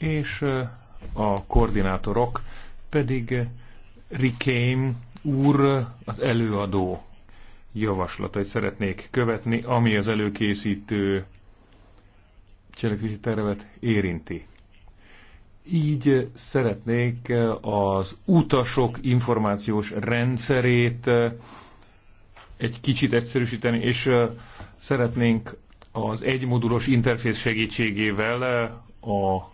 és a koordinátorok pedig Rikém úr az előadó javaslatait szeretnék követni, ami az előkészítő cselekvési tervet érinti. Így szeretnék az utasok információs rendszerét egy kicsit egyszerűsíteni, és szeretnénk az egymodulos interfész segítségével a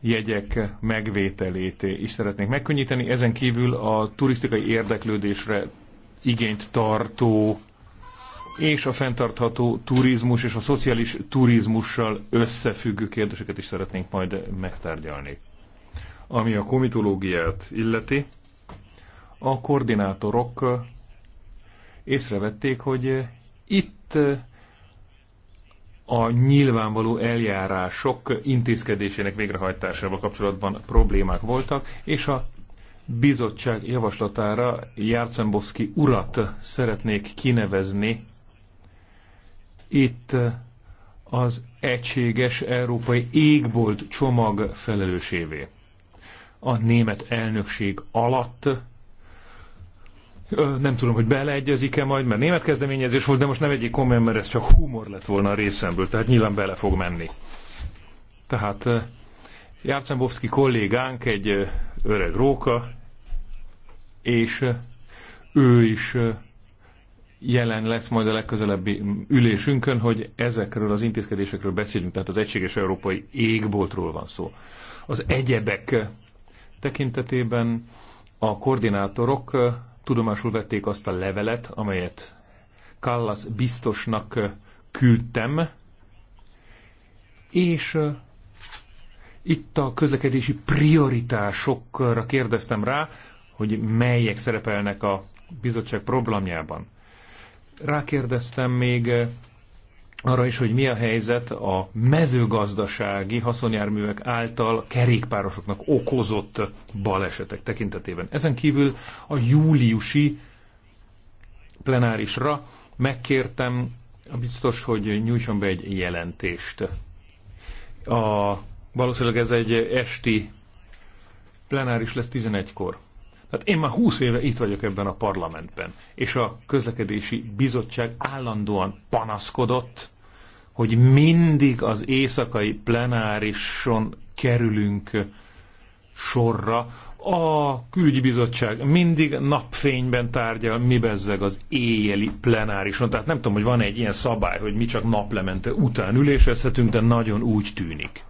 jegyek megvételét is szeretnék megkönnyíteni. Ezen kívül a turisztikai érdeklődésre igényt tartó és a fenntartható turizmus és a szociális turizmussal összefüggő kérdéseket is szeretnénk majd megtárgyalni. Ami a komitológiát illeti, a koordinátorok észrevették, hogy itt a nyilvánvaló eljárások intézkedésének végrehajtásával kapcsolatban problémák voltak, és a bizottság javaslatára Járcembovszki urat szeretnék kinevezni. Itt az egységes európai égbolt csomag felelősévé. A német elnökség alatt nem tudom, hogy beleegyezik-e majd, mert német kezdeményezés volt, de most nem egyik komolyan, mert ez csak humor lett volna a részemből, tehát nyilván bele fog menni. Tehát Járcembovszki kollégánk egy öreg róka, és ő is jelen lesz majd a legközelebbi ülésünkön, hogy ezekről az intézkedésekről beszélünk, tehát az egységes európai égboltról van szó. Az egyebek tekintetében a koordinátorok tudomásul vették azt a levelet, amelyet Kallas biztosnak küldtem, és itt a közlekedési prioritásokra kérdeztem rá, hogy melyek szerepelnek a bizottság problémjában. Rákérdeztem még arra is, hogy mi a helyzet a mezőgazdasági haszonjárművek által kerékpárosoknak okozott balesetek tekintetében. Ezen kívül a júliusi plenárisra megkértem a biztos, hogy nyújtson be egy jelentést. A, valószínűleg ez egy esti plenáris lesz 11-kor. Tehát én már 20 éve itt vagyok ebben a parlamentben, és a közlekedési bizottság állandóan panaszkodott, hogy mindig az éjszakai plenárison kerülünk sorra, a külügyi bizottság mindig napfényben tárgyal, mi bezzeg az éjjeli plenárison. Tehát nem tudom, hogy van -e egy ilyen szabály, hogy mi csak naplemente után ülésezhetünk, de nagyon úgy tűnik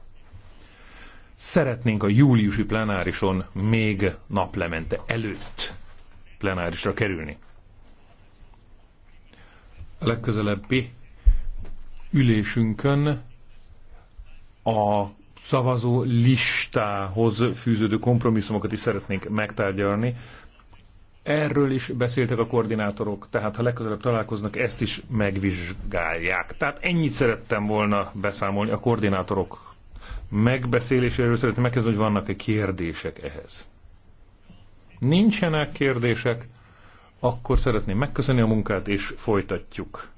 szeretnénk a júliusi plenárison még naplemente előtt plenárisra kerülni. A legközelebbi ülésünkön a szavazó listához fűződő kompromisszumokat is szeretnénk megtárgyalni. Erről is beszéltek a koordinátorok, tehát ha legközelebb találkoznak, ezt is megvizsgálják. Tehát ennyit szerettem volna beszámolni a koordinátorok megbeszéléséről szeretném megkérdezni, hogy vannak-e kérdések ehhez. Nincsenek kérdések, akkor szeretném megköszönni a munkát, és folytatjuk.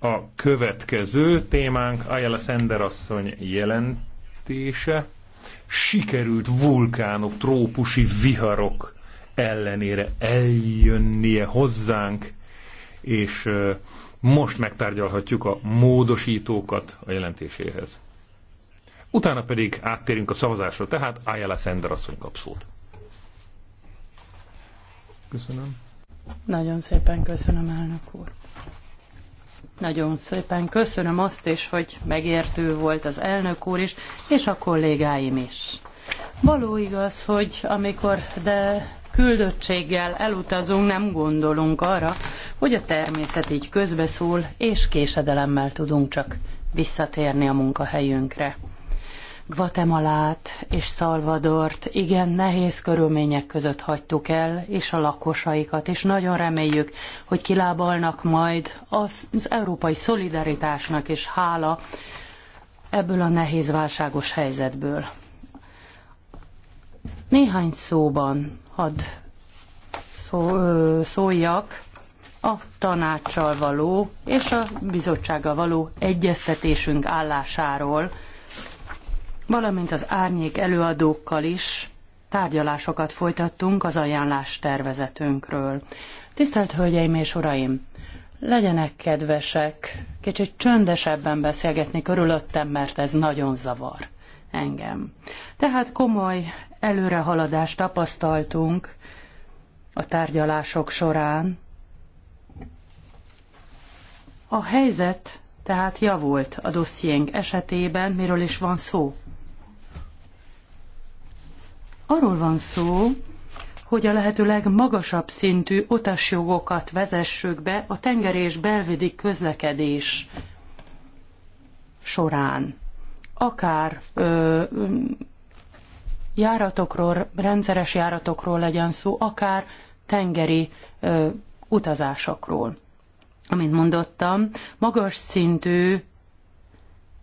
A következő témánk Ayala Sender asszony jelentése. Sikerült vulkánok, trópusi viharok ellenére eljönnie hozzánk, és most megtárgyalhatjuk a módosítókat a jelentéséhez. Utána pedig áttérünk a szavazásra, tehát Ayala Sender asszony kap szót. Köszönöm. Nagyon szépen köszönöm, elnök úr. Nagyon szépen köszönöm azt is, hogy megértő volt az elnök úr is, és a kollégáim is. Való igaz, hogy amikor de küldöttséggel elutazunk, nem gondolunk arra, hogy a természet így közbeszól, és késedelemmel tudunk csak visszatérni a munkahelyünkre. Guatemalát és Salvadort igen nehéz körülmények között hagytuk el, és a lakosaikat, és nagyon reméljük, hogy kilábalnak majd az, az európai szolidaritásnak és hála ebből a nehéz válságos helyzetből. Néhány szóban hadd szó, szóljak a tanácssal való és a bizottsággal való egyeztetésünk állásáról, valamint az árnyék előadókkal is tárgyalásokat folytattunk az ajánlás tervezetünkről. Tisztelt Hölgyeim és Uraim! Legyenek kedvesek, kicsit csöndesebben beszélgetni körülöttem, mert ez nagyon zavar engem. Tehát komoly előrehaladást tapasztaltunk a tárgyalások során. A helyzet tehát javult a dossziénk esetében, miről is van szó Arról van szó, hogy a lehető legmagasabb szintű utasjogokat vezessük be a tenger és belvidi közlekedés során. Akár ö, járatokról, rendszeres járatokról legyen szó, akár tengeri ö, utazásokról. Amint mondottam, magas szintű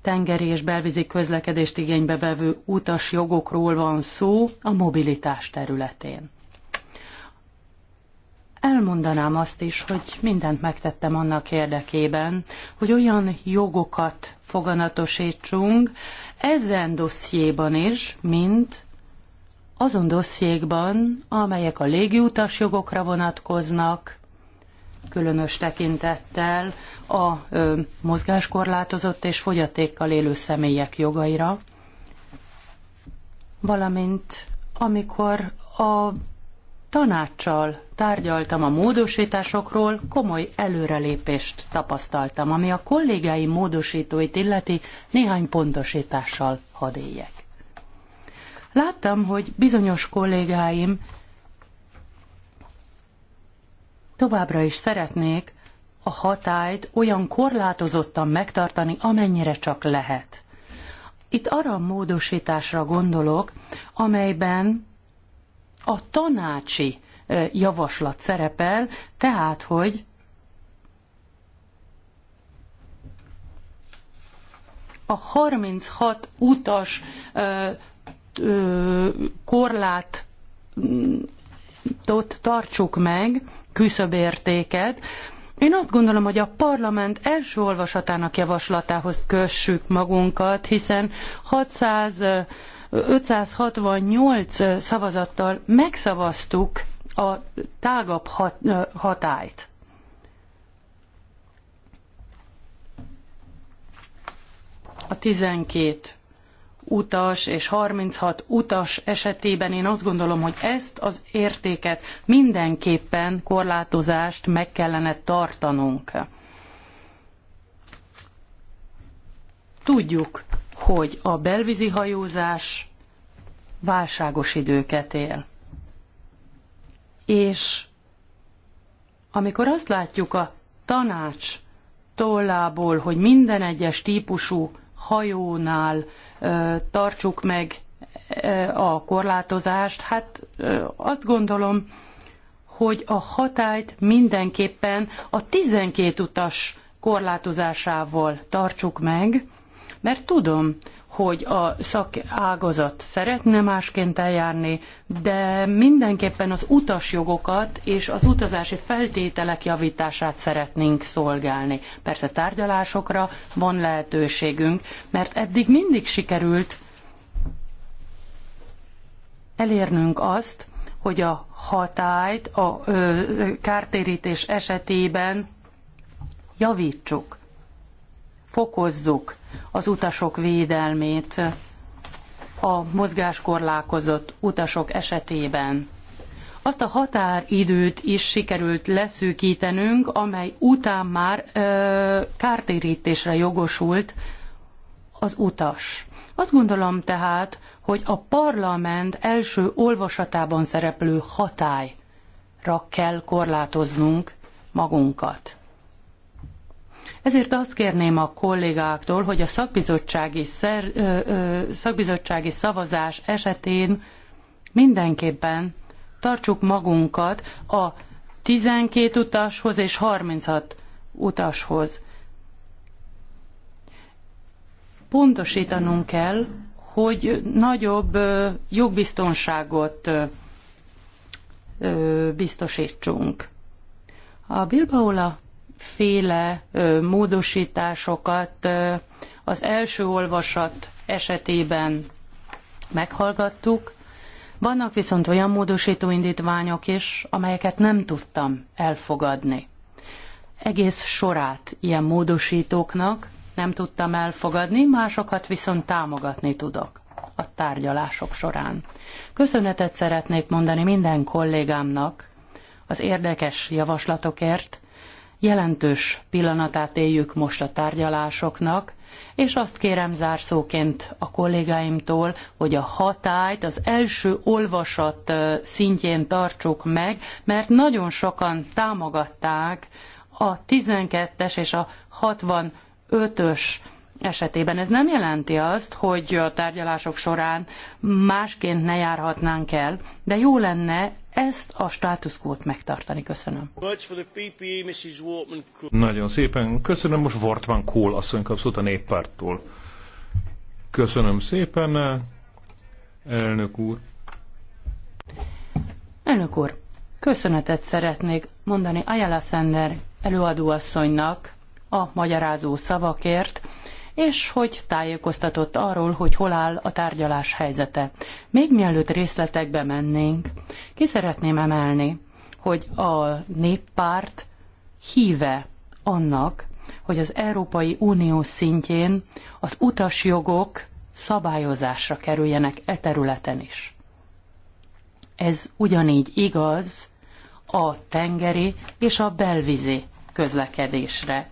tengeri és belvízi közlekedést igénybe vevő utas jogokról van szó a mobilitás területén. Elmondanám azt is, hogy mindent megtettem annak érdekében, hogy olyan jogokat foganatosítsunk ezen dossziéban is, mint azon dossziékban, amelyek a légiutas jogokra vonatkoznak, különös tekintettel a mozgáskorlátozott és fogyatékkal élő személyek jogaira, valamint amikor a tanácssal tárgyaltam a módosításokról, komoly előrelépést tapasztaltam, ami a kollégái módosítóit illeti néhány pontosítással hadélyek. Láttam, hogy bizonyos kollégáim Továbbra is szeretnék a hatályt olyan korlátozottan megtartani, amennyire csak lehet. Itt arra a módosításra gondolok, amelyben a tanácsi javaslat szerepel, tehát, hogy a 36 utas ö, ö, korlátot tartsuk meg, küszöbértéket. Én azt gondolom, hogy a parlament első olvasatának javaslatához kössük magunkat, hiszen 600 568 szavazattal megszavaztuk a tágabb hat, hatályt. A 12 utas és 36 utas esetében én azt gondolom, hogy ezt az értéket mindenképpen korlátozást meg kellene tartanunk. Tudjuk, hogy a belvízi hajózás válságos időket él. És amikor azt látjuk a tanács tollából, hogy minden egyes típusú hajónál tartsuk meg a korlátozást, hát azt gondolom, hogy a hatályt mindenképpen a 12 utas korlátozásával tartsuk meg, mert tudom, hogy a szakágazat szeretne másként eljárni, de mindenképpen az utasjogokat és az utazási feltételek javítását szeretnénk szolgálni. Persze tárgyalásokra van lehetőségünk, mert eddig mindig sikerült elérnünk azt, hogy a hatályt a ö, kártérítés esetében javítsuk, fokozzuk az utasok védelmét a mozgáskorlákozott utasok esetében. Azt a határidőt is sikerült leszűkítenünk, amely után már ö, kártérítésre jogosult az utas. Azt gondolom tehát, hogy a parlament első olvasatában szereplő hatályra kell korlátoznunk magunkat. Ezért azt kérném a kollégáktól, hogy a szakbizottsági, szer, ö, ö, szakbizottsági szavazás esetén mindenképpen tartsuk magunkat a 12 utashoz és 36 utashoz. Pontosítanunk kell, hogy nagyobb jogbiztonságot biztosítsunk. A Bilbaola féle módosításokat az első olvasat esetében meghallgattuk, vannak viszont olyan módosító indítványok is, amelyeket nem tudtam elfogadni. Egész sorát ilyen módosítóknak nem tudtam elfogadni, másokat viszont támogatni tudok a tárgyalások során. Köszönetet szeretnék mondani minden kollégámnak az érdekes javaslatokért, jelentős pillanatát éljük most a tárgyalásoknak, és azt kérem zárszóként a kollégáimtól, hogy a hatályt az első olvasat szintjén tartsuk meg, mert nagyon sokan támogatták a 12-es és a 65-ös esetében. Ez nem jelenti azt, hogy a tárgyalások során másként ne járhatnánk el, de jó lenne ezt a státuszkót megtartani. Köszönöm. E, Nagyon szépen köszönöm. Most Wortman Kohl asszony kapszott a néppárttól. Köszönöm szépen, elnök úr. Elnök úr, köszönetet szeretnék mondani Ayala Sender előadóasszonynak a magyarázó szavakért, és hogy tájékoztatott arról, hogy hol áll a tárgyalás helyzete. Még mielőtt részletekbe mennénk, ki szeretném emelni, hogy a néppárt híve annak, hogy az Európai Unió szintjén az utasjogok szabályozásra kerüljenek e területen is. Ez ugyanígy igaz a tengeri és a belvízi közlekedésre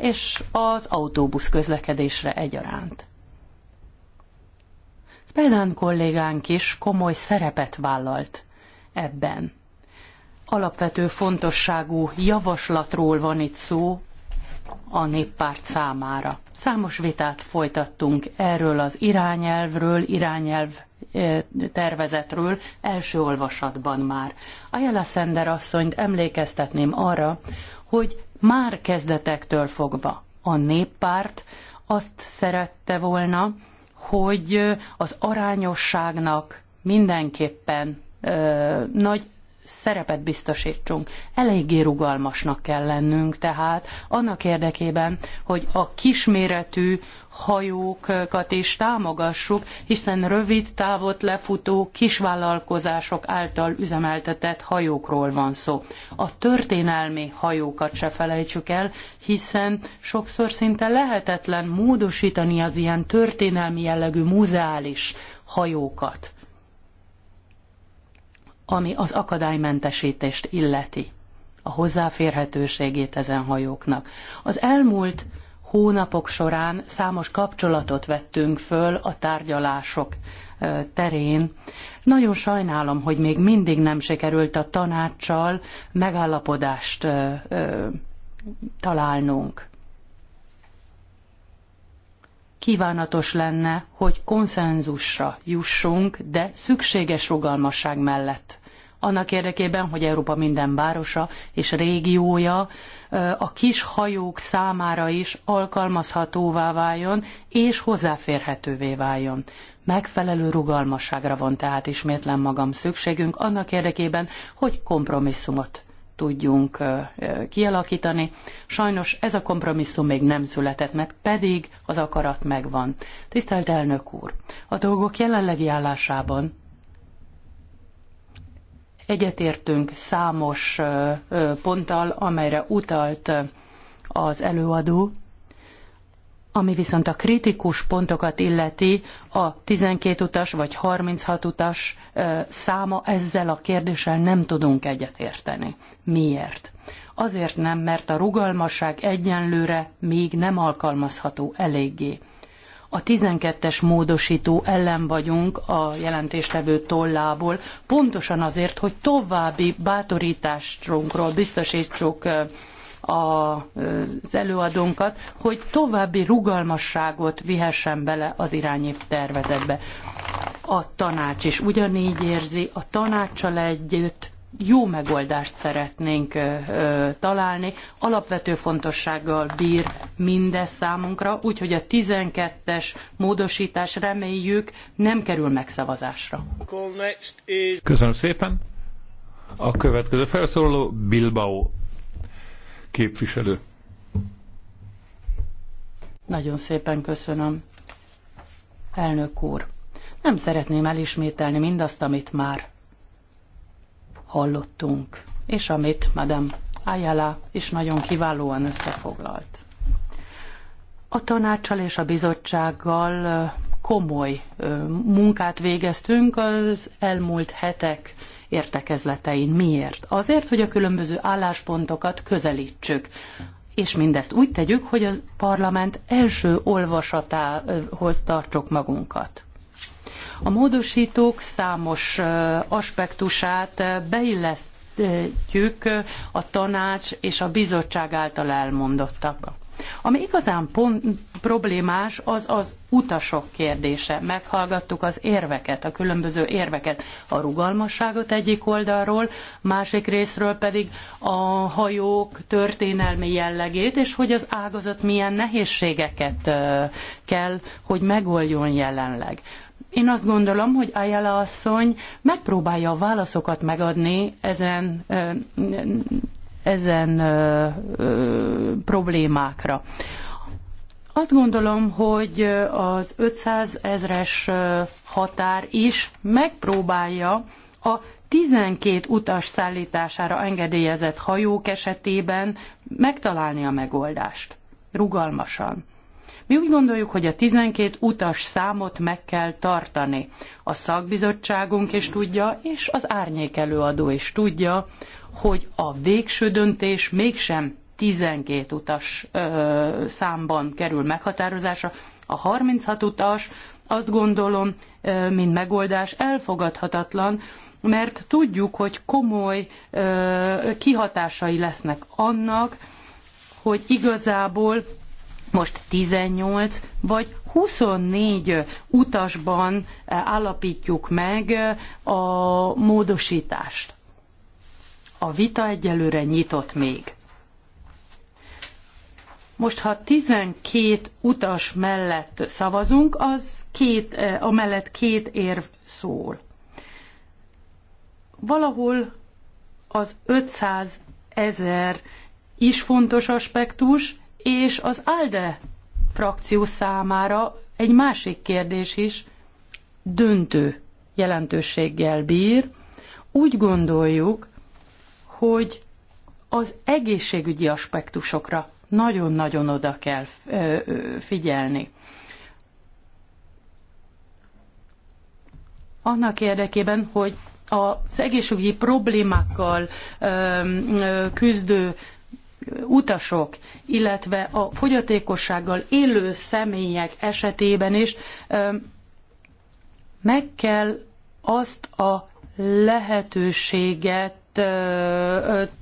és az autóbusz közlekedésre egyaránt. Spellán kollégánk is komoly szerepet vállalt ebben. Alapvető fontosságú javaslatról van itt szó a néppárt számára. Számos vitát folytattunk erről az irányelvről, irányelv eh, tervezetről első olvasatban már. Ajala Szender asszonyt emlékeztetném arra, hogy már kezdetektől fogva a néppárt azt szerette volna, hogy az arányosságnak mindenképpen ö, nagy szerepet biztosítsunk. Eléggé rugalmasnak kell lennünk tehát annak érdekében, hogy a kisméretű hajókat is támogassuk, hiszen rövid távot lefutó kisvállalkozások által üzemeltetett hajókról van szó. A történelmi hajókat se felejtsük el, hiszen sokszor szinte lehetetlen módosítani az ilyen történelmi jellegű muzeális hajókat ami az akadálymentesítést illeti, a hozzáférhetőségét ezen hajóknak. Az elmúlt hónapok során számos kapcsolatot vettünk föl a tárgyalások terén. Nagyon sajnálom, hogy még mindig nem sikerült a tanácssal megállapodást találnunk kívánatos lenne, hogy konszenzusra jussunk, de szükséges rugalmasság mellett. Annak érdekében, hogy Európa minden városa és régiója a kis hajók számára is alkalmazhatóvá váljon és hozzáférhetővé váljon. Megfelelő rugalmasságra van tehát ismétlen magam szükségünk annak érdekében, hogy kompromisszumot tudjunk kialakítani. Sajnos ez a kompromisszum még nem született meg, pedig az akarat megvan. Tisztelt elnök úr, a dolgok jelenlegi állásában egyetértünk számos ponttal, amelyre utalt az előadó, ami viszont a kritikus pontokat illeti, a 12 utas vagy 36 utas száma ezzel a kérdéssel nem tudunk egyetérteni. Miért? Azért nem, mert a rugalmasság egyenlőre még nem alkalmazható eléggé. A 12-es módosító ellen vagyunk a jelentéstevő tollából, pontosan azért, hogy további bátorításunkról biztosítsuk az előadónkat, hogy további rugalmasságot vihessen bele az irányév tervezetbe. A tanács is ugyanígy érzi, a tanácssal együtt jó megoldást szeretnénk ö, ö, találni. Alapvető fontossággal bír mindez számunkra, úgyhogy a 12-es módosítás reméljük nem kerül megszavazásra. Köszönöm szépen. A következő felszólaló Bilbao képviselő. Nagyon szépen köszönöm. Elnök úr, nem szeretném elismételni mindazt, amit már hallottunk, és amit Madame Ayala is nagyon kiválóan összefoglalt. A tanácssal és a bizottsággal komoly munkát végeztünk az elmúlt hetek értekezletein. Miért? Azért, hogy a különböző álláspontokat közelítsük és mindezt úgy tegyük, hogy a parlament első olvasatához tartsuk magunkat. A módosítók számos aspektusát beillesztjük a tanács és a bizottság által elmondottakba. Ami igazán pont, problémás, az az utasok kérdése. Meghallgattuk az érveket, a különböző érveket, a rugalmasságot egyik oldalról, másik részről pedig a hajók történelmi jellegét, és hogy az ágazat milyen nehézségeket kell, hogy megoldjon jelenleg. Én azt gondolom, hogy Ayala asszony megpróbálja a válaszokat megadni ezen ezen ö, ö, problémákra. Azt gondolom, hogy az 500 ezres határ is megpróbálja a 12 utas szállítására engedélyezett hajók esetében megtalálni a megoldást rugalmasan. Mi úgy gondoljuk, hogy a 12 utas számot meg kell tartani. A szakbizottságunk is tudja, és az árnyékelőadó is tudja, hogy a végső döntés mégsem 12 utas ö, számban kerül meghatározásra. A 36 utas azt gondolom, ö, mint megoldás elfogadhatatlan, mert tudjuk, hogy komoly ö, kihatásai lesznek annak, hogy igazából most 18 vagy 24 utasban eh, állapítjuk meg eh, a módosítást. A vita egyelőre nyitott még. Most, ha 12 utas mellett szavazunk, az két, eh, amellett két érv szól. Valahol az 500 ezer is fontos aspektus, és az ALDE frakció számára egy másik kérdés is döntő jelentőséggel bír. Úgy gondoljuk, hogy az egészségügyi aspektusokra nagyon-nagyon oda kell figyelni. Annak érdekében, hogy az egészségügyi problémákkal küzdő utasok, illetve a fogyatékossággal élő személyek esetében is meg kell azt a lehetőséget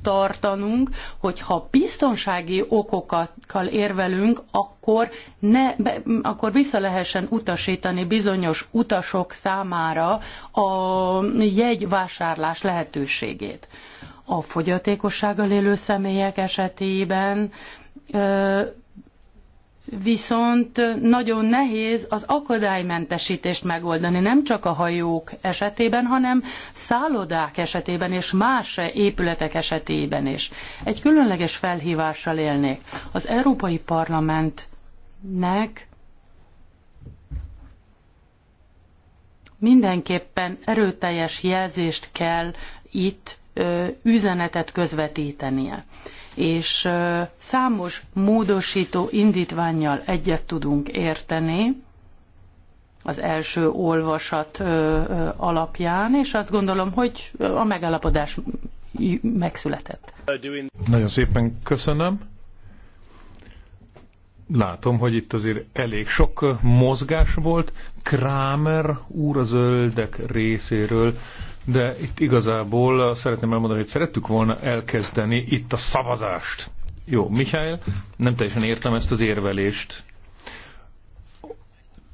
tartanunk, hogy ha biztonsági okokkal érvelünk, akkor, ne, be, akkor vissza lehessen utasítani bizonyos utasok számára a jegyvásárlás lehetőségét a fogyatékossággal élő személyek esetében viszont nagyon nehéz az akadálymentesítést megoldani, nem csak a hajók esetében, hanem szállodák esetében és más épületek esetében is. Egy különleges felhívással élnék. Az Európai Parlamentnek mindenképpen erőteljes jelzést kell itt üzenetet közvetítenie. És számos módosító indítványjal egyet tudunk érteni az első olvasat alapján, és azt gondolom, hogy a megállapodás megszületett. Nagyon szépen köszönöm. Látom, hogy itt azért elég sok mozgás volt. Kramer úr a zöldek részéről de itt igazából szeretném elmondani, hogy szerettük volna elkezdeni itt a szavazást. Jó, Mihály, nem teljesen értem ezt az érvelést.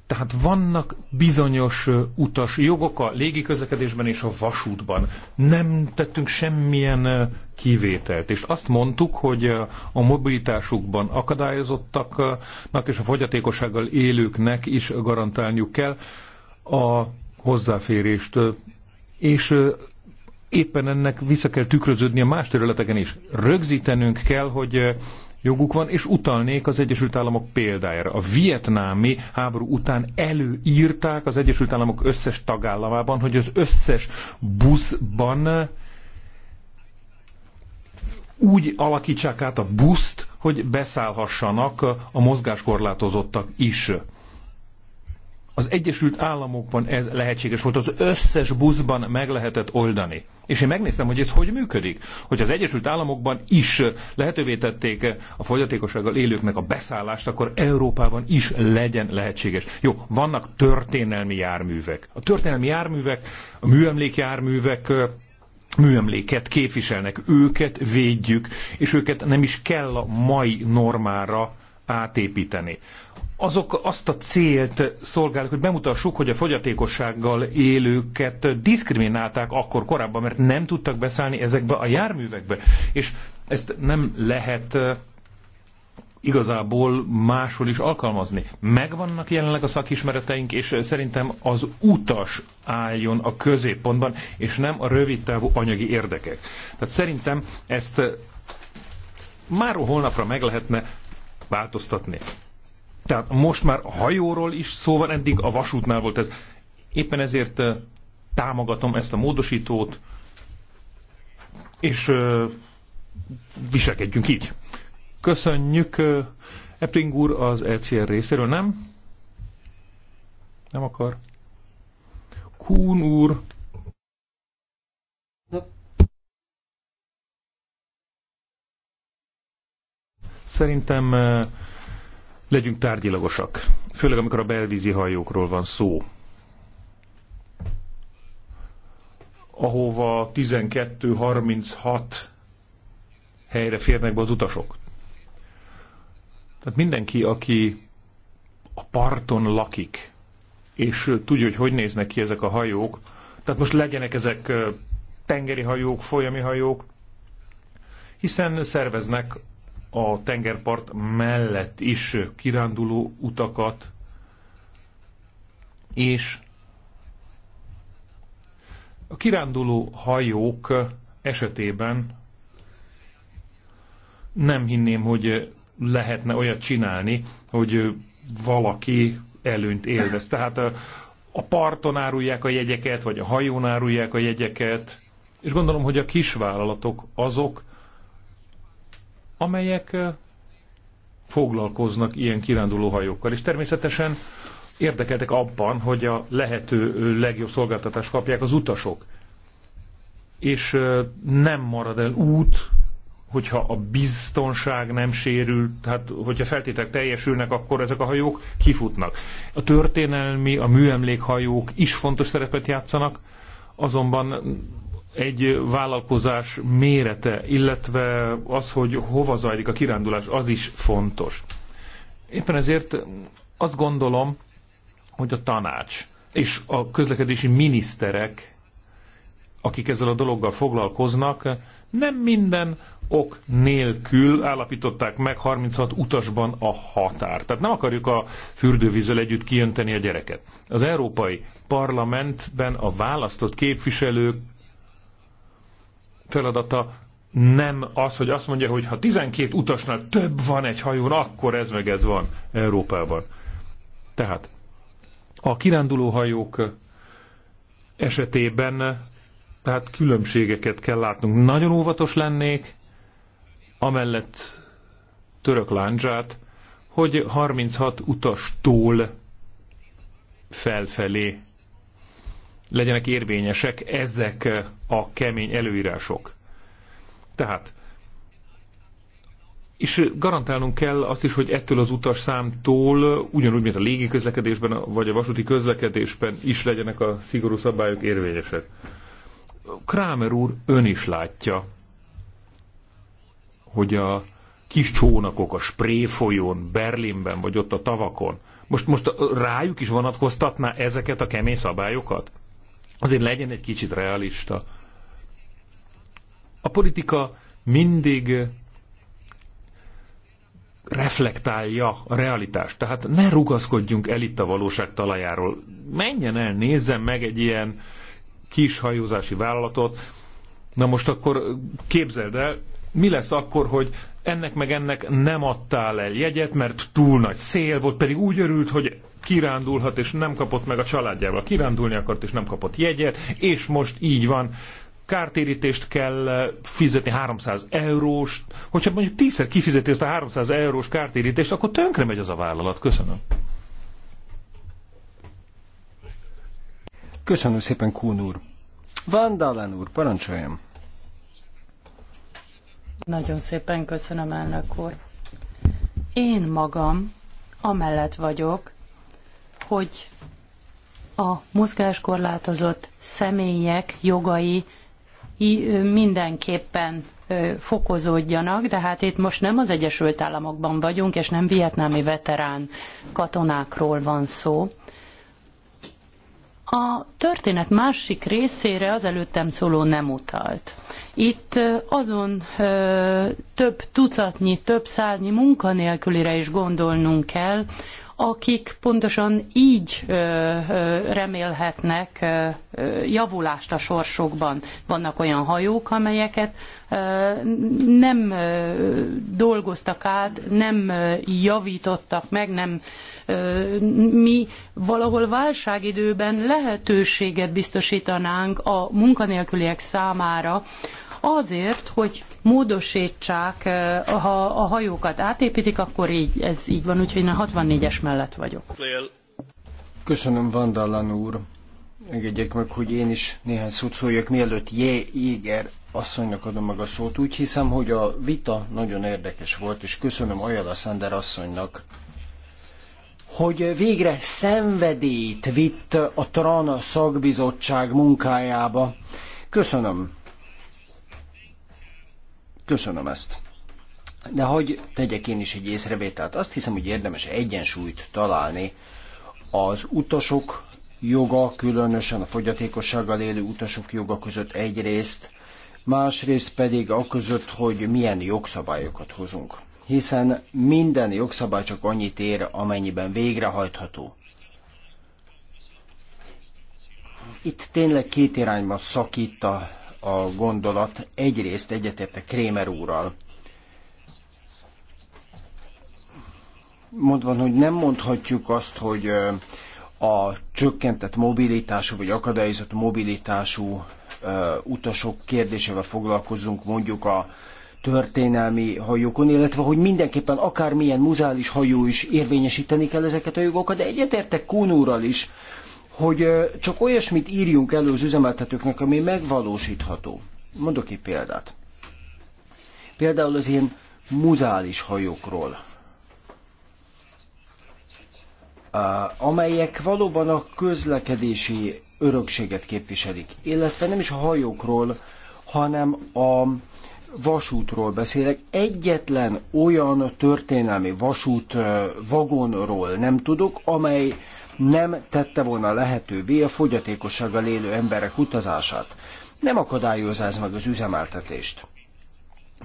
Tehát vannak bizonyos utas jogok a légiközlekedésben és a vasútban. Nem tettünk semmilyen kivételt, és azt mondtuk, hogy a mobilitásukban akadályozottaknak és a fogyatékossággal élőknek is garantálniuk kell a hozzáférést és éppen ennek vissza kell tükröződni a más területeken is. Rögzítenünk kell, hogy joguk van, és utalnék az Egyesült Államok példájára. A vietnámi háború után előírták az Egyesült Államok összes tagállamában, hogy az összes buszban úgy alakítsák át a buszt, hogy beszállhassanak a mozgáskorlátozottak is. Az Egyesült Államokban ez lehetséges volt, az összes buszban meg lehetett oldani. És én megnéztem, hogy ez hogy működik. Hogy az Egyesült Államokban is lehetővé tették a fogyatékossággal élőknek a beszállást, akkor Európában is legyen lehetséges. Jó, vannak történelmi járművek. A történelmi járművek, a műemlékjárművek műemléket képviselnek, őket védjük, és őket nem is kell a mai normára átépíteni azok azt a célt szolgálják, hogy bemutassuk, hogy a fogyatékossággal élőket diszkriminálták akkor korábban, mert nem tudtak beszállni ezekbe a járművekbe. És ezt nem lehet igazából máshol is alkalmazni. Megvannak jelenleg a szakismereteink, és szerintem az utas álljon a középpontban, és nem a rövidtávú anyagi érdekek. Tehát szerintem ezt már holnapra meg lehetne változtatni. Tehát most már hajóról is szó van, eddig a vasútnál volt ez. Éppen ezért támogatom ezt a módosítót, és viselkedjünk így. Köszönjük Epping úr az ECR részéről, nem? Nem akar. Kún úr. Szerintem legyünk tárgyilagosak, főleg amikor a belvízi hajókról van szó. ahova 12-36 helyre férnek be az utasok. Tehát mindenki, aki a parton lakik, és tudja, hogy hogy néznek ki ezek a hajók, tehát most legyenek ezek tengeri hajók, folyami hajók, hiszen szerveznek a tengerpart mellett is kiránduló utakat, és a kiránduló hajók esetében nem hinném, hogy lehetne olyat csinálni, hogy valaki előnyt élvez. Tehát a, a parton árulják a jegyeket, vagy a hajón árulják a jegyeket, és gondolom, hogy a kisvállalatok azok, amelyek foglalkoznak ilyen kiránduló hajókkal, és természetesen érdekeltek abban, hogy a lehető legjobb szolgáltatást kapják az utasok. És nem marad el út, hogyha a biztonság nem sérül, tehát hogyha feltételek teljesülnek, akkor ezek a hajók kifutnak. A történelmi, a műemlékhajók is fontos szerepet játszanak, azonban egy vállalkozás mérete, illetve az, hogy hova zajlik a kirándulás, az is fontos. Éppen ezért azt gondolom, hogy a tanács és a közlekedési miniszterek, akik ezzel a dologgal foglalkoznak, nem minden ok nélkül állapították meg 36 utasban a határ. Tehát nem akarjuk a fürdővízzel együtt kijönteni a gyereket. Az Európai Parlamentben a választott képviselők feladata nem az, hogy azt mondja, hogy ha 12 utasnál több van egy hajón, akkor ez meg ez van Európában. Tehát a kiránduló hajók esetében tehát különbségeket kell látnunk. Nagyon óvatos lennék, amellett török láncsát, hogy 36 utastól felfelé legyenek érvényesek ezek a kemény előírások. Tehát, és garantálnunk kell azt is, hogy ettől az utas számtól ugyanúgy, mint a légi közlekedésben vagy a vasúti közlekedésben is legyenek a szigorú szabályok érvényesek. Kramer úr ön is látja, hogy a kis csónakok a spréfolyón, folyón, Berlinben, vagy ott a tavakon. Most, most rájuk is vonatkoztatná ezeket a kemény szabályokat? azért legyen egy kicsit realista. A politika mindig reflektálja a realitást. Tehát ne rugaszkodjunk el itt a valóság talajáról. Menjen el, nézzen meg egy ilyen kis hajózási vállalatot. Na most akkor képzeld el, mi lesz akkor, hogy ennek meg ennek nem adtál el jegyet, mert túl nagy szél volt, pedig úgy örült, hogy kirándulhat, és nem kapott meg a családjával. Kirándulni akart, és nem kapott jegyet, és most így van. Kártérítést kell eh, fizetni 300 eurós. Hogyha mondjuk tízszer kifizeti ezt a 300 eurós kártérítést, akkor tönkre megy az a vállalat. Köszönöm. Köszönöm szépen, Kún úr. Van Dalen úr, parancsoljam. Nagyon szépen köszönöm, elnök úr. Én magam amellett vagyok, hogy a mozgáskorlátozott személyek jogai mindenképpen fokozódjanak, de hát itt most nem az Egyesült Államokban vagyunk, és nem vietnámi veterán katonákról van szó. A történet másik részére az előttem szóló nem utalt. Itt azon ö, több tucatnyi, több száznyi munkanélkülire is gondolnunk kell, akik pontosan így remélhetnek javulást a sorsokban. Vannak olyan hajók, amelyeket nem dolgoztak át, nem javítottak meg, nem mi valahol válságidőben lehetőséget biztosítanánk a munkanélküliek számára, azért, hogy módosítsák, eh, ha a hajókat átépítik, akkor így, ez így van, úgyhogy én a 64-es mellett vagyok. Köszönöm, Vandallan úr. Engedjék meg, hogy én is néhány szót szóljak, mielőtt Jé Jéger asszonynak adom meg a szót. Úgy hiszem, hogy a vita nagyon érdekes volt, és köszönöm Ajala Szender asszonynak, hogy végre szenvedélyt vitt a Trana szakbizottság munkájába. Köszönöm Köszönöm ezt. De hogy tegyek én is egy észrevételt, azt hiszem, hogy érdemes egyensúlyt találni az utasok joga, különösen a fogyatékossággal élő utasok joga között egyrészt, másrészt pedig a között, hogy milyen jogszabályokat hozunk. Hiszen minden jogszabály csak annyit ér, amennyiben végrehajtható. Itt tényleg két irányban szakít a a gondolat. Egyrészt egyetértek Krémer úrral, Mondva, hogy nem mondhatjuk azt, hogy a csökkentett mobilitású vagy akadályozott mobilitású utasok kérdésével foglalkozzunk mondjuk a történelmi hajókon, illetve hogy mindenképpen akármilyen muzális hajó is érvényesíteni kell ezeket a jogokat, de egyetértek Kunúrral is, hogy csak olyasmit írjunk elő az üzemeltetőknek, ami megvalósítható. Mondok egy példát. Például az ilyen muzális hajókról, amelyek valóban a közlekedési örökséget képviselik, illetve nem is a hajókról, hanem a vasútról beszélek. Egyetlen olyan történelmi vasút vagonról nem tudok, amely nem tette volna lehetővé a fogyatékossággal élő emberek utazását. Nem akadályozza ez meg az üzemeltetést.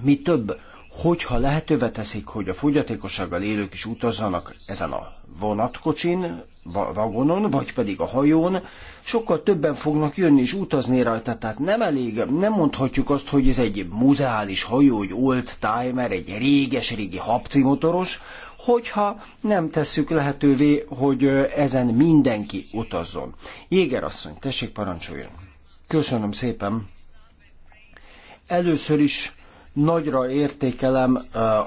Mi több, hogyha lehetővé teszik, hogy a fogyatékossággal élők is utazzanak ezen a vonatkocsin, vagonon, vagy pedig a hajón, sokkal többen fognak jönni és utazni rajta, tehát nem elég, nem mondhatjuk azt, hogy ez egy muzeális hajó, egy old timer, egy réges-régi motoros, hogyha nem tesszük lehetővé, hogy ezen mindenki utazzon. Jéger asszony, tessék parancsoljon. Köszönöm szépen. Először is nagyra értékelem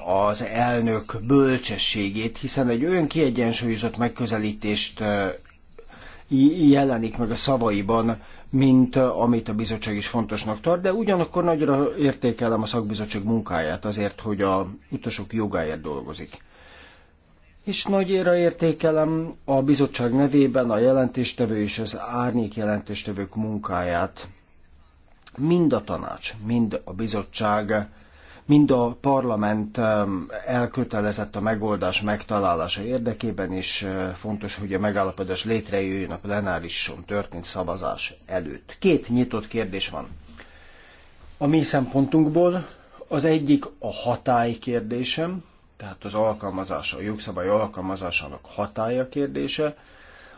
az elnök bölcsességét, hiszen egy olyan kiegyensúlyozott megközelítést jelenik meg a szavaiban, mint amit a bizottság is fontosnak tart, de ugyanakkor nagyra értékelem a szakbizottság munkáját azért, hogy a utasok jogáért dolgozik és nagyra értékelem a bizottság nevében a jelentéstevő és az árnyék jelentéstevők munkáját. Mind a tanács, mind a bizottság, mind a parlament um, elkötelezett a megoldás megtalálása érdekében, és uh, fontos, hogy a megállapodás létrejöjjön a plenárison történt szavazás előtt. Két nyitott kérdés van. A mi szempontunkból az egyik a hatály kérdésem, tehát az alkalmazása, a jogszabály alkalmazásának hatája kérdése,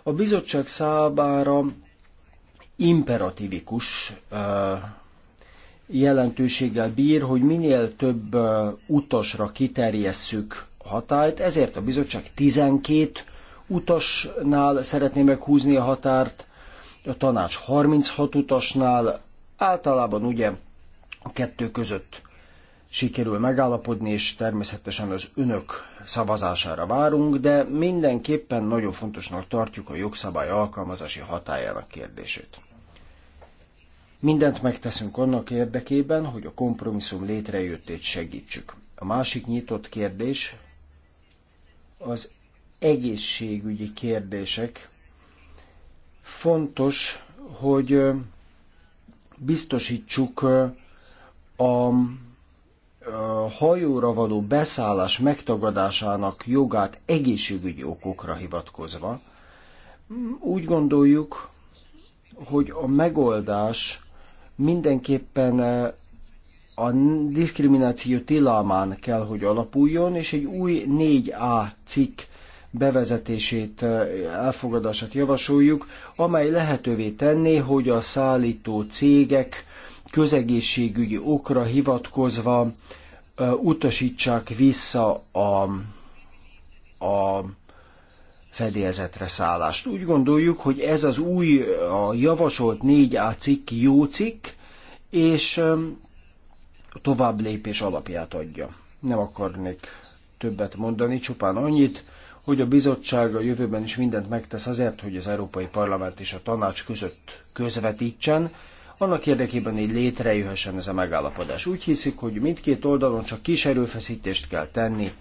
a bizottság számára imperativikus jelentőséggel bír, hogy minél több utasra kiterjesszük hatályt, ezért a bizottság 12 utasnál szeretné meghúzni a határt, a tanács 36 utasnál, általában ugye a kettő között sikerül megállapodni, és természetesen az önök szavazására várunk, de mindenképpen nagyon fontosnak tartjuk a jogszabály alkalmazási hatájának kérdését. Mindent megteszünk annak érdekében, hogy a kompromisszum létrejöttét segítsük. A másik nyitott kérdés az egészségügyi kérdések. Fontos, hogy biztosítsuk a hajóra való beszállás megtagadásának jogát egészségügyi okokra hivatkozva. Úgy gondoljuk, hogy a megoldás mindenképpen e, a diszkrimináció tilalmán kell, hogy alapuljon, és egy új 4A cikk bevezetését, e, elfogadását javasoljuk, amely lehetővé tenné, hogy a szállító cégek közegészségügyi okra hivatkozva utasítsák vissza a, a fedélzetre szállást. Úgy gondoljuk, hogy ez az új, a javasolt 4A cikk jó cikk, és tovább lépés alapját adja. Nem akarnék többet mondani, csupán annyit, hogy a bizottság a jövőben is mindent megtesz azért, hogy az Európai Parlament és a tanács között közvetítsen, annak érdekében, hogy létrejöhessen ez a megállapodás. Úgy hiszik, hogy mindkét oldalon csak kis erőfeszítést kell tenni,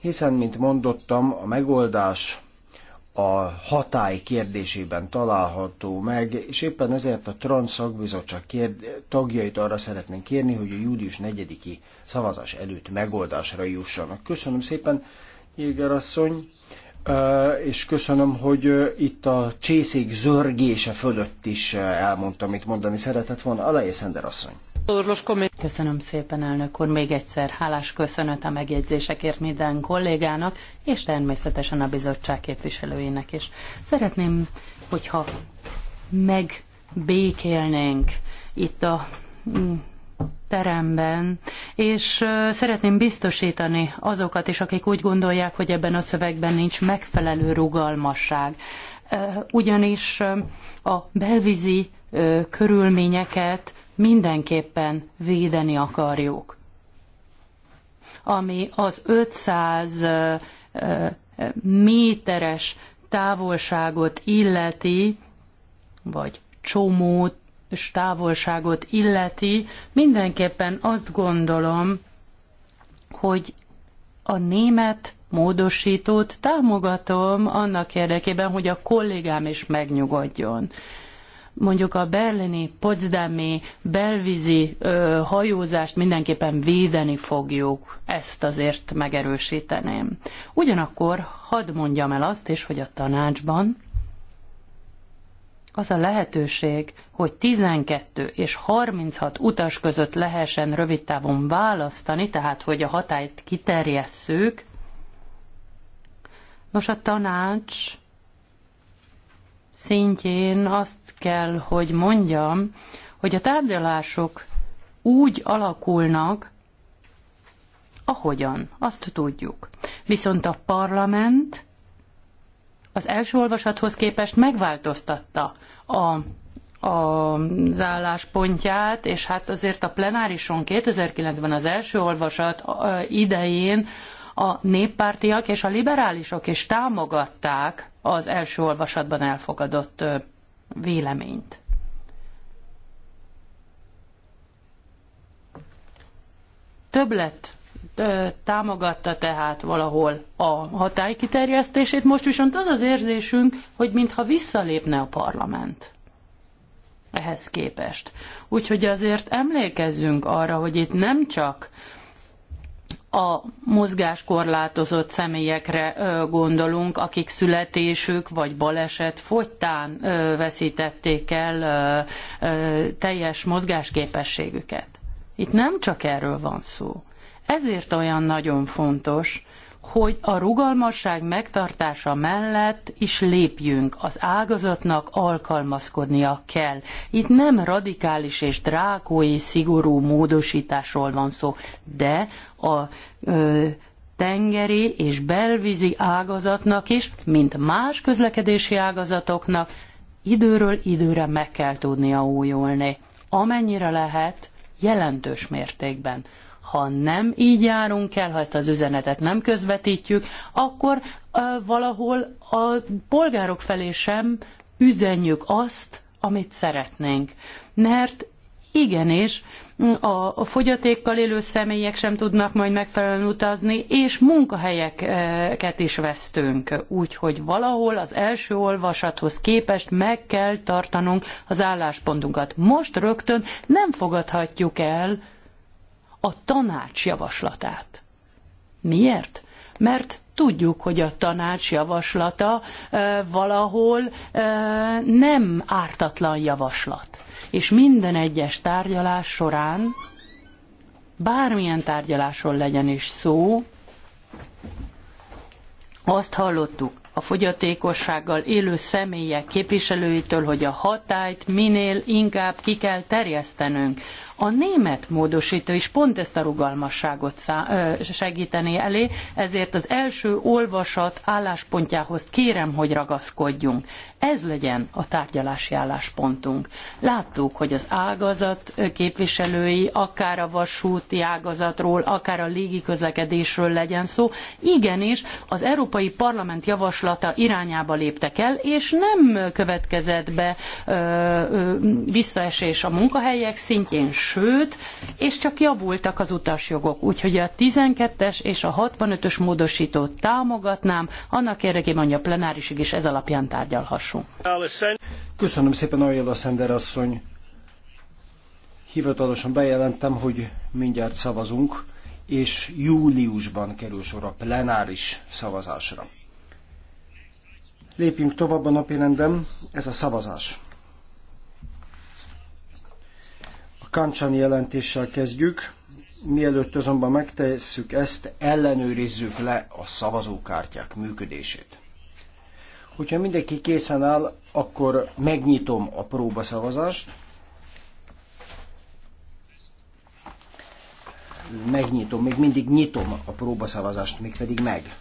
hiszen, mint mondottam, a megoldás a hatály kérdésében található meg, és éppen ezért a Trans szakbizottság tagjait arra szeretnénk kérni, hogy a július 4-i szavazás előtt megoldásra jussanak. Köszönöm szépen, Jéger asszony! és köszönöm, hogy itt a csészék zörgése fölött is elmondtam, amit mondani szeretett volna. Alaje Szender asszony. Köszönöm szépen, elnök úr. Még egyszer hálás köszönet a megjegyzésekért minden kollégának, és természetesen a bizottság képviselőinek is. Szeretném, hogyha megbékélnénk itt a mm, teremben, és szeretném biztosítani azokat is, akik úgy gondolják, hogy ebben a szövegben nincs megfelelő rugalmasság. Ugyanis a belvízi körülményeket mindenképpen védeni akarjuk. Ami az 500 méteres távolságot illeti, vagy csomót, távolságot illeti, mindenképpen azt gondolom, hogy a német módosítót támogatom annak érdekében, hogy a kollégám is megnyugodjon. Mondjuk a berlini, potsdami, belvízi ö, hajózást mindenképpen védeni fogjuk, ezt azért megerősíteném. Ugyanakkor hadd mondjam el azt is, hogy a tanácsban az a lehetőség, hogy 12 és 36 utas között lehessen távon választani, tehát hogy a hatályt kiterjesszük. Nos, a tanács szintjén azt kell, hogy mondjam, hogy a tárgyalások úgy alakulnak, ahogyan, azt tudjuk. Viszont a parlament az első olvasathoz képest megváltoztatta a az álláspontját, és hát azért a plenárison 2009-ben az első olvasat idején a néppártiak és a liberálisok is támogatták az első olvasatban elfogadott véleményt. lett támogatta tehát valahol a hatály kiterjesztését, most viszont az az érzésünk, hogy mintha visszalépne a parlament ehhez képest. Úgyhogy azért emlékezzünk arra, hogy itt nem csak a mozgáskorlátozott személyekre gondolunk, akik születésük vagy baleset fogytán veszítették el teljes mozgásképességüket. Itt nem csak erről van szó. Ezért olyan nagyon fontos, hogy a rugalmasság megtartása mellett is lépjünk. Az ágazatnak alkalmazkodnia kell. Itt nem radikális és drákói szigorú módosításról van szó, de a ö, tengeri és belvízi ágazatnak is, mint más közlekedési ágazatoknak időről időre meg kell tudnia újulni. Amennyire lehet, jelentős mértékben. Ha nem így járunk el, ha ezt az üzenetet nem közvetítjük, akkor valahol a polgárok felé sem üzenjük azt, amit szeretnénk. Mert igenis, a fogyatékkal élő személyek sem tudnak majd megfelelően utazni, és munkahelyeket is vesztünk. Úgyhogy valahol az első olvasathoz képest meg kell tartanunk az álláspontunkat. Most rögtön nem fogadhatjuk el a tanács javaslatát. Miért? Mert tudjuk, hogy a tanács javaslata e, valahol e, nem ártatlan javaslat. És minden egyes tárgyalás során, bármilyen tárgyalásról legyen is szó, azt hallottuk a fogyatékossággal élő személyek képviselőitől, hogy a hatályt minél inkább ki kell terjesztenünk a német módosító is pont ezt a rugalmasságot segíteni elé, ezért az első olvasat álláspontjához kérem, hogy ragaszkodjunk. Ez legyen a tárgyalási álláspontunk. Láttuk, hogy az ágazat képviselői, akár a vasúti ágazatról, akár a légiközlekedésről legyen szó, igenis az Európai Parlament javaslata irányába léptek el, és nem következett be ö, ö, visszaesés a munkahelyek szintjén, sőt, és csak javultak az utasjogok. Úgyhogy a 12-es és a 65-ös módosítót támogatnám, annak érdekében, hogy a plenárisig is ez alapján tárgyalhasson. Köszönöm szépen, Ajala Szender asszony. Hivatalosan bejelentem, hogy mindjárt szavazunk, és júliusban kerül sor a plenáris szavazásra. Lépjünk tovább a napirendem, ez a szavazás. A Kancsani jelentéssel kezdjük, mielőtt azonban megtesszük ezt, ellenőrizzük le a szavazókártyák működését. Hogyha mindenki készen áll, akkor megnyitom a próbaszavazást. Megnyitom, még mindig nyitom a próbaszavazást, mégpedig meg.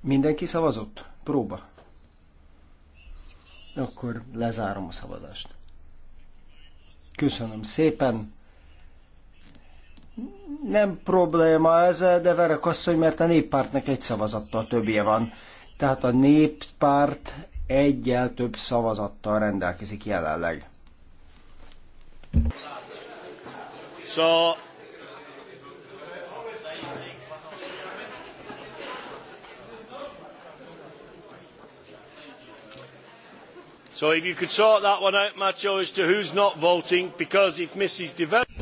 Mindenki szavazott? Próba. Akkor lezárom a szavazást. Köszönöm szépen nem probléma ez, de Verek hogy mert a néppártnak egy szavazattal többje van. Tehát a néppárt egyel több szavazattal rendelkezik jelenleg. So,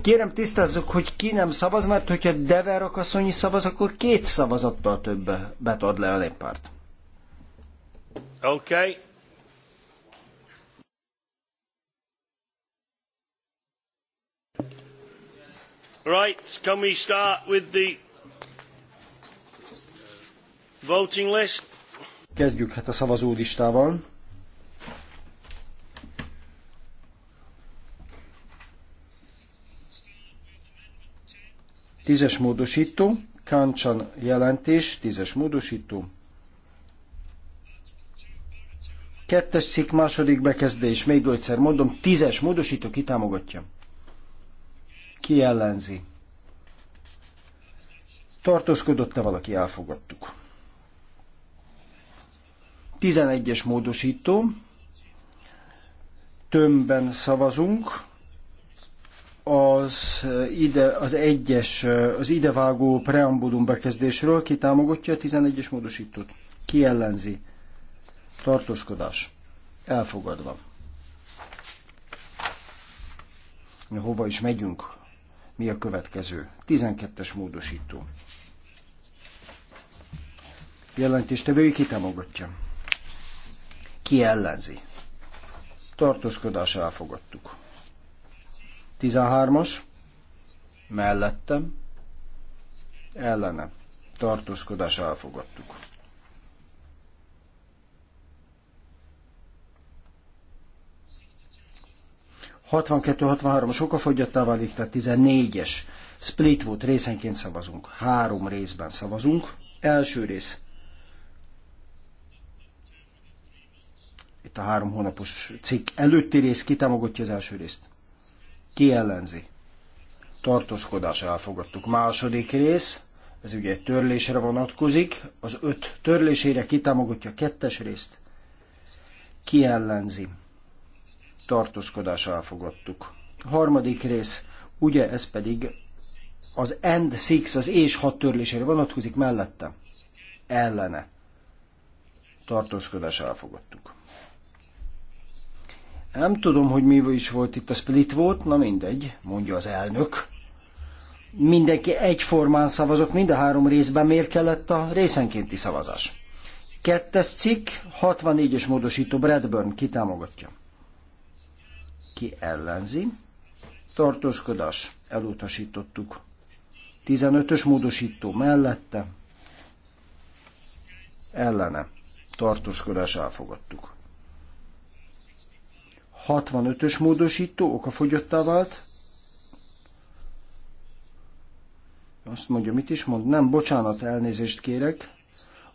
Kérem tisztázzuk, hogy ki nem szavaz, mert hogyha Deverok asszony szavaz, akkor két szavazattal több betad le a néppárt. Okay. Right, can we start with the voting list? Kezdjük hát a szavazólistával. Tízes módosító, Kancsan jelentés, tízes módosító. Kettes cikk, második bekezdés, még egyszer mondom, tízes módosító, ki támogatja? Ki ellenzi? Tartózkodott-e valaki? Elfogadtuk. Tizenegyes módosító. Tömbben szavazunk az, eh, ide, az egyes, eh, az idevágó preambulum bekezdésről, ki támogatja a 11-es módosítót, ki ellenzi, tartózkodás, elfogadva. Hova is megyünk? Mi a következő? 12-es módosító. Jelentéstevői ki támogatja? Ki ellenzi? Tartózkodás elfogadtuk. 13-as mellettem ellene tartózkodás elfogadtuk. ...62-63-as okafogyattá válik, tehát 14-es split volt, részenként szavazunk. Három részben szavazunk. Első rész itt a három hónapos cikk előtti rész kitámogatja az első részt. Ki ellenzi? Tartózkodás elfogadtuk. Második rész, ez ugye egy törlésre vonatkozik, az öt törlésére kitámogatja a kettes részt. Ki ellenzi? Tartózkodás elfogadtuk. harmadik rész, ugye ez pedig az end six, az és hat törlésére vonatkozik mellette. Ellene. Tartózkodás elfogadtuk. Nem tudom, hogy mi is volt itt a split volt, na mindegy, mondja az elnök. Mindenki egyformán szavazott, mind a három részben miért kellett a részenkénti szavazás? Kettes cikk, 64-es módosító Bradburn kitámogatja. Ki ellenzi? Tartózkodás. Elutasítottuk. 15-ös módosító mellette. Ellene. Tartózkodás elfogadtuk. 65-ös módosító okafogyottá vált. Azt mondja, mit is mond? Nem, bocsánat, elnézést kérek.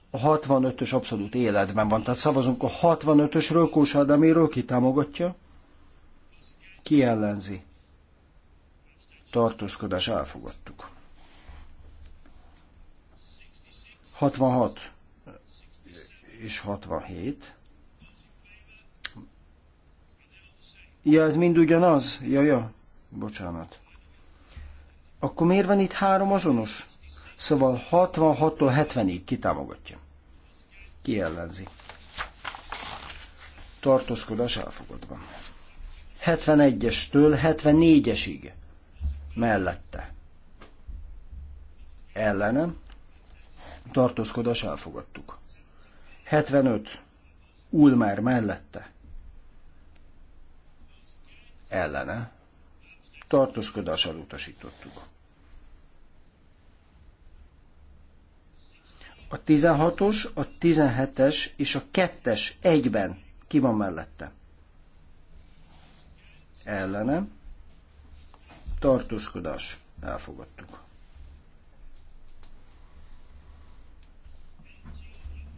A 65-ös abszolút életben van, tehát szavazunk a 65-ösről, Kósa Adaméről, ki támogatja, ki ellenzi. Tartózkodás elfogadtuk. 66 és 67. Ja, ez mind ugyanaz? Ja, ja. Bocsánat. Akkor miért van itt három azonos? Szóval 66-tól 70-ig kitámogatja. Ki ellenzi? Tartózkodás elfogadva. 71-estől 74-esig. Mellette. Ellenem. Tartózkodás elfogadtuk. 75. Ulmer mellette ellene tartózkodással utasítottuk. A 16-os, a 17-es és a 2-es egyben ki van mellette? Ellene tartózkodás elfogadtuk.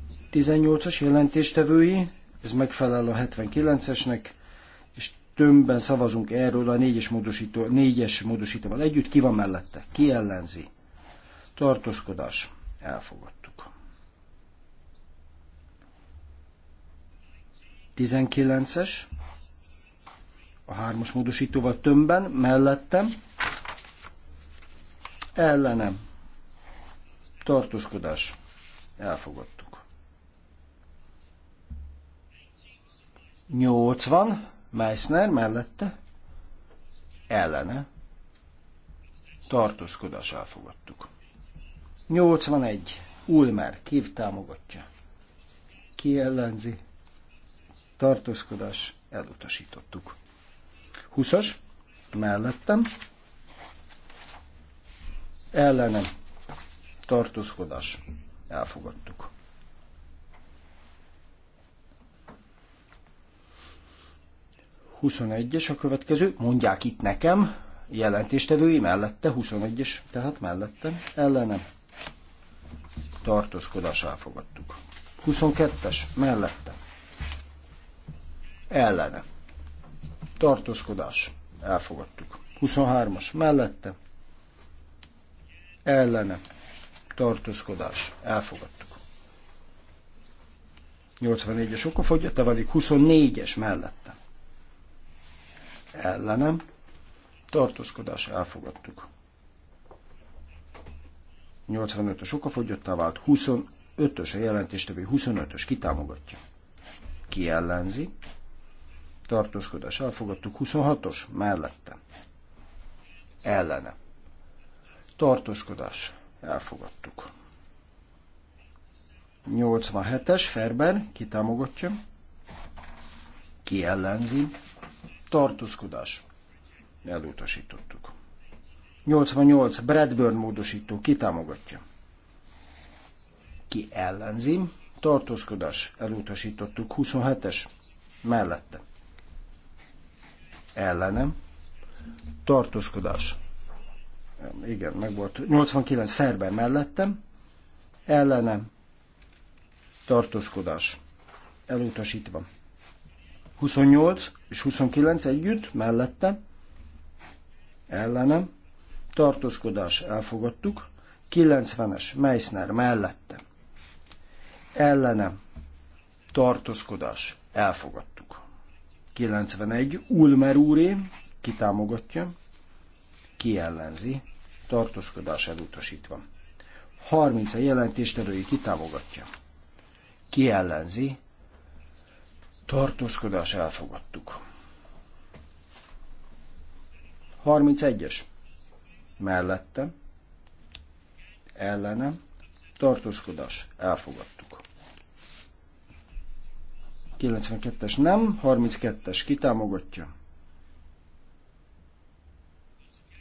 A 18-as jelentéstevői, ez megfelel a 79-esnek, tömbben szavazunk erről a négyes, módosító, négyes módosítóval együtt. Ki van mellette? Ki ellenzi? Tartózkodás. Elfogadtuk. 19-es. A hármas módosítóval tömbben, mellettem. Ellenem. Tartózkodás. Elfogadtuk. 80. Meissner mellette, ellene, tartózkodás elfogadtuk. 81. Ulmer kív támogatja. Ki ellenzi? Tartózkodás elutasítottuk. 20-as mellettem. Ellenem tartózkodás elfogadtuk. 21-es a következő, mondják itt nekem, jelentéstevői mellette, 21-es, tehát mellettem, ellenem. Tartózkodás elfogadtuk. 22-es, mellette. Ellene. Tartózkodás. Elfogadtuk. 23-as, mellette. Ellene. Tartózkodás. Elfogadtuk. 84-es okafogyata, vagy 24-es mellett ellenem, tartózkodás elfogadtuk. 85-ös okafogyottá vált, 25-ös a jelentéstevő, 25-ös kitámogatja. Ki ellenzi? Tartózkodás elfogadtuk, 26-os mellette. Ellene. Tartózkodás elfogadtuk. 87-es Ferber kitámogatja. Ki ellenzi? tartózkodás. Elutasítottuk. 88. Bradburn módosító kitámogatja. Ki ellenzi? Tartózkodás. Elutasítottuk. 27-es. Mellette. Ellenem. Tartózkodás. Igen, megvolt. 89. Ferber mellettem. Ellenem. Tartózkodás. Elutasítva. 28 és 29 együtt, mellette, ellenem, tartózkodás elfogadtuk, 90-es Meissner mellette, ellenem, tartózkodás elfogadtuk. 91 Ulmer úré, kitámogatja, ki ellenzi, tartózkodás elutasítva. 30 a jelentéstevői kitámogatja, ki ellenzi, tartózkodás elfogadtuk. 31-es mellette ellenem tartózkodás elfogadtuk. 92-es nem, 32-es kitámogatja.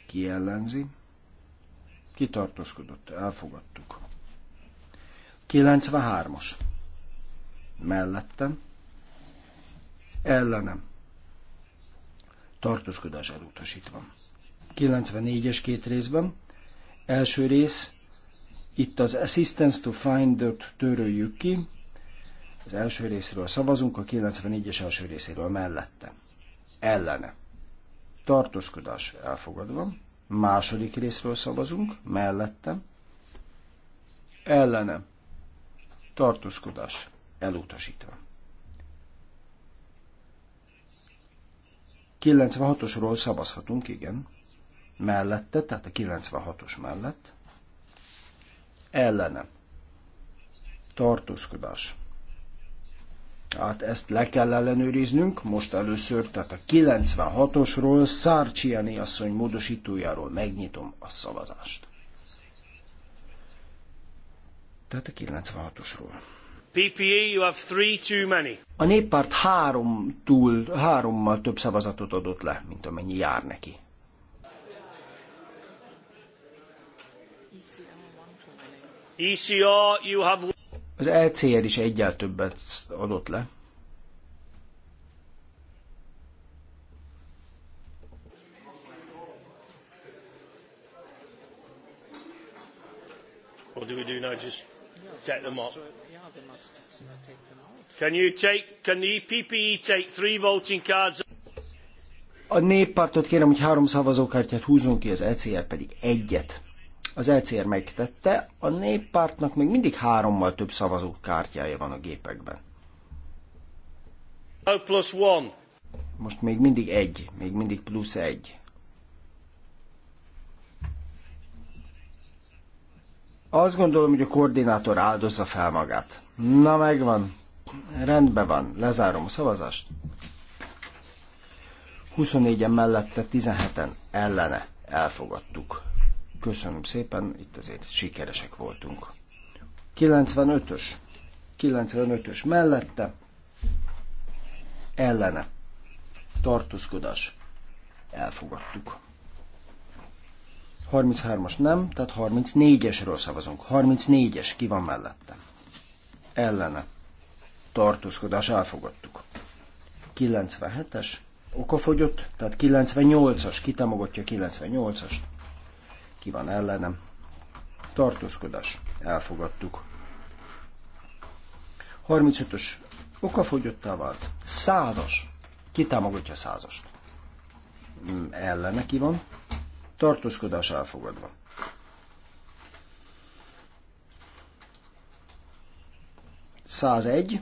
Ki ellenzi? Kitartózkodott, elfogadtuk. 93-as. Mellettem ellenem tartózkodás elutasítva. 94-es két részben. Első rész, itt az Assistance to Finder-t töröljük ki. Az első részről szavazunk, a 94-es első részéről mellette. Ellene. Tartózkodás elfogadva. Második részről szavazunk, mellette. Ellene. Tartózkodás elutasítva. 96-osról szavazhatunk, igen. Mellette, tehát a 96-os mellett. Ellene. Tartózkodás. Hát ezt le kell ellenőriznünk, most először, tehát a 96-osról Szárcsiani asszony módosítójáról megnyitom a szavazást. Tehát a 96-osról. E, A néppárt három túl, hárommal több szavazatot adott le, mint amennyi jár neki. ECR, you have... Az ECR is egyel többet adott le. Or do we do now just take them up? Can you take, can the PPE e take three voting cards? A néppártot kérem, hogy három szavazókártyát húzzon ki, az ECR pedig egyet. Az ECR megtette, a néppártnak még mindig hárommal több szavazókártyája van a gépekben. Oh, Most még mindig egy, még mindig plusz egy. Azt gondolom, hogy a koordinátor áldozza fel magát. Na megvan. Rendben van. Lezárom a szavazást. 24-en mellette, 17-en ellene elfogadtuk. Köszönöm szépen, itt azért sikeresek voltunk. 95-ös. 95-ös mellette, ellene. Tartózkodás. Elfogadtuk. 33-as nem, tehát 34-esről szavazunk. 34-es ki van mellette? Ellene. Tartózkodás elfogadtuk. 97-es okafogyott, tehát 98-as, ki támogatja 98-ast. Ki van ellenem? Tartózkodás. Elfogadtuk. 35-ös okafogyottá vált. 100-as. ki támogatja 100-ast. Ellene ki van? tartózkodás elfogadva. Százegy.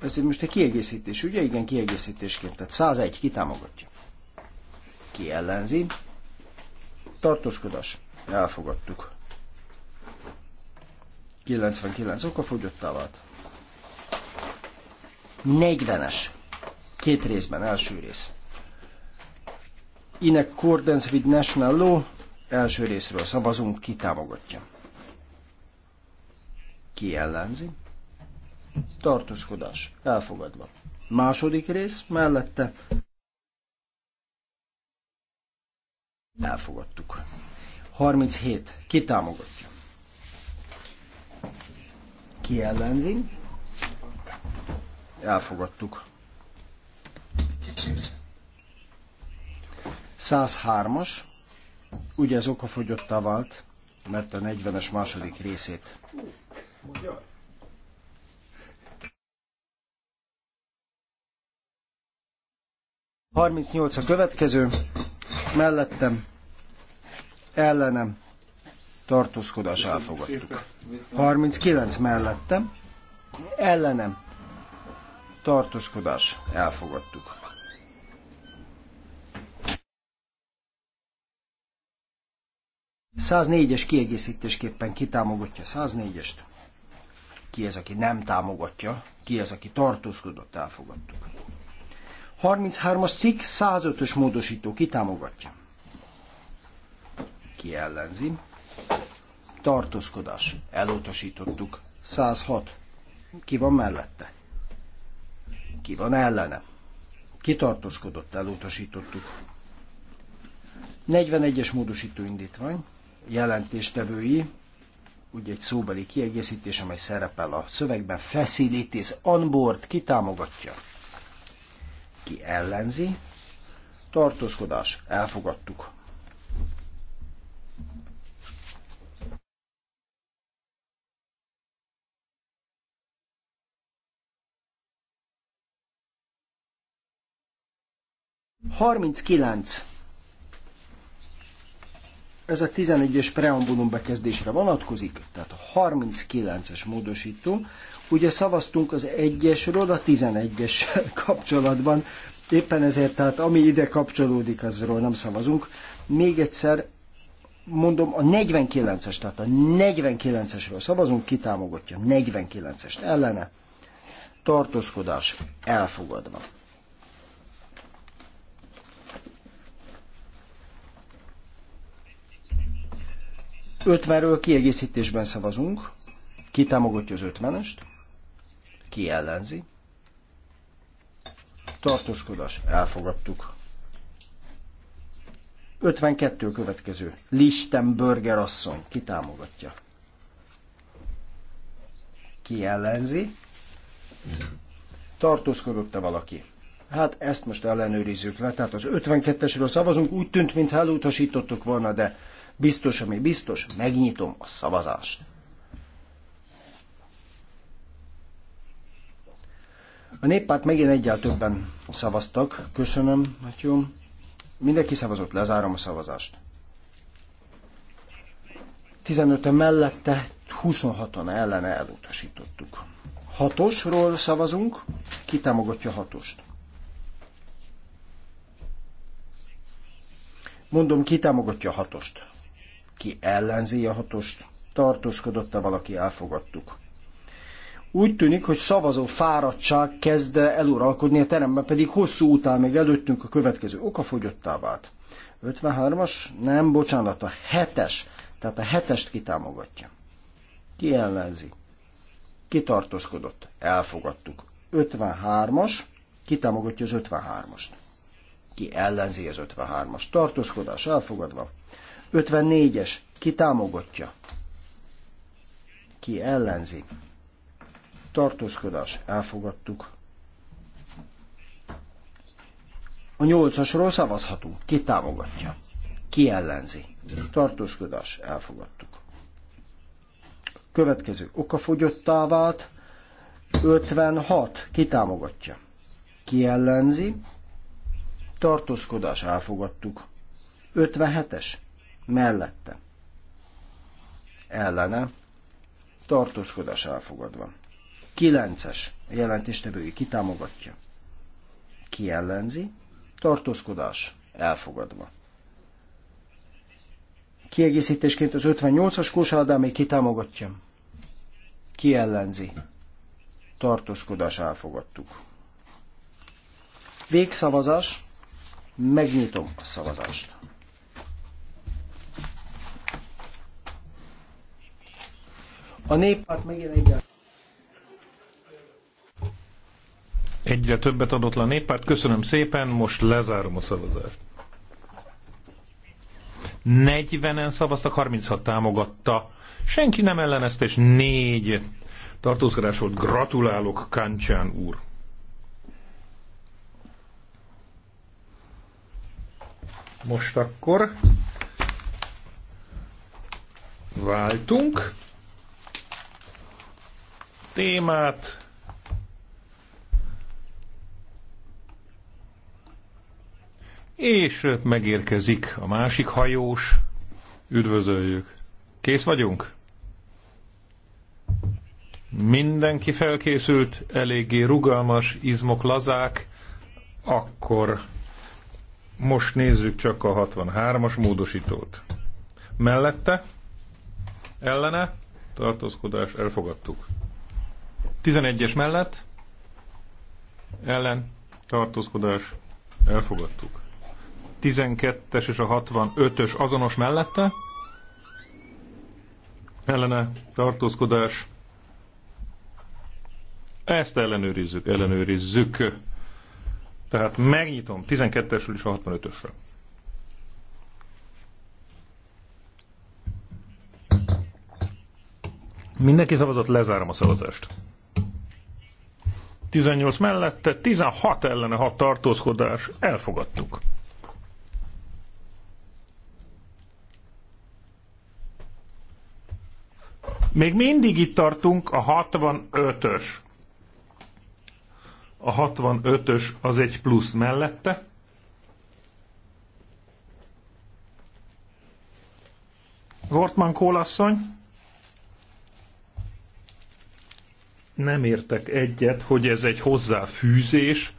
Ez most egy kiegészítés, ugye? Igen, kiegészítésként. Tehát 101 kitámogatja. Ki ellenzi? Tartózkodás. Elfogadtuk. 99 oka fogyottá vált. 40-es Két részben, első rész. In accordance with national law, első részről szavazunk, ki támogatja. Ki ellenzi? Tartózkodás. Elfogadva. Második rész mellette. Elfogadtuk. 37. Ki támogatja? Ki ellenzi? Elfogadtuk. 103-as, ugye ez okafogyott vált, mert a 40-es második részét. Magyar. 38 a következő, mellettem, ellenem, tartózkodás elfogadtuk. 39 mellettem, ellenem, tartózkodás elfogadtuk. 104-es kiegészítésképpen kitámogatja 104-est, ki az, aki nem támogatja, ki az, aki tartózkodott, elfogadtuk. 33-as cikk 105-ös módosító kitámogatja. Ki ellenzi? Tartózkodás. Elutasítottuk. 106. Ki van mellette? Ki van ellene? Ki tartózkodott? Elutasítottuk. 41-es módosító indítvány jelentéstevői, ugye egy szóbeli kiegészítés, amely szerepel a szövegben, facilities on board, ki támogatja, ki ellenzi, tartózkodás, elfogadtuk. Harminckilenc ez a 11-es preambulum bekezdésre vonatkozik, tehát a 39-es módosító. Ugye szavaztunk az 1-esről a 11-es kapcsolatban, éppen ezért, tehát ami ide kapcsolódik, azról nem szavazunk. Még egyszer mondom, a 49-es, tehát a 49-esről szavazunk, kitámogatja 49-est ellene, tartózkodás elfogadva. 50-ről kiegészítésben szavazunk. Ki támogatja az 50-est? Ki ellenzi? Tartózkodás. Elfogadtuk. 52 következő. Lichtenberger asszony. Ki támogatja? Ki ellenzi? Tartózkodott-e valaki? Hát ezt most ellenőrizzük le. Tehát az 52-esről szavazunk. Úgy tűnt, mintha elutasítottuk volna, de Biztos, ami biztos, megnyitom a szavazást. A néppárt megint egyel többen szavaztak. Köszönöm, Matyó. Mindenki szavazott, lezárom a szavazást. 15 -e mellette, 26-an ellene elutasítottuk. Hatosról szavazunk, ki támogatja hatost? Mondom, ki támogatja hatost? ki ellenzi a hatost, tartózkodott-e valaki, elfogadtuk. Úgy tűnik, hogy szavazó fáradtság kezd eluralkodni a teremben, pedig hosszú után még előttünk a következő fogyottá vált. 53-as, nem, bocsánat, a 7-es, tehát a 7-est kitámogatja. Ki ellenzi? Kitartózkodott, elfogadtuk. 53-as, kitámogatja az 53-ast. Ki ellenzi az 53-as? Tartózkodás elfogadva. 54-es. Ki támogatja? Ki ellenzi? Tartózkodás. Elfogadtuk. A 8-asról szavazhatunk. Ki támogatja? Ki ellenzi? Tartózkodás. Elfogadtuk. Következő. Okafogyottá vált. 56. Ki támogatja? Ki ellenzi? Tartózkodás. Elfogadtuk. 57-es mellette, ellene, tartózkodás elfogadva. 9-es jelentéstevői kitámogatja, ki ellenzi, tartózkodás elfogadva. Kiegészítésként az 58-as Kósádámé kitámogatja, ki ellenzi, tartózkodás elfogadtuk. Végszavazás, megnyitom a szavazást. A néppárt megint Egy Egyre többet adott le a néppárt. Köszönöm szépen, most lezárom a szavazást. 40-en szavaztak, 36 támogatta. Senki nem ellenezte, és négy tartózkodás volt. Gratulálok, Kancsán úr! Most akkor váltunk témát. És megérkezik a másik hajós. Üdvözöljük. Kész vagyunk? Mindenki felkészült, eléggé rugalmas, izmok lazák. Akkor most nézzük csak a 63-as módosítót. Mellette, ellene, tartózkodás, elfogadtuk. 11-es mellett ellen tartózkodás elfogadtuk. 12-es és a 65-ös azonos mellette ellene tartózkodás ezt ellenőrizzük, ellenőrizzük. Tehát megnyitom 12-esről és a 65-ösről. Mindenki szavazott, lezárom a szavazást. 18 mellette, 16 ellene 6 tartózkodás. Elfogadtuk. Még mindig itt tartunk a 65-ös. A 65-ös az egy plusz mellette. Wortmann kólasszony. nem értek egyet, hogy ez egy hozzáfűzés,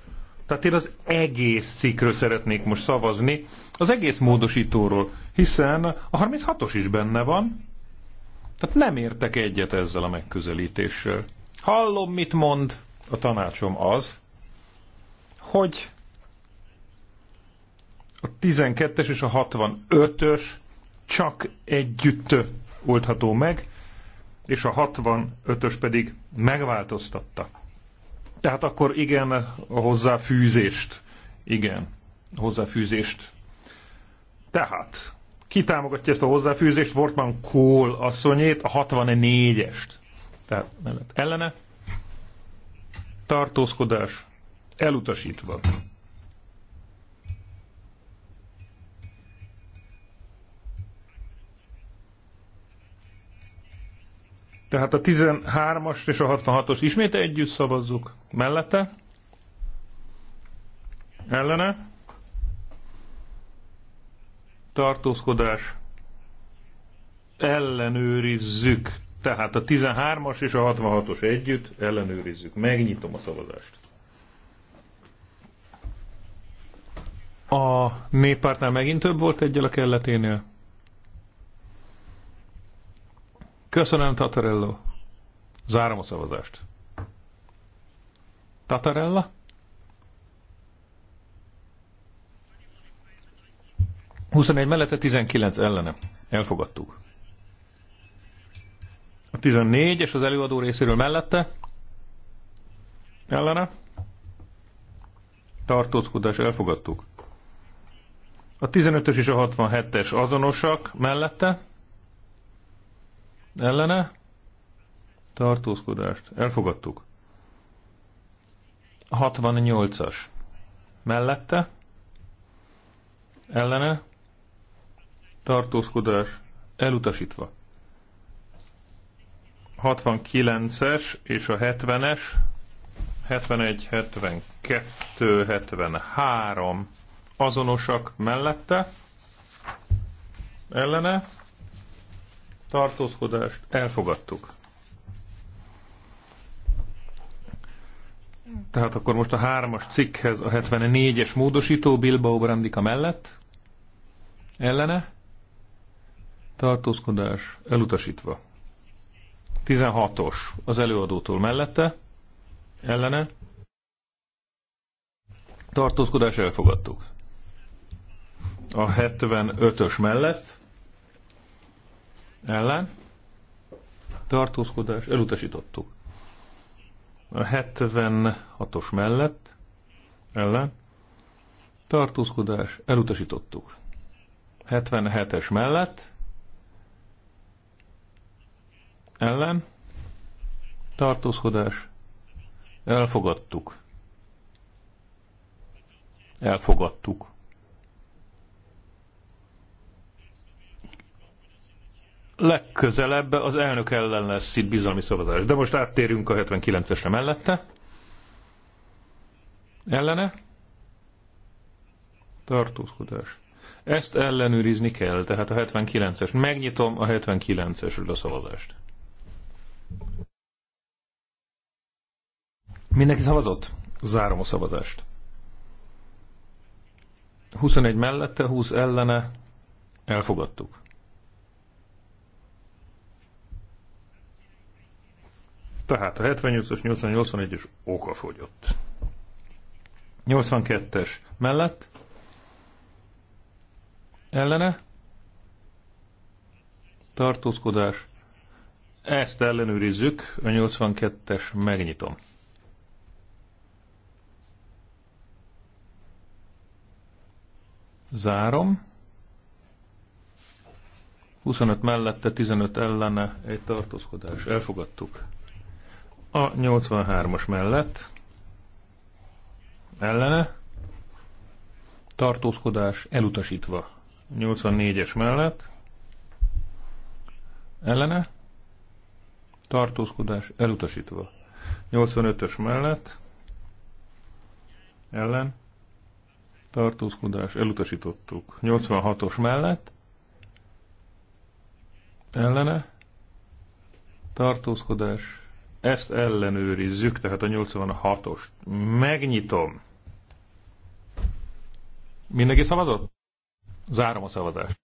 tehát én az egész szikről szeretnék most szavazni, az egész módosítóról, hiszen a 36-os is benne van, tehát nem értek egyet ezzel a megközelítéssel. Hallom, mit mond a tanácsom az, hogy a 12-es és a 65-ös csak együtt oldható meg, és a 65-ös pedig megváltoztatta. Tehát akkor igen a hozzáfűzést. Igen, a hozzáfűzést. Tehát, ki támogatja ezt a hozzáfűzést? Wortmann Kohl asszonyét, a 64-est. Tehát mellett ellene. Tartózkodás elutasítva. Tehát a 13-as és a 66-os ismét együtt szavazzuk. Mellette? Ellene? Tartózkodás. Ellenőrizzük. Tehát a 13-as és a 66-os együtt ellenőrizzük. Megnyitom a szavazást. A néppártnál megint több volt egyel a kelleténél? Köszönöm, Tatarello. Zárom a szavazást. Tatarella? egy mellette, 19 ellene. Elfogadtuk. A 14 és az előadó részéről mellette. Ellene. Tartózkodás elfogadtuk. A 15-ös és a 67-es azonosak mellette ellene tartózkodást elfogadtuk. 68-as mellette ellene tartózkodás elutasítva. 69-es és a 70-es 71, 72, 73 azonosak mellette ellene tartózkodást elfogadtuk. Tehát akkor most a hármas cikkhez a 74-es módosító Bilbao Brandika mellett ellene tartózkodás elutasítva. 16-os az előadótól mellette ellene tartózkodás elfogadtuk. A 75-ös mellett ellen tartózkodás elutasítottuk. A 76-os mellett ellen tartózkodás elutasítottuk. 77-es mellett ellen tartózkodás elfogadtuk. Elfogadtuk. legközelebb az elnök ellen lesz itt bizalmi szavazás. De most áttérünk a 79-esre mellette. Ellene? Tartózkodás. Ezt ellenőrizni kell, tehát a 79-es. Megnyitom a 79-esről a szavazást. Mindenki szavazott? Zárom a szavazást. 21 mellette, 20 ellene, elfogadtuk. Tehát a 78 as 80-81-es okafogyott. 82-es mellett ellene tartózkodás. Ezt ellenőrizzük, a 82-es megnyitom. Zárom. 25 mellette, 15 ellene egy tartózkodás. Elfogadtuk. A 83-as mellett ellene tartózkodás elutasítva. 84-es mellett ellene tartózkodás elutasítva. 85-ös mellett ellen tartózkodás elutasítottuk. 86-os mellett ellene tartózkodás ezt ellenőrizzük, tehát a 86-ost. Megnyitom. Mindenki szavazott? Zárom a szavazást.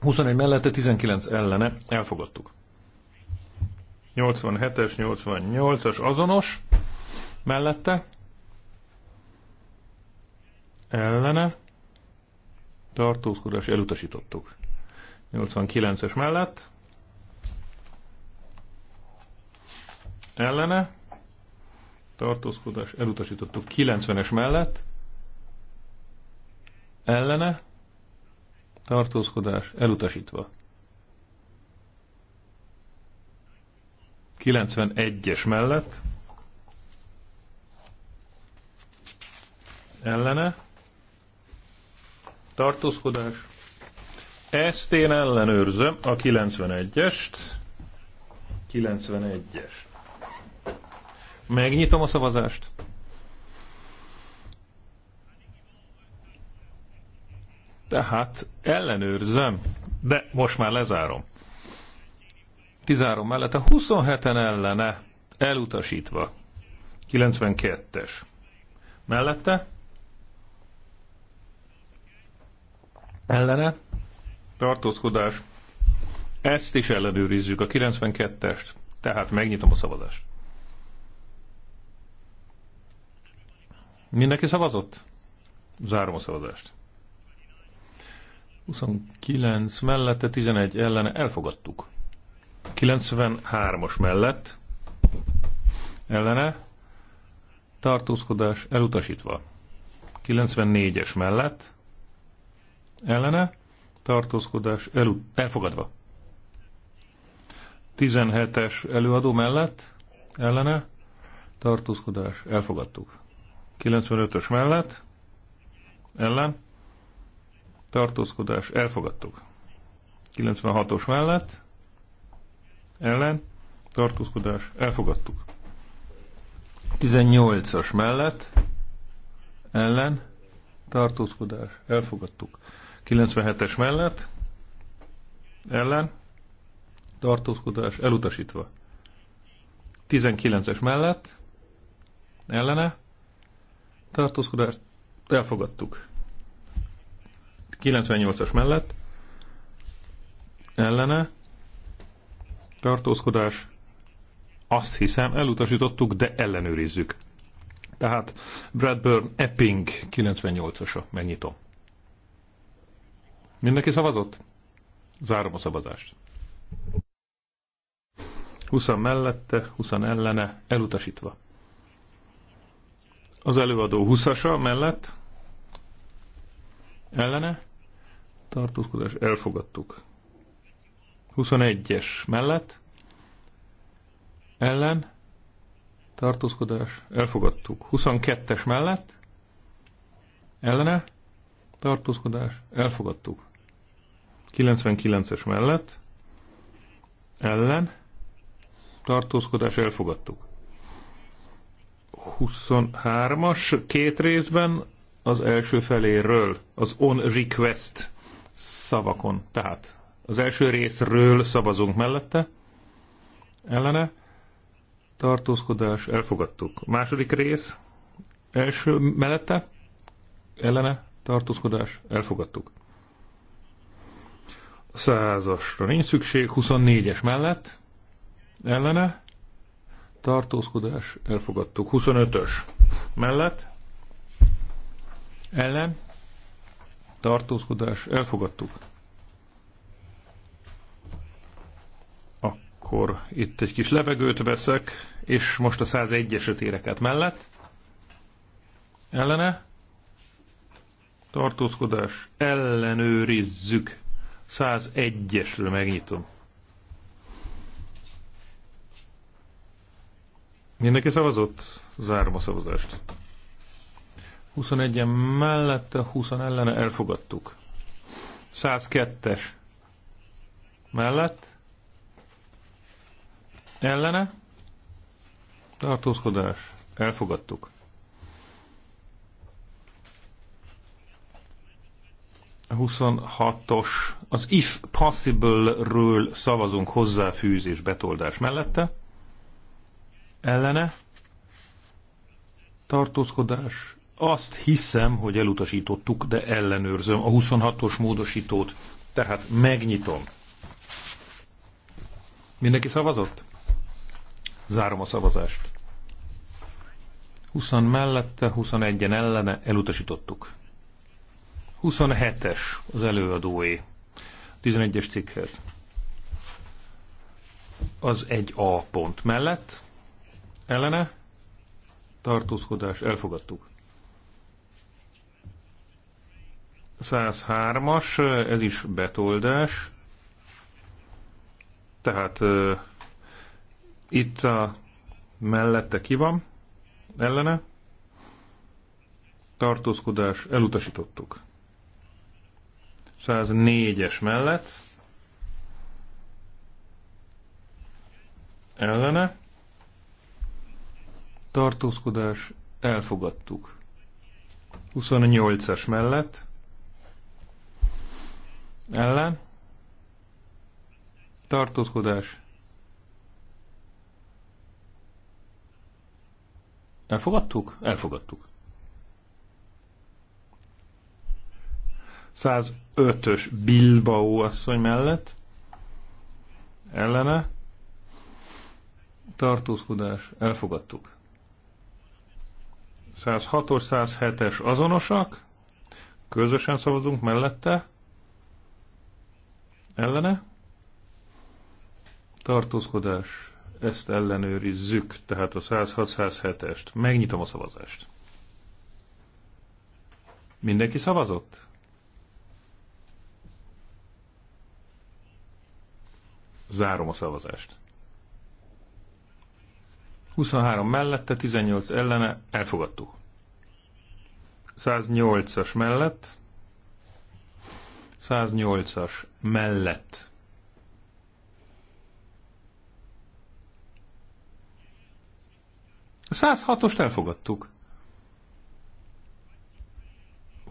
21 mellette, 19 ellene. Elfogadtuk. 87-es, 88-as azonos mellette, ellene, tartózkodás elutasítottuk. 89-es mellett, ellene, tartózkodás, elutasítottuk 90-es mellett, ellene, tartózkodás, elutasítva. 91-es mellett, ellene, tartózkodás, ezt én ellenőrzöm, a 91-est, 91-est. Megnyitom a szavazást. Tehát ellenőrzöm, de most már lezárom. 13 a 27-en ellene, elutasítva. 92-es. Mellette? Ellene? Tartózkodás. Ezt is ellenőrizzük, a 92-est. Tehát megnyitom a szavazást. Mindenki szavazott? Zárom a szavazást. 29 mellette, 11 ellene elfogadtuk. 93-as mellett ellene tartózkodás elutasítva. 94-es mellett ellene tartózkodás elu- elfogadva. 17-es előadó mellett ellene tartózkodás elfogadtuk. 95-ös mellett, ellen, tartózkodás, elfogadtuk. 96-os mellett, ellen, tartózkodás, elfogadtuk. 18-as mellett, ellen, tartózkodás, elfogadtuk. 97-es mellett, ellen, tartózkodás, elutasítva. 19-es mellett, ellene, tartózkodást elfogadtuk. 98-as mellett ellene tartózkodás azt hiszem elutasítottuk, de ellenőrizzük. Tehát Bradburn Epping 98-osa, megnyitom. Mindenki szavazott? Zárom a szavazást. 20 mellette, 20 ellene, elutasítva. Az előadó 20-asa mellett ellene tartózkodás elfogadtuk. 21-es mellett ellen tartózkodás elfogadtuk. 22-es mellett ellene tartózkodás elfogadtuk. 99-es mellett ellen tartózkodás elfogadtuk. 23-as két részben az első feléről, az on request szavakon. Tehát az első részről szavazunk mellette, ellene, tartózkodás, elfogadtuk. Második rész, első mellette, ellene, tartózkodás, elfogadtuk. Százasra nincs szükség, 24-es mellett, ellene, tartózkodás, elfogadtuk. 25-ös mellett, ellen, tartózkodás, elfogadtuk. Akkor itt egy kis levegőt veszek, és most a 101-eset éreket mellett. Ellene, tartózkodás, ellenőrizzük. 101-esről megnyitom. Mindenki szavazott? Zárom a szavazást. 21-en mellette, 20 ellene elfogadtuk. 102-es mellett, ellene, tartózkodás, elfogadtuk. A 26-os, az if possible-ről szavazunk hozzáfűzés betoldás mellette ellene tartózkodás. Azt hiszem, hogy elutasítottuk, de ellenőrzöm a 26-os módosítót. Tehát megnyitom. Mindenki szavazott? Zárom a szavazást. 20 mellette, 21-en ellene elutasítottuk. 27-es az előadói. 11-es cikkhez. Az 1A pont mellett ellene, tartózkodás, elfogadtuk. 103-as, ez is betoldás, tehát uh, itt a mellette ki van, ellene, tartózkodás, elutasítottuk. 104-es mellett, ellene, tartózkodás, elfogadtuk. 28-as mellett, ellen, tartózkodás, elfogadtuk, elfogadtuk. 105-ös Bilbao asszony mellett, ellene, tartózkodás, elfogadtuk. 106-os, 107-es azonosak. Közösen szavazunk mellette. Ellene. Tartózkodás. Ezt ellenőrizzük, tehát a 106-107-est. Megnyitom a szavazást. Mindenki szavazott? Zárom a szavazást. 23 mellette, 18 ellene, elfogadtuk. 108-as mellett, 108-as mellett. A 106-ost elfogadtuk.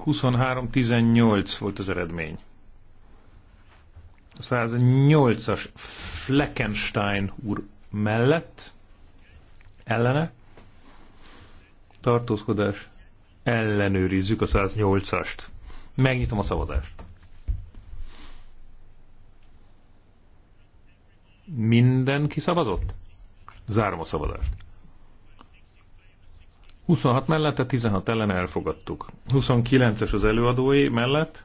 23-18 volt az eredmény. A 108-as Fleckenstein úr mellett, ellene. Tartózkodás. Ellenőrizzük a 108-ast. Megnyitom a szavazást. Mindenki szavazott? Zárom a szavazást. 26 mellette, 16 ellen elfogadtuk. 29-es az előadói mellett.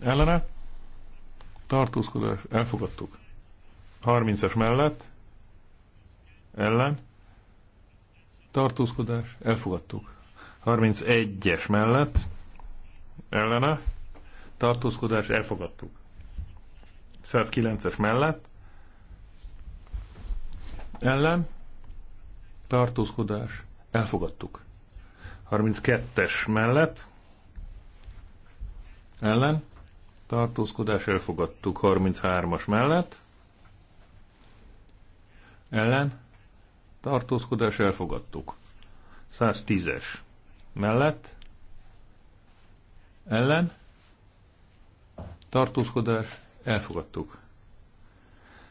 Ellene? Tartózkodás. Elfogadtuk. 30-es mellett ellen tartózkodás elfogadtuk. 31-es mellett ellene tartózkodás elfogadtuk. 109-es mellett ellen tartózkodás elfogadtuk. 32-es mellett ellen tartózkodás elfogadtuk. 33-as mellett ellen tartózkodás elfogadtuk. 110-es mellett ellen tartózkodás elfogadtuk.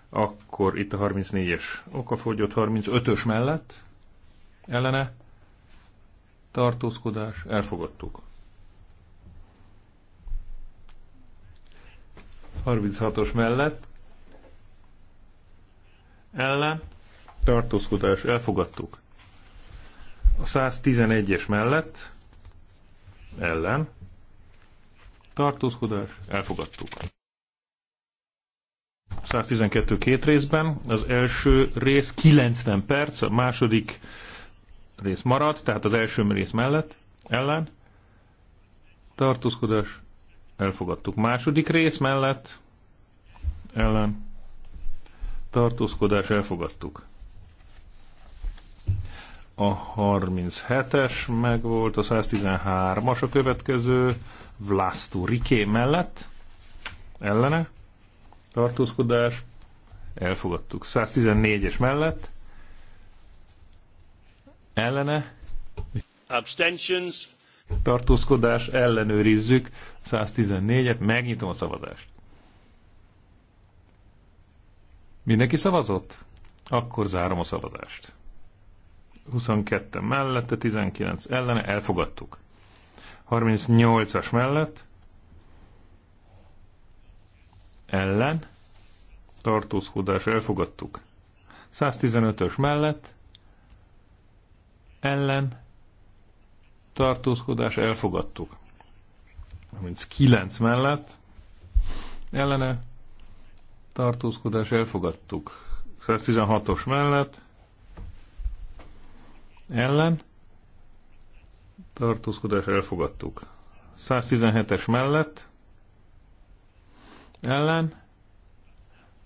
Akkor itt a 34-es okafogyott 35-ös mellett ellene tartózkodás elfogadtuk. 36-os mellett ellen tartózkodás elfogadtuk. A 111-es mellett ellen tartózkodás elfogadtuk. 112 két részben, az első rész 90 perc, a második rész maradt, tehát az első rész mellett, ellen, tartózkodás, elfogadtuk. Második rész mellett, ellen, tartózkodás, elfogadtuk a 37-es megvolt, a 113-as a következő, Vlastu Riké mellett, ellene, tartózkodás, elfogadtuk. 114-es mellett, ellene, abstentions, tartózkodás, ellenőrizzük 114-et, megnyitom a szavazást. Mindenki szavazott? Akkor zárom a szavazást. 22 mellette, 19 ellene, elfogadtuk. 38-as mellett, ellen, tartózkodás, elfogadtuk. 115-ös mellett, ellen, tartózkodás, elfogadtuk. 39 mellett, ellene, tartózkodás, elfogadtuk. 116-os mellett, ellen tartózkodás elfogadtuk. 117-es mellett ellen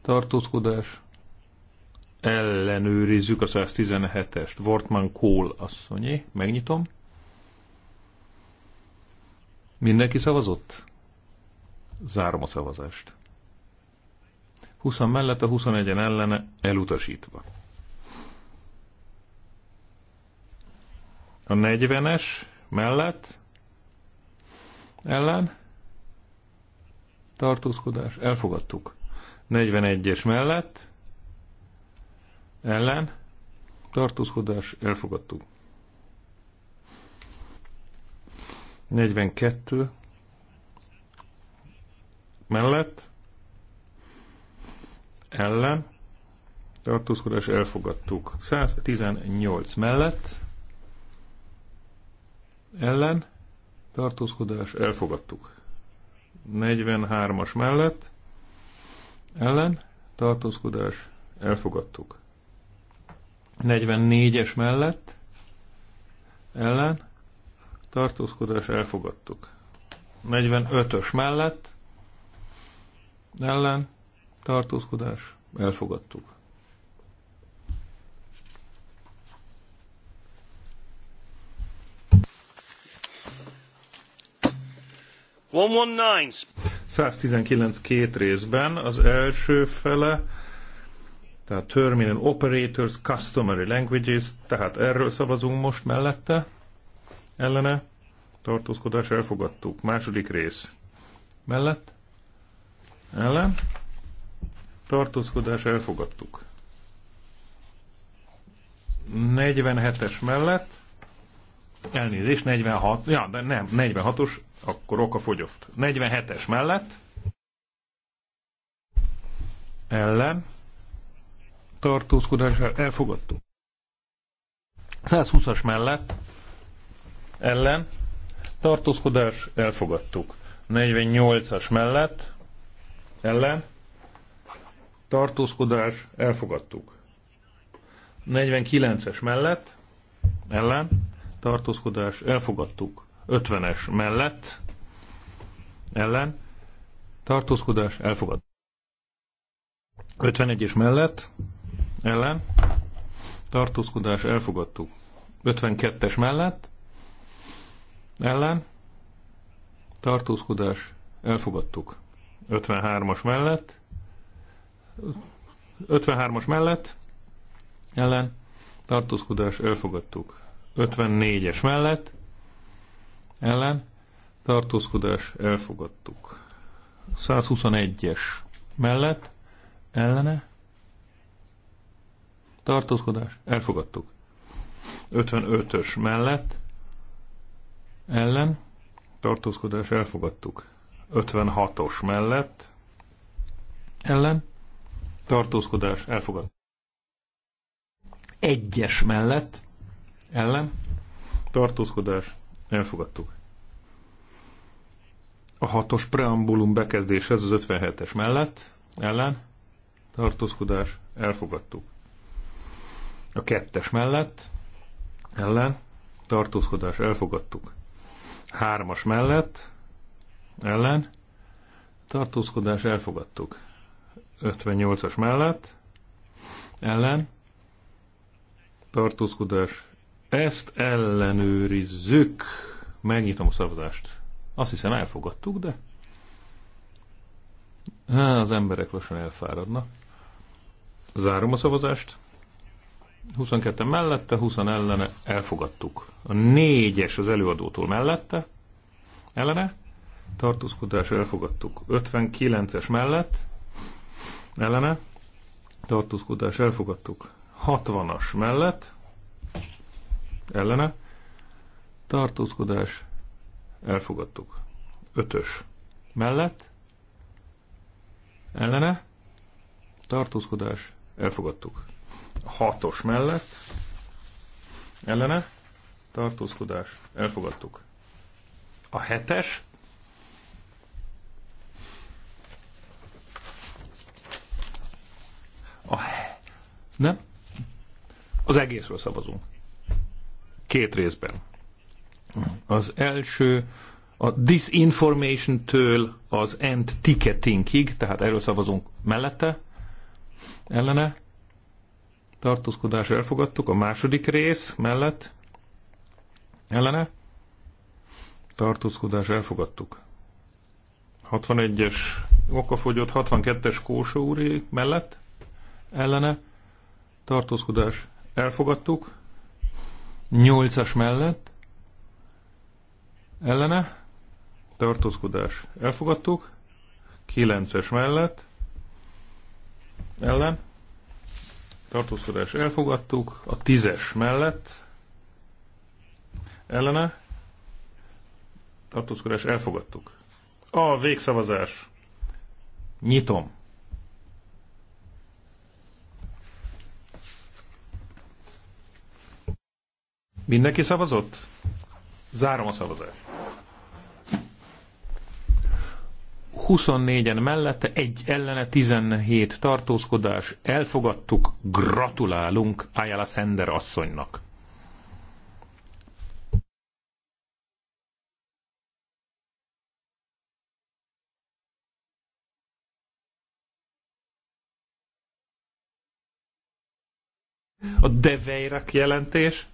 tartózkodás ellenőrizzük a 117-est. Wortman Kohl asszonyi, megnyitom. Mindenki szavazott? Zárom a szavazást. 20 mellett a 21-en ellene, elutasítva. a 40-es mellett ellen tartózkodás, elfogadtuk. 41-es mellett ellen tartózkodás, elfogadtuk. 42 mellett ellen tartózkodás elfogadtuk. 118 mellett ellen, tartózkodás, elfogadtuk. 43-as mellett, ellen, tartózkodás, elfogadtuk. 44-es mellett, ellen, tartózkodás, elfogadtuk. 45-ös mellett, ellen, tartózkodás, elfogadtuk. 119 két részben, az első fele, tehát Terminal Operators Customary Languages, tehát erről szavazunk most mellette, ellene, tartózkodás elfogadtuk. Második rész, mellett, ellen, tartózkodás elfogadtuk. 47-es mellett, Elnézés, 46, ja, de nem, 46-os, akkor oka fogyott. 47-es mellett. Ellen. Tartózkodással elfogadtuk. 120-as mellett. Ellen. Tartózkodás elfogadtuk. 48-as mellett. Ellen. Tartózkodás elfogadtuk. 49-es mellett. Ellen tartózkodás, elfogadtuk. 50-es mellett, ellen, tartózkodás, elfogadtuk. 51-es mellett, ellen, tartózkodás, elfogadtuk. 52-es mellett, ellen, tartózkodás, elfogadtuk. 53-as mellett, 53-as mellett, ellen, tartózkodás, elfogadtuk. 54-es mellett ellen tartózkodás elfogadtuk. 121-es mellett ellene tartózkodás elfogadtuk. 55-ös mellett ellen tartózkodás elfogadtuk. 56-os mellett ellen tartózkodás elfogadtuk. Egyes mellett ellen, tartózkodás, elfogadtuk. A hatos preambulum bekezdéshez az 57-es mellett, ellen, tartózkodás, elfogadtuk. A kettes mellett, ellen, tartózkodás, elfogadtuk. Hármas mellett, ellen, tartózkodás, elfogadtuk. 58-as mellett, ellen, tartózkodás, ezt ellenőrizzük. Megnyitom a szavazást. Azt hiszem elfogadtuk, de... Há, az emberek lassan elfáradnak. Zárom a szavazást. 22 mellette, 20 ellene elfogadtuk. A négyes az előadótól mellette, ellene, tartózkodás elfogadtuk. 59-es mellett, ellene, tartózkodás elfogadtuk. 60-as mellett, ellene, tartózkodás, elfogadtuk. Ötös mellett, ellene, tartózkodás, elfogadtuk. Hatos mellett, ellene, tartózkodás, elfogadtuk. A hetes, a nem, az egészről szavazunk. Két részben. Az első a disinformation-től az end ticketingig, tehát erről szavazunk mellette, ellene. Tartózkodás elfogadtuk. A második rész mellett, ellene. Tartózkodás elfogadtuk. 61-es okafogyott, 62-es kósó úri mellett, ellene. Tartózkodás elfogadtuk. Nyolcas mellett ellene tartózkodás elfogadtuk. Kilences mellett ellen tartózkodás elfogadtuk. A tízes mellett ellene tartózkodás elfogadtuk. A végszavazás. Nyitom. Mindenki szavazott? Zárom a szavazást. 24-en mellette, egy ellene, 17 tartózkodás. Elfogadtuk, gratulálunk Ayala Sender asszonynak. A Deveirak jelentés.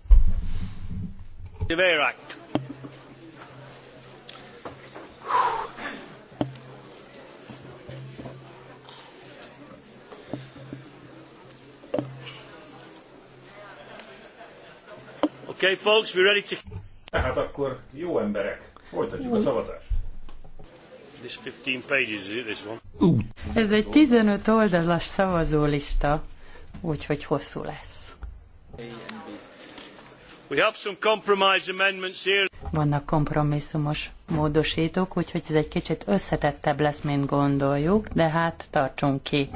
Tehát akkor jó emberek, folytatjuk a szavazást. Ez egy 15 oldalas szavazólista, úgyhogy hosszú lesz. Vannak kompromisszumos módosítók, úgyhogy ez egy kicsit összetettebb lesz, mint gondoljuk, de hát tartsunk ki.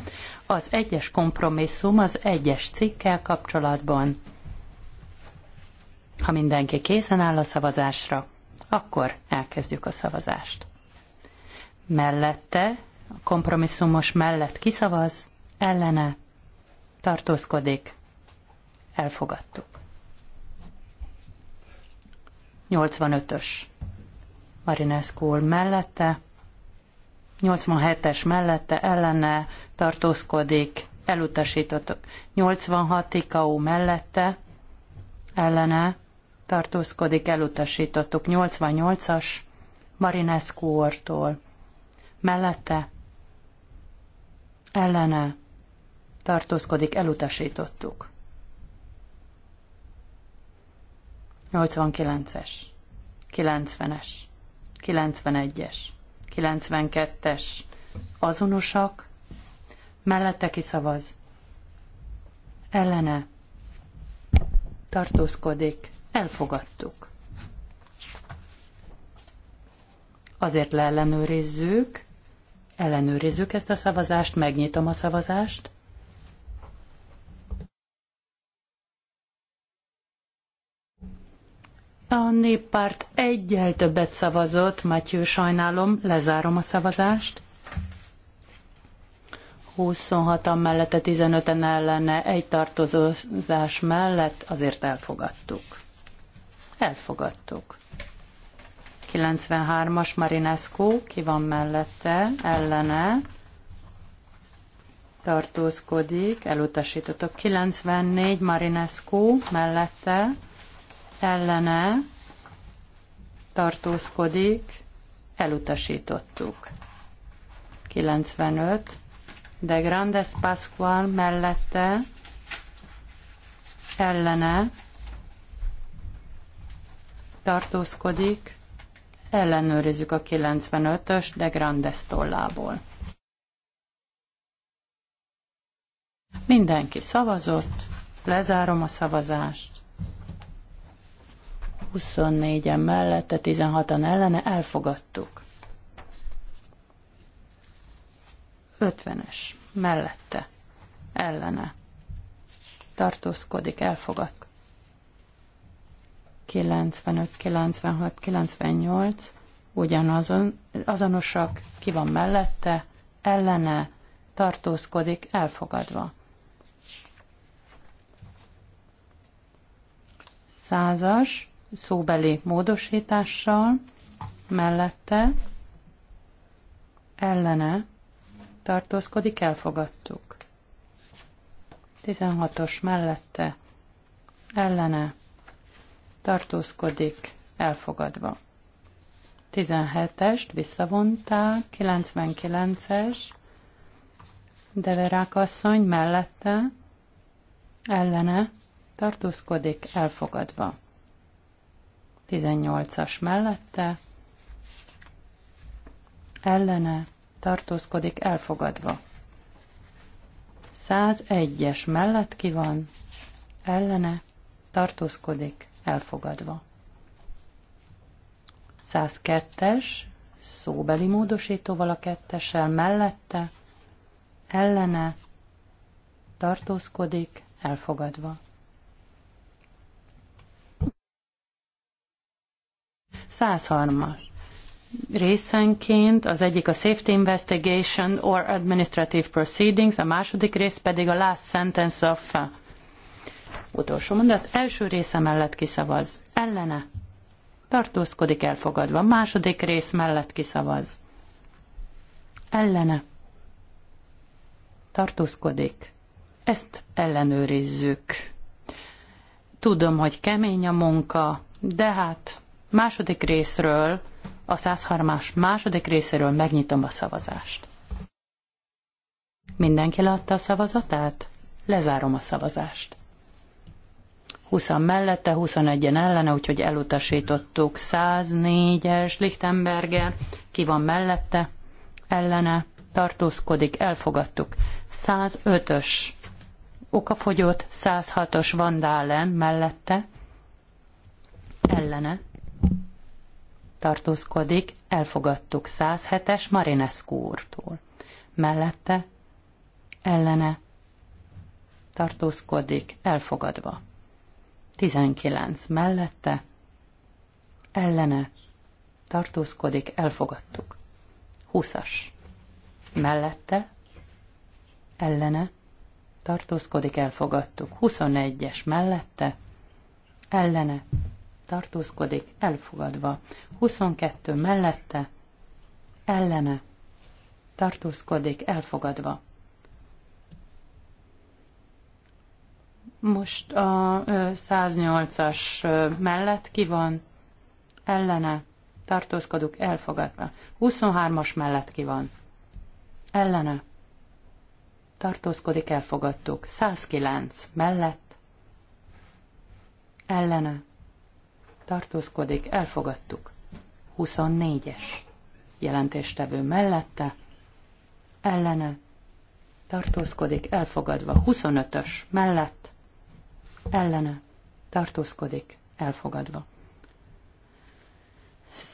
Az egyes kompromisszum az egyes cikkel kapcsolatban. Ha mindenki készen áll a szavazásra, akkor elkezdjük a szavazást. Mellette, a kompromisszumos mellett kiszavaz, ellene tartózkodik, elfogadtuk. 85-ös Marinescu mellette, 87-es mellette ellene tartózkodik, elutasítottuk. 86 IKU mellette ellene tartózkodik, elutasítottuk. 88-as Marinescu ortól mellette ellene tartózkodik, elutasítottuk. 89-es, 90-es, 91-es, 92-es azonosak, mellette kiszavaz, ellene tartózkodik, elfogadtuk. Azért leellenőrizzük, ellenőrizzük ezt a szavazást, megnyitom a szavazást, A néppárt egyel többet szavazott, Matyő, sajnálom, lezárom a szavazást. 26-an mellette, 15-en ellene, egy tartozás mellett azért elfogadtuk. Elfogadtuk. 93-as Marinescu, ki van mellette, ellene, tartózkodik, elutasítottak. 94 Marinescu mellette, ellene tartózkodik, elutasítottuk. 95. De Grandes Pascual mellette ellene tartózkodik, ellenőrizzük a 95-ös De Grandes tollából. Mindenki szavazott, lezárom a szavazást. 24-en mellette, 16-an ellene elfogadtuk. 50-es mellette, ellene tartózkodik, elfogad. 95, 96, 98 ugyanazon, azonosak, ki van mellette, ellene tartózkodik, elfogadva. Százas, szóbeli módosítással, mellette, ellene tartózkodik, elfogadtuk. 16-os mellette, ellene tartózkodik, elfogadva. 17-est visszavonták, 99-es, Deverák asszony mellette, ellene tartózkodik, elfogadva. 18-as mellette, ellene tartózkodik elfogadva. 101-es mellett ki van, ellene tartózkodik elfogadva. 102-es szóbeli módosítóval a kettessel mellette, ellene tartózkodik elfogadva. 103-as részenként, az egyik a Safety Investigation or Administrative Proceedings, a második rész pedig a Last Sentence of uh, utolsó mondat, első része mellett kiszavaz, ellene, tartózkodik elfogadva, második rész mellett kiszavaz, ellene, tartózkodik, ezt ellenőrizzük. Tudom, hogy kemény a munka, de hát második részről, a 103-as második részéről megnyitom a szavazást. Mindenki látta a szavazatát? Lezárom a szavazást. 20 mellette, 21-en ellene, úgyhogy elutasítottuk. 104-es Lichtenberger, ki van mellette, ellene, tartózkodik, elfogadtuk. 105-ös okafogyott, 106-os Vandálen mellette, ellene, tartózkodik, elfogadtuk 107-es Marinescu úrtól. Mellette, ellene, tartózkodik, elfogadva. 19 mellette, ellene, tartózkodik, elfogadtuk. 20-as. Mellette, ellene, tartózkodik, elfogadtuk. 21-es mellette, ellene, tartózkodik, elfogadva. 22 mellette, ellene, tartózkodik, elfogadva. Most a 108-as mellett ki van? Ellene, tartózkodok, elfogadva. 23-as mellett ki van? Ellene, tartózkodik, elfogadtuk. 109 mellett, ellene, tartózkodik, elfogadtuk. 24-es jelentéstevő mellette, ellene, tartózkodik, elfogadva. 25-ös mellett, ellene, tartózkodik, elfogadva.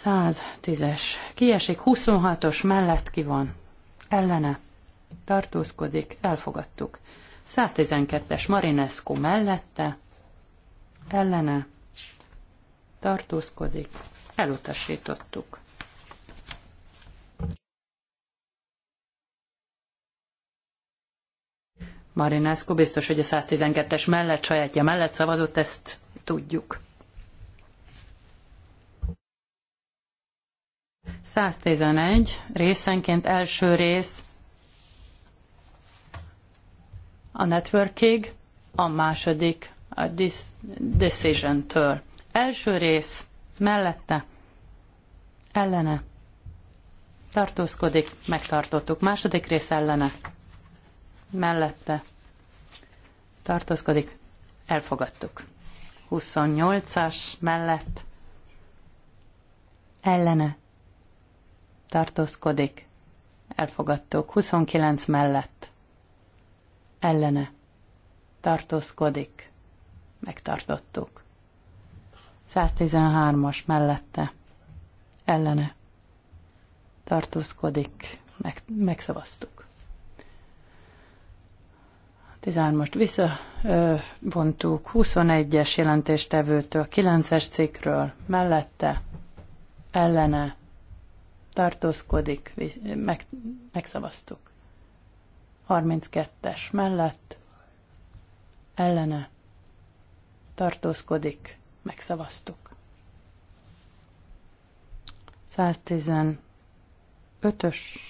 110-es. Kiesik 26-os mellett ki van. Ellene. Tartózkodik. Elfogadtuk. 112-es Marinescu mellette. Ellene tartózkodik, elutasítottuk. Marinescu biztos, hogy a 112-es mellett, sajátja mellett szavazott, ezt tudjuk. 111 részenként első rész a networkig, a második a decision-től. Első rész mellette ellene tartózkodik, megtartottuk. Második rész ellene mellette tartózkodik, elfogadtuk. 28-as mellett ellene tartózkodik, elfogadtuk. 29 mellett ellene tartózkodik, megtartottuk. 113-as mellette ellene tartózkodik, meg, megszavaztuk. 13-ast visszavontuk, 21-es jelentéstevőtől, 9-es cikkről, mellette, ellene, tartózkodik, meg, megszavaztuk. 32-es mellett, ellene, tartózkodik, megszavaztuk. 115-ös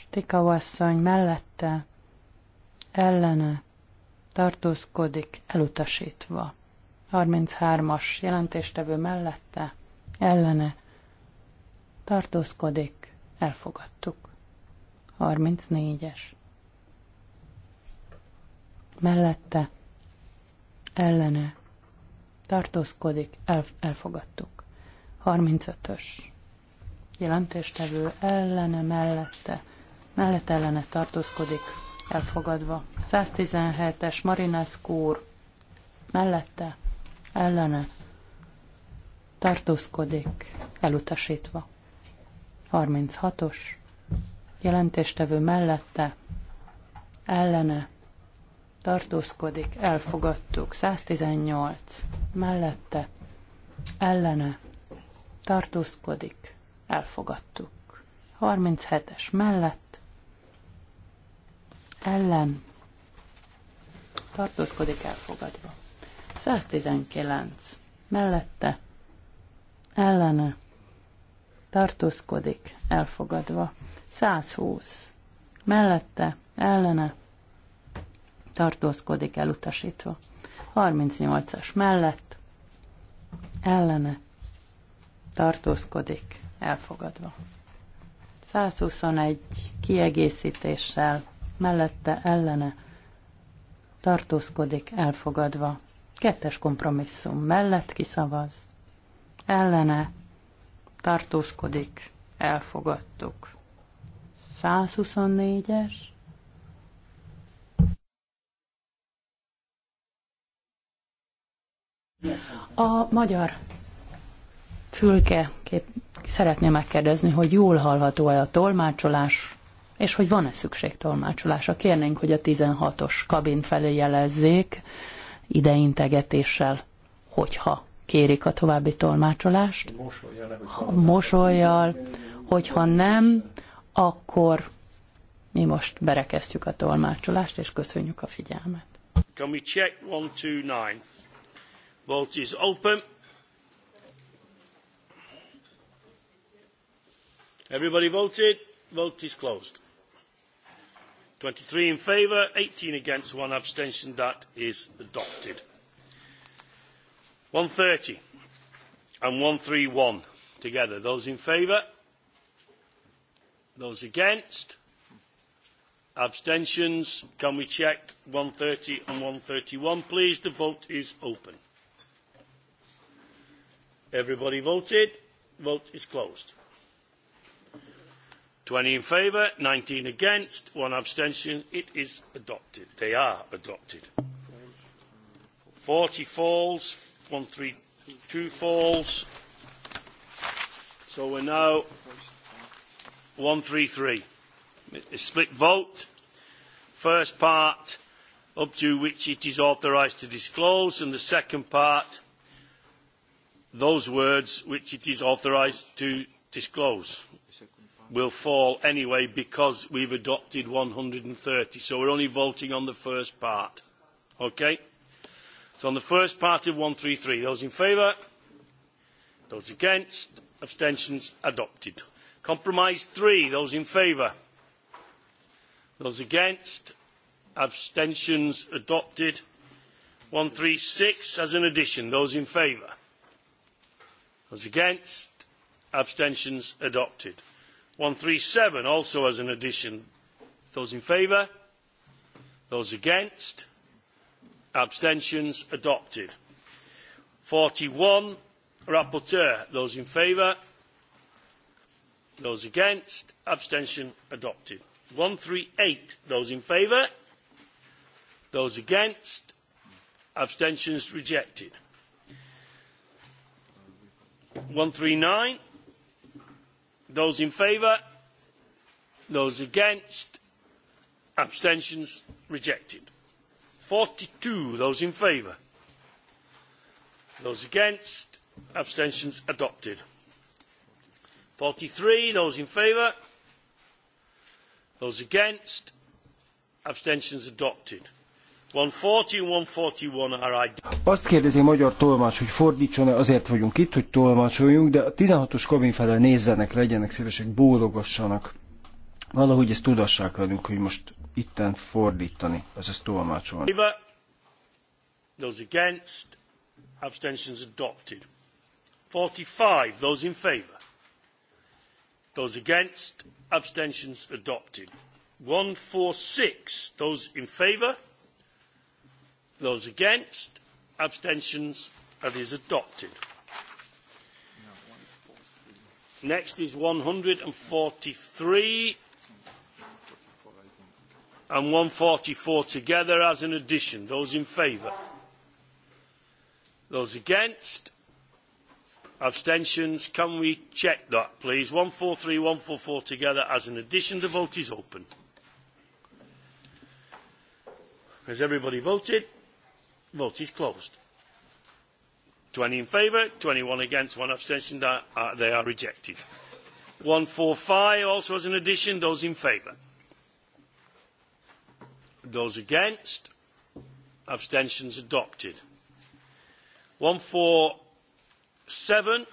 tikavasszony mellette, ellene, tartózkodik, elutasítva. 33-as jelentéstevő mellette, ellene, tartózkodik, elfogadtuk. 34-es. Mellette, ellene, tartózkodik, el, elfogadtuk. 35-ös jelentéstevő ellene, mellette, mellett ellene tartózkodik, elfogadva. 117-es Marinescu úr mellette, ellene tartózkodik, elutasítva. 36-os jelentéstevő mellette, ellene tartózkodik, elfogadtuk. 118 mellette, ellene, tartózkodik, elfogadtuk. 37-es mellett, ellen, tartózkodik, elfogadva. 119 mellette, ellene, tartózkodik, elfogadva. 120 mellette, ellene, tartózkodik elutasítva. 38-as mellett ellene tartózkodik elfogadva. 121 kiegészítéssel mellette ellene tartózkodik elfogadva. Kettes kompromisszum mellett kiszavaz. Ellene tartózkodik elfogadtuk. 124-es A magyar fülke kép szeretném megkérdezni, hogy jól hallható-e a tolmácsolás, és hogy van-e szükség tolmácsolásra. Kérnénk, hogy a 16-os kabin felé jelezzék ideintegetéssel, hogyha kérik a további tolmácsolást. Mosoljal, hogyha nem, akkor mi most berekeztjük a tolmácsolást, és köszönjük a figyelmet. Can we check one, two, nine? Vote is open. Everybody voted. Vote is closed. 23 in favour, 18 against, one abstention. That is adopted. 130 and 131 together. Those in favour? Those against? Abstentions? Can we check 130 and 131, please? The vote is open. Everybody voted. Vote is closed. 20 in favour, 19 against, one abstention. It is adopted. They are adopted. 40 falls, 132 falls. So we're now 133. A split vote. First part, up to which it is authorised to disclose, and the second part, those words which it is authorised to disclose will fall anyway because we've adopted 130. So we're only voting on the first part. Okay? So on the first part of 133, those in favour? Those against? Abstentions adopted. Compromise three, those in favour? Those against? Abstentions adopted. 136 as an addition, those in favour? As against, abstentions adopted. 137 also as an addition. Those in favour? Those against? Abstentions adopted. 41, rapporteur. Those in favour? Those against? Abstention adopted. 138, those in favour? Those against? Abstentions rejected. 139. Those in favour? Those against? Abstentions rejected. 42. Those in favour? Those against? Abstentions adopted. 43. Those in favour? Those against? Abstentions adopted. Azt kérdezi a magyar tolmács, hogy fordítson-e, azért vagyunk itt, hogy tolmácsoljunk, de a 16-os kabin fele nézzenek, legyenek szívesek, bólogassanak. Valahogy ezt tudassák velünk, hogy most itten fordítani, azaz tolmácsolni. Those against, abstentions adopted. 45, those in Those against, abstentions adopted. 146, those in Those against? Abstentions? That is adopted. Next is 143 and 144 together as an addition. Those in favour? Those against? Abstentions? Can we check that, please? 143, 144 together as an addition. The vote is open. Has everybody voted? Vote is closed. 20 in favour, 21 against, one abstention. That, uh, they are rejected. 145 also as an addition. Those in favour. Those against. Abstentions adopted. 147.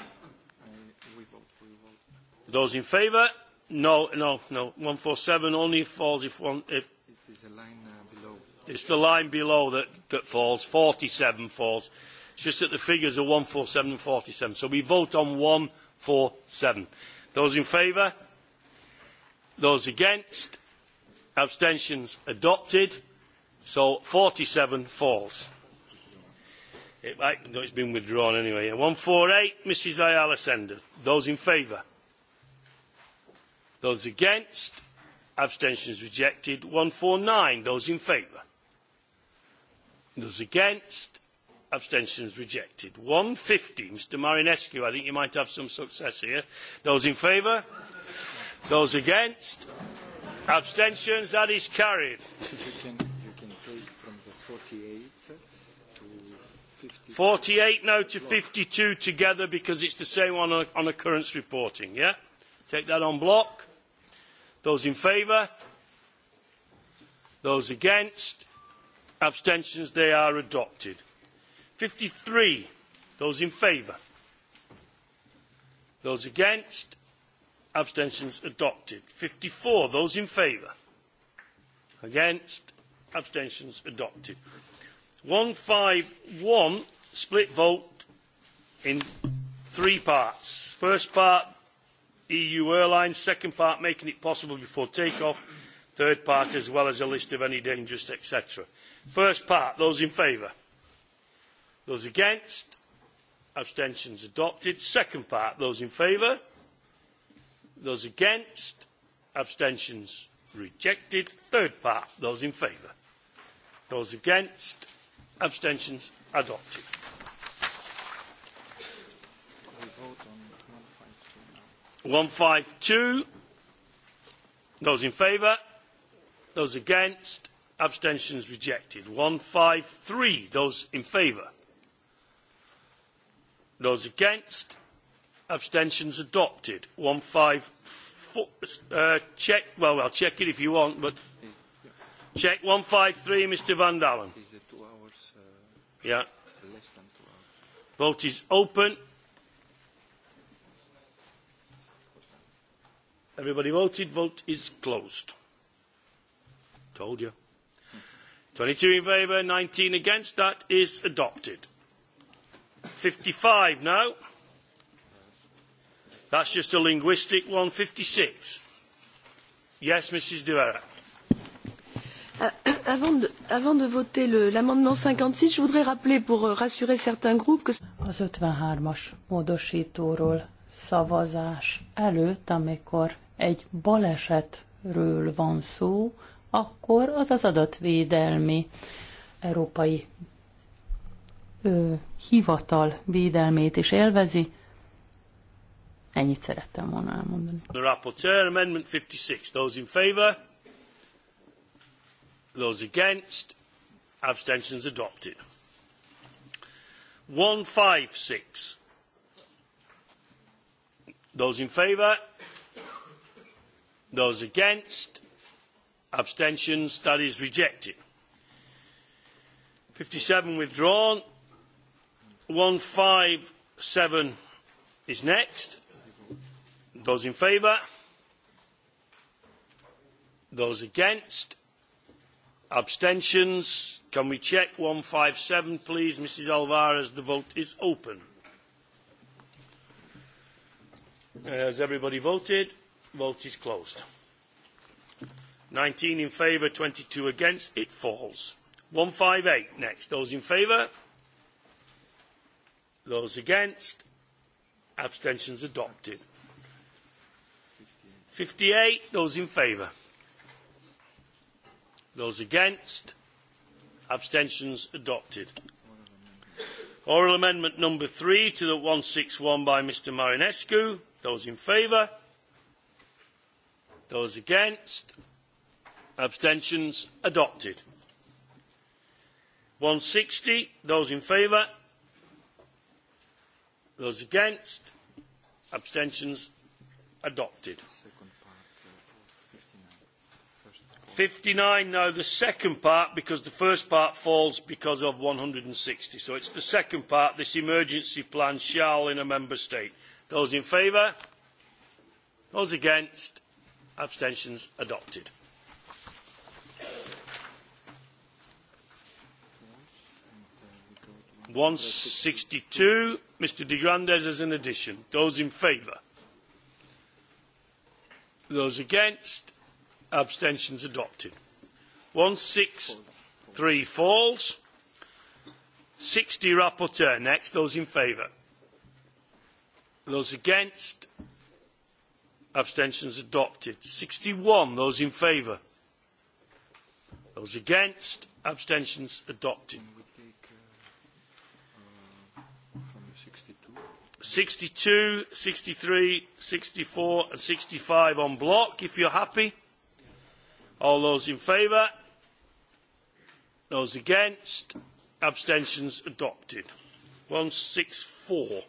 Those in favour? No, no, no. 147 only falls if one. If a line It's the line below that, that falls. 47 falls. It's just that the figures are 147 and 47. So we vote on 147. Those in favour? Those against? Abstentions adopted. So 47 falls. It, might, no, it's been withdrawn anyway. 148, Mrs Ayala Sender. Those in favour? Those against? Abstentions rejected. 149, those in favour? Those against? Abstentions rejected. fifty Mr Marinescu, I think you might have some success here. Those in favour? Those against? Abstentions, that is carried. forty eight you 48 to fifty two now to 52 together because it's the same on, on occurrence reporting, yeah? Take that on block. Those in favour? Those against? abstentions they are adopted fifty three those in favour those against abstentions adopted fifty four those in favour against abstentions adopted one five one split vote in three parts first part eu airlines second part making it possible before take off third part as well as a list of any dangerous etc first part those in favour those against abstentions adopted second part those in favour those against abstentions rejected third part those in favour those against abstentions adopted one five two those in favour those against abstentions rejected. 153, those in favour. Those against, abstentions adopted. 154, uh, check, well, I'll check it if you want, but check 153, Mr Van Dalen. Uh, yeah. Vote is open. Everybody voted. Vote is closed. Told you twenty two in favour nineteen against that is adopted fifty five now that's just a linguistic one fifty six yes mrs Devera. Avant de, avant de voter l'amendement 56, je voudrais rappeler pour euh, rassurer certains groupes que... Az 53-as módosítóról szavazás előtt, amikor egy balesetről van szó, akkor az az adatvédelmi európai ö, hivatal védelmét is élvezi. Ennyit szerettem volna elmondani. The rapporteur, amendment 56. Those in favor? Those against? Abstentions adopted. 156. Those in favor? Those against? abstentions that is rejected 57 withdrawn 157 is next those in favour those against abstentions can we check 157 please mrs alvarez the vote is open has everybody voted vote is closed 19 in favour, 22 against. It falls. 158 next. Those in favour? Those against? Abstentions adopted. 58. Those in favour? Those against? Abstentions adopted. Oral amendment number three to the 161 by Mr Marinescu. Those in favour? Those against? abstentions adopted 160 those in favour those against abstentions adopted 59 now the second part because the first part falls because of 160 so it's the second part this emergency plan shall in a member state those in favour those against abstentions adopted 162, Mr de Grandes as an addition. Those in favour? Those against? Abstentions adopted. 163 falls. 60 rapporteur next. Those in favour? Those against? Abstentions adopted. 61. Those in favour? Those against? Abstentions adopted. 62, 63, 64 and 65 on block, if you're happy. All those in favour? Those against? Abstentions adopted. 164.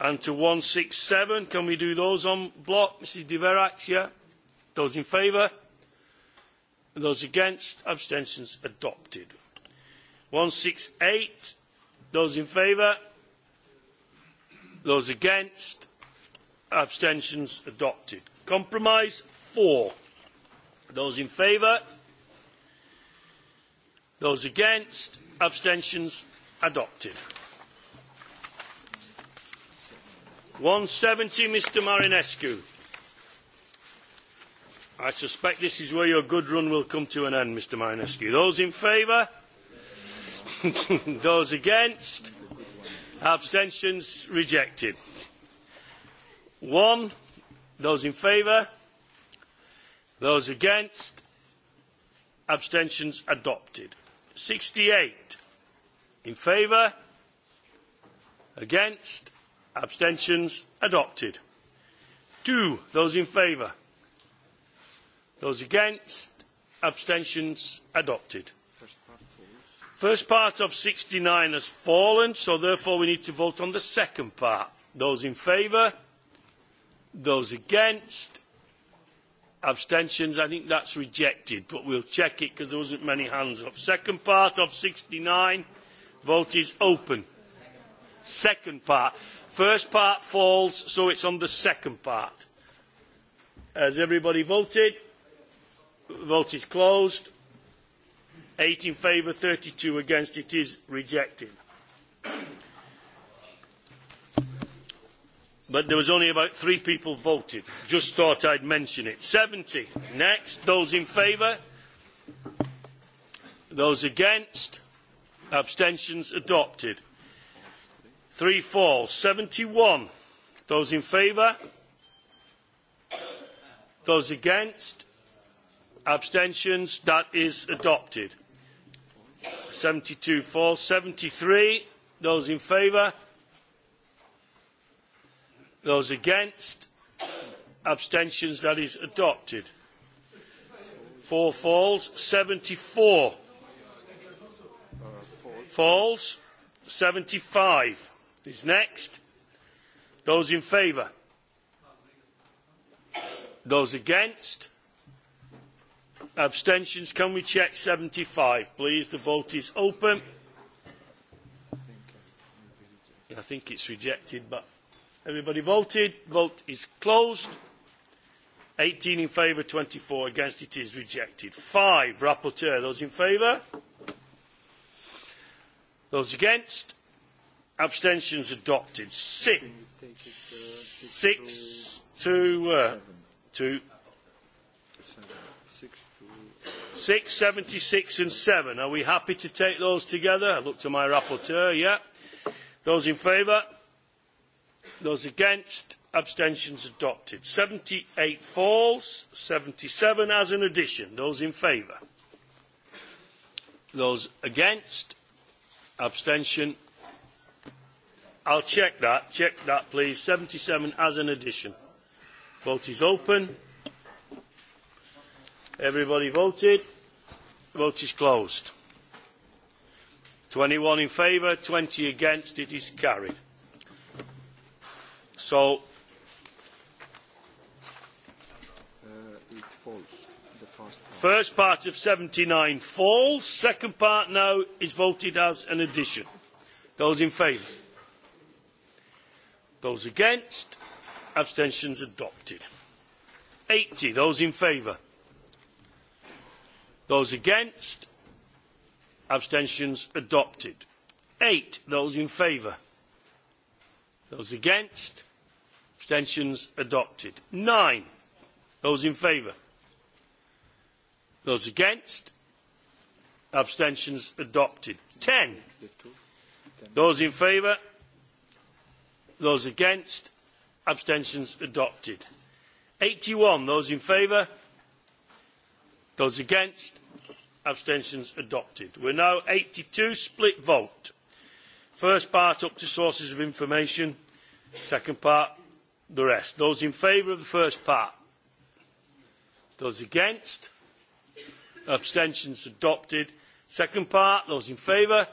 And to 167, can we do those on block? Mrs de Verax, yeah? Those in favour? Those against? Abstentions adopted. 168, those in favour? Those against? Abstentions adopted. Compromise four. Those in favour? Those against? Abstentions adopted. 170, Mr Marinescu. I suspect this is where your good run will come to an end, Mr Marinescu. Those in favour? Those against? abstentions rejected one those in favour those against abstentions adopted 68 in favour against abstentions adopted Two, those in favour those against abstentions adopted first part of 69 has fallen, so therefore we need to vote on the second part. Those in favour? Those against? Abstentions? I think that's rejected, but we'll check it because there wasn't many hands up. Second part of 69, vote is open. Second part. First part falls, so it's on the second part. Has everybody voted? Vote is closed eight in favour thirty two against it is rejected but there was only about three people voted just thought i'd mention it Seventy. next those in favour those against abstentions adopted three falls one. those in favour those against abstentions that is adopted 72 falls. 73. Those in favour? Those against? Abstentions. That is adopted. Four falls. 74. Falls. 75 is next. Those in favour? Those against? abstentions can we check 75 please the vote is open I think it's rejected but everybody voted vote is closed 18 in favour 24 against it is rejected Five rapporteur those in favour those against abstentions adopted Six. Six to uh, to 6, 76 and 7. Are we happy to take those together? I look to my rapporteur, yeah. Those in favour? Those against? Abstentions adopted. 78 falls, 77 as an addition. Those in favour? Those against? Abstention. I'll check that. Check that, please. 77 as an addition. Vote is open. Everybody voted. Vote is closed. 21 in favour, 20 against. It is carried. So. Uh, it falls. The first part. first part of 79 falls. Second part now is voted as an addition. Those in favour? Those against? Abstentions adopted. 80. Those in favour? those against abstentions adopted eight those in favour those against abstentions adopted nine those in favour those against abstentions adopted ten those in favour those against abstentions adopted eighty one those in favour those against abstentions adopted we're now 82 split vote first part up to sources of information second part the rest those in favour of the first part those against abstentions adopted second part those in favour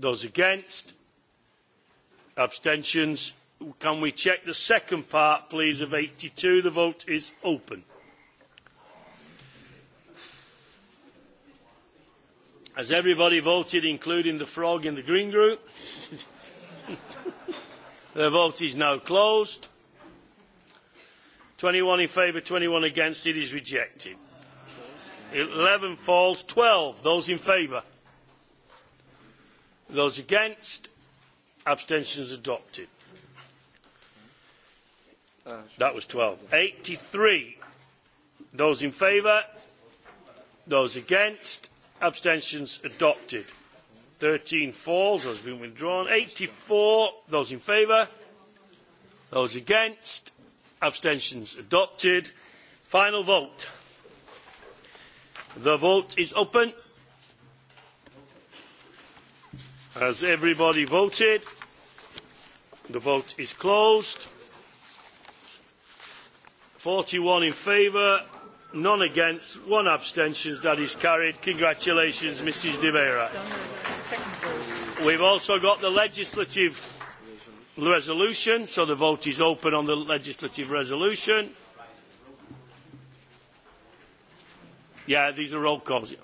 those against abstentions can we check the second part please of 82 the vote is open Has everybody voted, including the frog in the green group? the vote is now closed. 21 in favour, 21 against. It is rejected. 11 falls. 12. Those in favour. Those against. Abstentions adopted. That was 12. 83. Those in favour. Those against abstentions adopted. 13 falls, those have been withdrawn. 84, those in favour. Those against, abstentions adopted. Final vote. The vote is open. Has everybody voted? The vote is closed. 41 in favour, none against, one abstention. That is carried. Congratulations, Mrs. De Vera. We've also got the legislative resolution, so the vote is open on the legislative resolution. Yeah, these are roll calls. Yeah.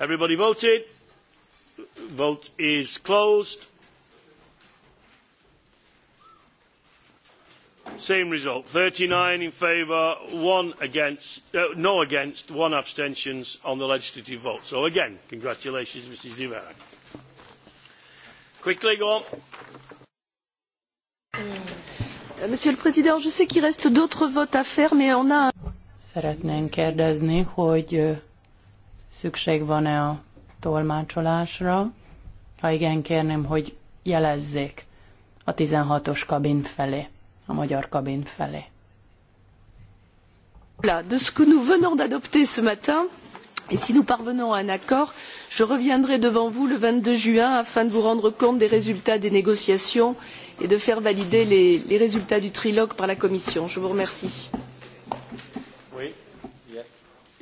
Everybody voted? Vote is closed same result thirty nine in favour uh, no against one abstention on the legislative vote so again congratulations ms de Verac. quickly go on euh, Monsieur le Président, je sais qu'il reste d'autres votes à faire, mais on a... Szeretnénk kérdezni, hogy szükség van-e a tolmácsolásra. Ha igen, kérném, hogy jelezzék a tizenhatos kabin felé a magyar kabin felé. De ce que nous venons d'adopter ce matin, et si nous parvenons à un accord je reviendrai devant vous le vingt deux juin afin de vous rendre compte des résultats des négociations et de faire valider les, les résultats du trilogue par la commission. je vous remercie.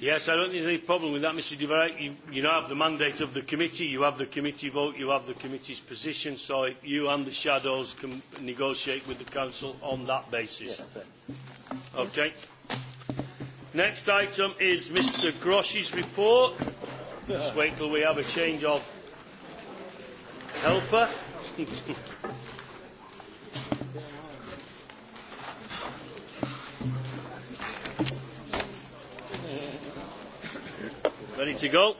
Yes, I don't think there's any problem with that, Mr. Devere. You, you now have the mandate of the committee, you have the committee vote, you have the committee's position, so you and the shadows can negotiate with the council on that basis. Yes, sir. Okay. Yes. Next item is Mr. Grosh's report. Just wait till we have a change of helper. Ready to go?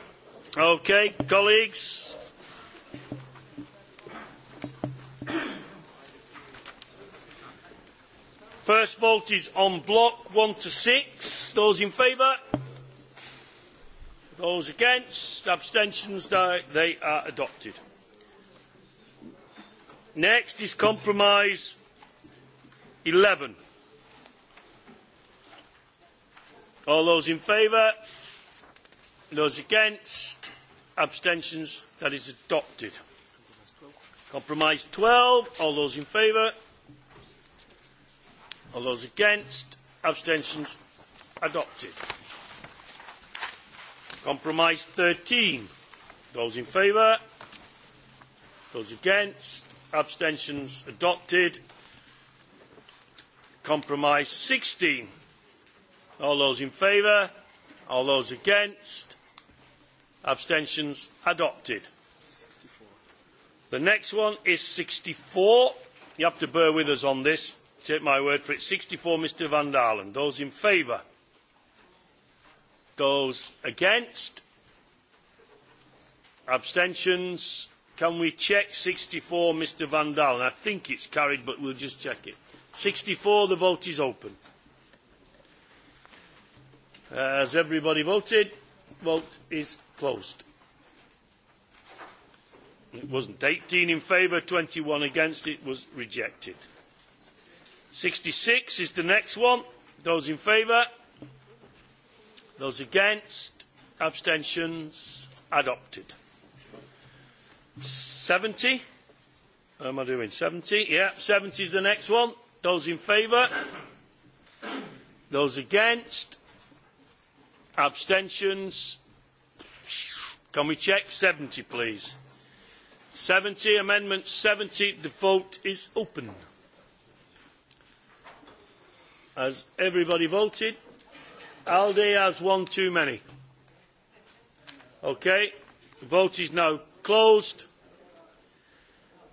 Okay, colleagues. First vote is on block one to six. Those in favour? Those against? Abstentions? They are adopted. Next is compromise 11. All those in favour? Those against? Abstentions? That is adopted. Compromise 12. All those in favour? All those against? Abstentions? Adopted. Compromise 13. Those in favour? Those against? Abstentions? Adopted. Compromise 16. All those in favour? All those against? abstentions adopted. The next one is 64. You have to bear with us on this. Take my word for it. 64, Mr Van Dalen. Those in favour? Those against? Abstentions? Can we check 64, Mr Van Dalen? I think it's carried, but we'll just check it. 64, the vote is open. has everybody voted? Vote is Closed. It wasn't. 18 in favour, 21 against. It was rejected. 66 is the next one. Those in favour? Those against? Abstentions? Adopted. 70? How am I doing? 70? Yeah, 70 is the next one. Those in favour? Those against? Abstentions? Can we check 70, please? 70, Amendment 70. The vote is open. Has everybody voted? Alde has one too many. Okay. The vote is now closed.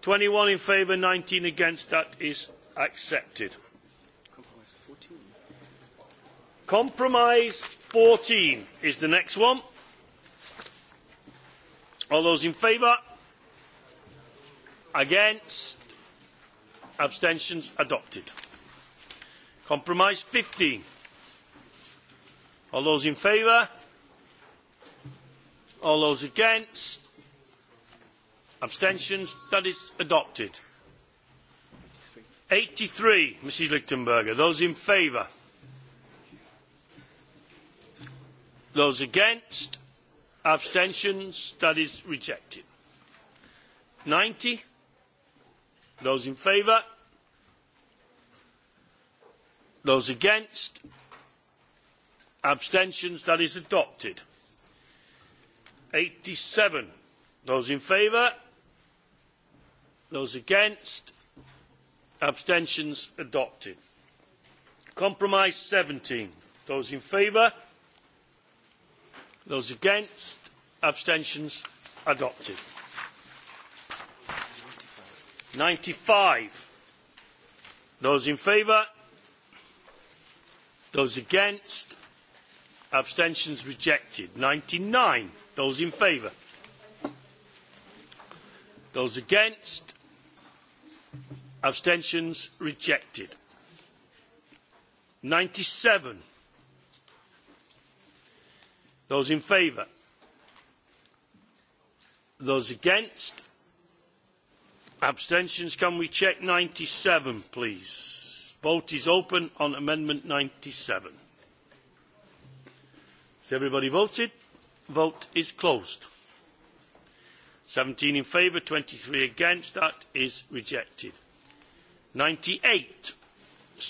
21 in favour, 19 against. That is accepted. Compromise 14 is the next one. All those in favour? Against? Abstentions adopted. Compromise 15. All those in favour? All those against? Abstentions? That is adopted. 83, Mrs Lichtenberger. Those in favour? Those against? abstentions that is rejected 90 those in favour those against abstentions that is adopted 87 those in favour those against abstentions adopted compromise 17 those in favour Those against? Abstentions? Adopted. 95. Those in favour? Those against? Abstentions rejected. 99. Those in favour? Those against? Abstentions rejected. 97 those in favour those against abstentions can we check 97 please vote is open on amendment 97 has everybody voted vote is closed 17 in favour 23 against that is rejected 98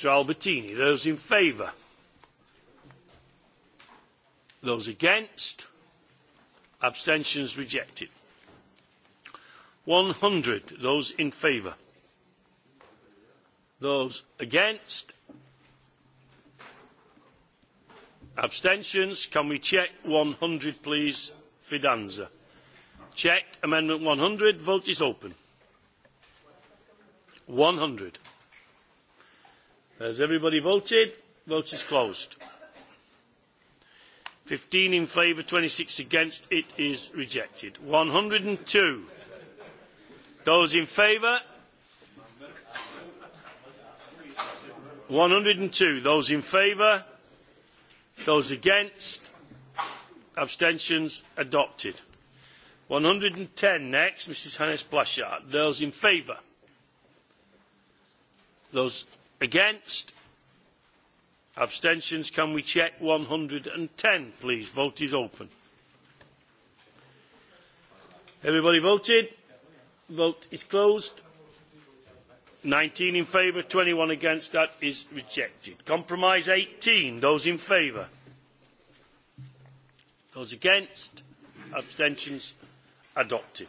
albertini those in favour Those against? Abstentions rejected. 100. Those in favour? Those against? Abstentions? Can we check 100, please? Fidanza. Check Amendment 100. Vote is open. 100. Has everybody voted? Vote is closed fifteen in favour, twenty six against. It is rejected. one hundred and two Those in favour? one hundred and two Those in favour? Those against? Abstentions adopted. one hundred and ten next, Mrs Hannes Plashard. Those in favour? Those against? abstentions can we check 110 please vote is open everybody voted vote is closed 19 in favour 21 against that is rejected compromise 18 those in favour those against abstentions adopted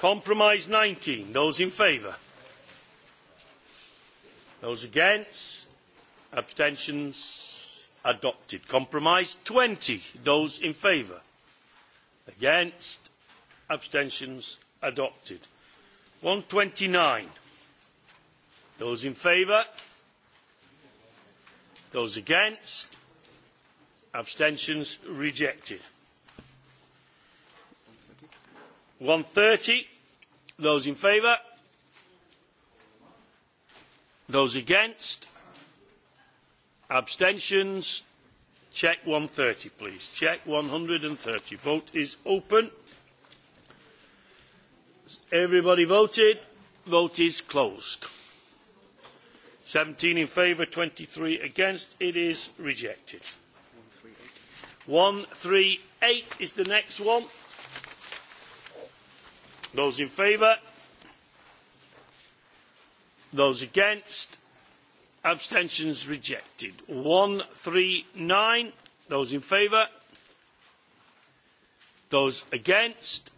compromise 19 those in favour those against abstentions adopted compromise 20 those in favour against abstentions adopted 129 those in favour those against abstentions rejected 130 those in favour those against abstentions check 130 please check 130 vote is open everybody voted vote is closed 17 in favour 23 against it is rejected 138 is the next one those in favour those against abstentions rejected one three nine those in favour those against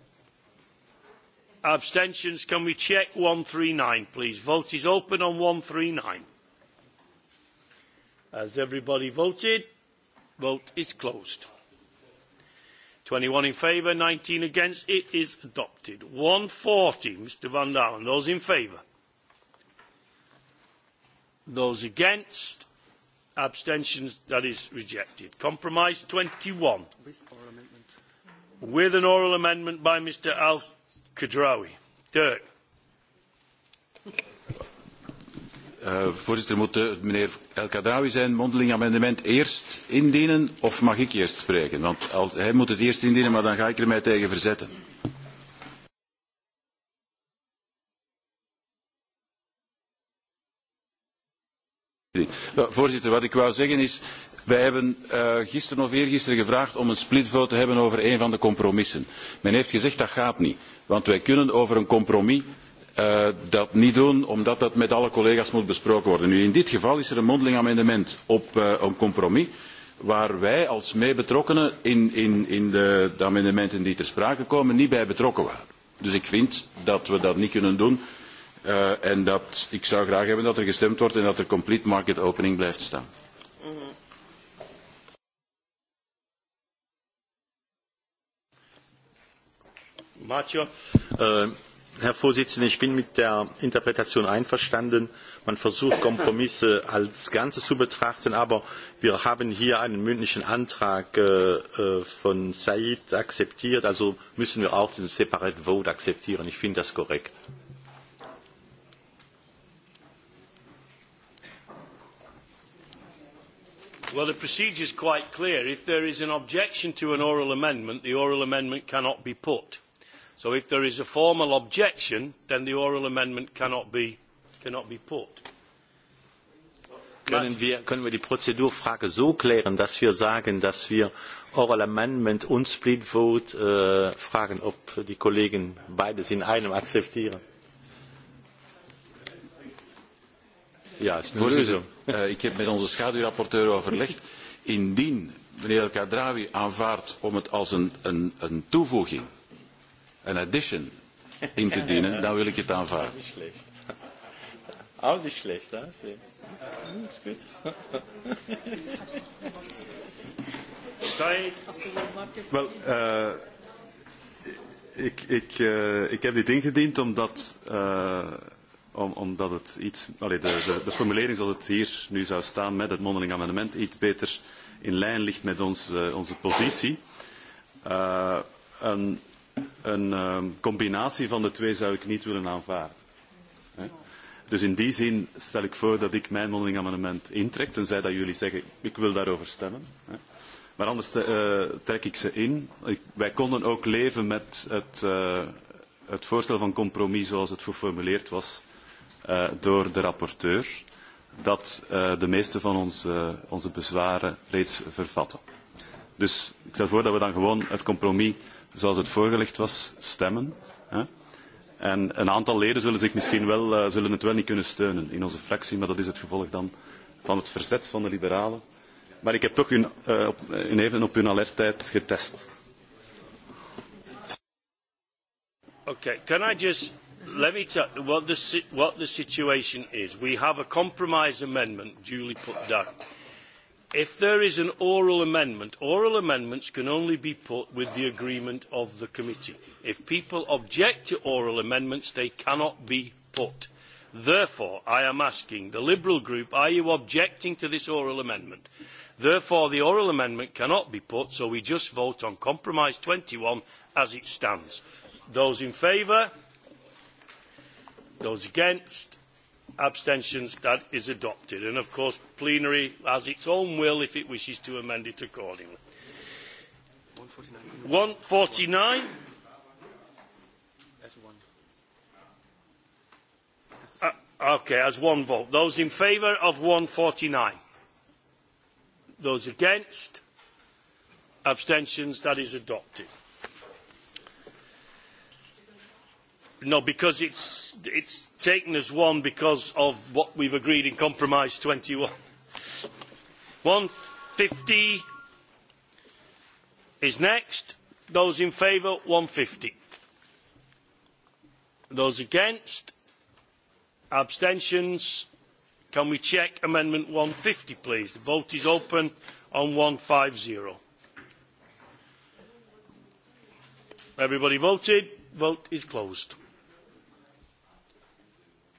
abstentions can we check one three nine please vote is open on one three nine has everybody voted vote is closed 21 in favour 19 against it is adopted 140 mr van dalen those in favour those against abstentions that is rejected compromise 21 with, with an oral amendment by mr al kadrawi dirk uh, voorzitter moet de, meneer el kadrawi zijn mondeling amendement eerst indienen of mag ik eerst spreken want als, hij moet het eerst indienen maar dan ga ik er mij tegen verzetten voorzitter wat ik wou zeggen is wij hebben eh, gisteren of eergisteren gevraagd om een split vote te hebben over een van de compromissen. men heeft gezegd dat gaat niet want wij kunnen over een compromis uh, dat niet doen omdat dat met alle collega's moet besproken worden. Nu, in dit geval is er een mondeling amendement op uh, een compromis waar wij als meebetrokkenen in, in, in de, de amendementen die ter sprake komen niet bij betrokken waren. Dus ik vind dat we dat niet kunnen doen Uh, en dat, ik zou graag hebben dat er gestemd wordt en dat er complete market opening blijft staan. Mm -hmm. Herr Vorsitzender, ich bin mit der Interpretation einverstanden. Man versucht Kompromisse als Ganzes zu betrachten, aber wir haben hier einen mündlichen Antrag äh, äh von Said akzeptiert, also müssen wir auch den Separate Vote akzeptieren. Ich finde das korrekt. Well, the procedure is quite clear. If there is an objection to an oral amendment, the oral amendment cannot be put. So if there is a formal objection, then the oral amendment cannot be, cannot be put. Können wir, können wir die Prozedurfrage so klären, dass wir sagen, dass wir Oral Amendment und Split Vote äh, fragen, ob die Kollegen beides in einem akzeptieren? Ja, voorzitter. Uh, ik heb met onze schaduwrapporteur overlegd. Indien meneer El Kadrawi aanvaardt om het als een, een, een toevoeging, een addition, in te dienen, dan wil ik het aanvaarden. niet slecht. Ook niet slecht, hè? Mm, is goed. Wel, uh, ik, ik, uh, ik heb dit ingediend omdat om, omdat het iets, allee, de, de, de formulering zoals het hier nu zou staan met het mondeling amendement iets beter in lijn ligt met ons, uh, onze positie. Uh, een een um, combinatie van de twee zou ik niet willen aanvaarden. Hè? Dus in die zin stel ik voor dat ik mijn mondeling amendement intrek, tenzij dat jullie zeggen ik wil daarover stemmen. Hè? Maar anders te, uh, trek ik ze in. Ik, wij konden ook leven met het, uh, het voorstel van compromis zoals het geformuleerd was Eh, door de rapporteur dat eh, de meeste van onze, onze bezwaren reeds vervatten. Dus ik stel voor dat we dan gewoon het compromis zoals het voorgelegd was stemmen. En een aantal leden zullen, zich misschien wel, eh, zullen het wel niet kunnen steunen in onze fractie, maar dat is het gevolg dan van het verzet van de liberalen. Maar ik heb toch hun, hun even op hun alertheid getest. Okay, can I just let me tell you what the, what the situation is. We have a compromise amendment duly put down. If there is an oral amendment, oral amendments can only be put with the agreement of the committee. If people object to oral amendments, they cannot be put. Therefore, I am asking the Liberal group, are you objecting to this oral amendment? Therefore, the oral amendment cannot be put, so we just vote on Compromise 21 as it stands. Those in favour? Those against? Abstentions? That is adopted. And of course, plenary has its own will if it wishes to amend it accordingly. 149. 149. Uh, okay, as one vote. Those in favour of 149? Those against? Abstentions? That is adopted. No, because it's, it's taken as one because of what we've agreed in Compromise 21. 150 is next. Those in favour, 150. Those against? Abstentions? Can we check Amendment 150, please? The vote is open on 150. Everybody voted? Vote is closed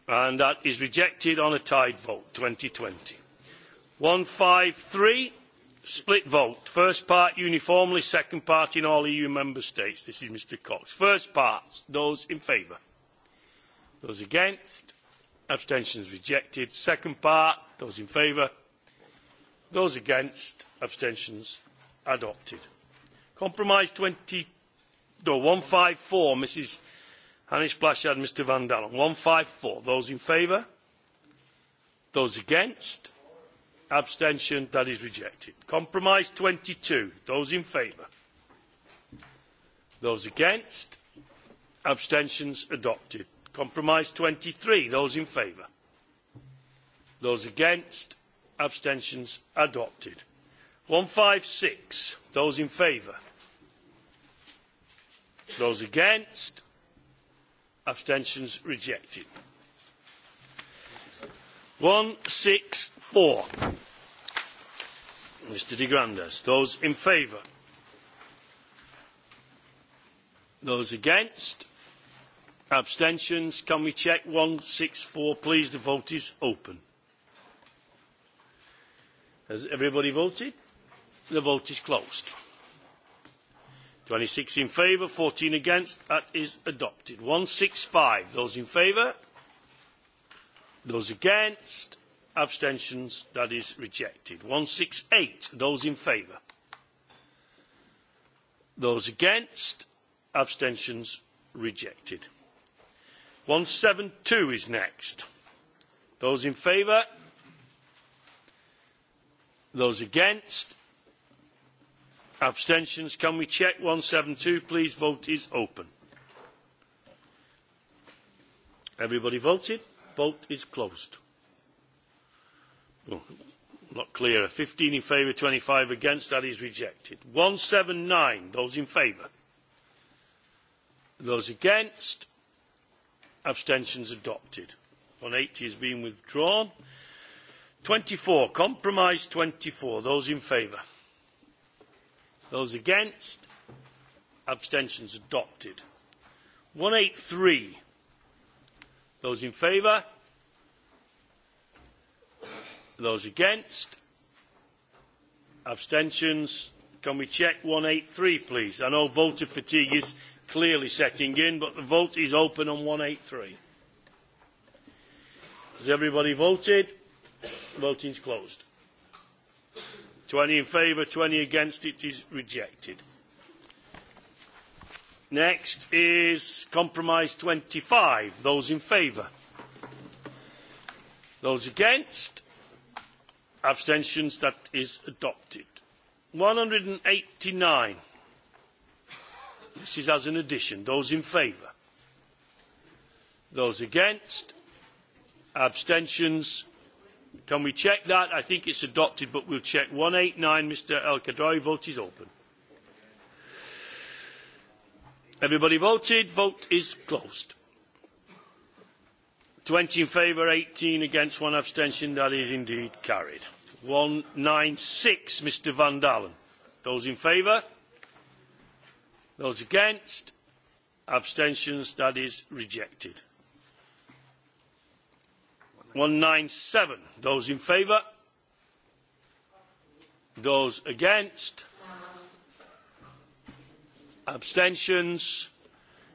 and that is rejected on a tied vote two thousand and twenty one 2020 three split vote first part uniformly second part in all eu member states this is mr cox first part those in favour those against abstentions rejected second part those in favour those against abstentions adopted compromise 20 no 154 mrs Hannes Plasjard, Mr Van Dalen. 154. Those in favour? Those against? Abstention. That is rejected. Compromise 22. Those in favour? Those against? Abstentions adopted. Compromise 23. Those in favour? Those against? Abstentions adopted. 156. Those in favour? Those against? abstentions rejected. One four. Mr De Grandes those in favour those against abstentions can we check one four? please the vote is open has everybody voted the vote is closed twenty six in favour fourteen against that is adopted one six five those in favour those against abstentions that is rejected one six eight those in favour those against abstentions rejected one seven two is next those in favour those against abstentions can we check 172 please vote is open everybody voted vote is closed oh, not clear. 15 in favour 25 against that is rejected 179 those in favour those against abstentions adopted 180 has been withdrawn 24 compromise 24 those in favour Those against? Abstentions adopted. 183. Those in favour? Those against? Abstentions? Can we check 183, please? I know voter fatigue is clearly setting in, but the vote is open on 183. Has everybody voted? Voting's closed. 20 in favour, 20 against. It is rejected. Next is compromise 25. Those in favour. Those against. Abstentions. That is adopted. 189. This is as an addition. Those in favour. Those against. Abstentions. Can we check that? I think it's adopted, but we'll check. 189, Mr El Khadraoui. Vote is open. Everybody voted. Vote is closed. 20 in favour, 18 against, one abstention. That is indeed carried. 196, Mr Van Dalen. Those in favour? Those against? Abstentions? That is rejected. 197 those in favour those against abstentions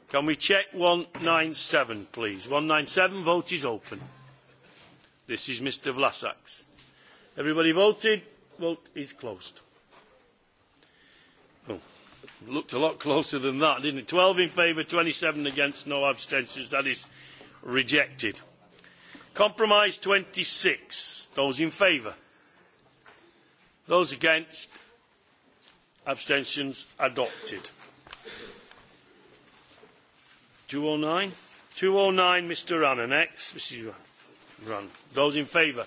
can we check 197 please 197 vote is open this is mr Vlasak's. everybody voted vote is closed oh, looked a lot closer than that didn't it 12 in favour 27 against no abstentions that is rejected compromise twenty six those in favour those against abstentions adopted two hundred oh and nine oh mr Run. next mrs Run. those in favour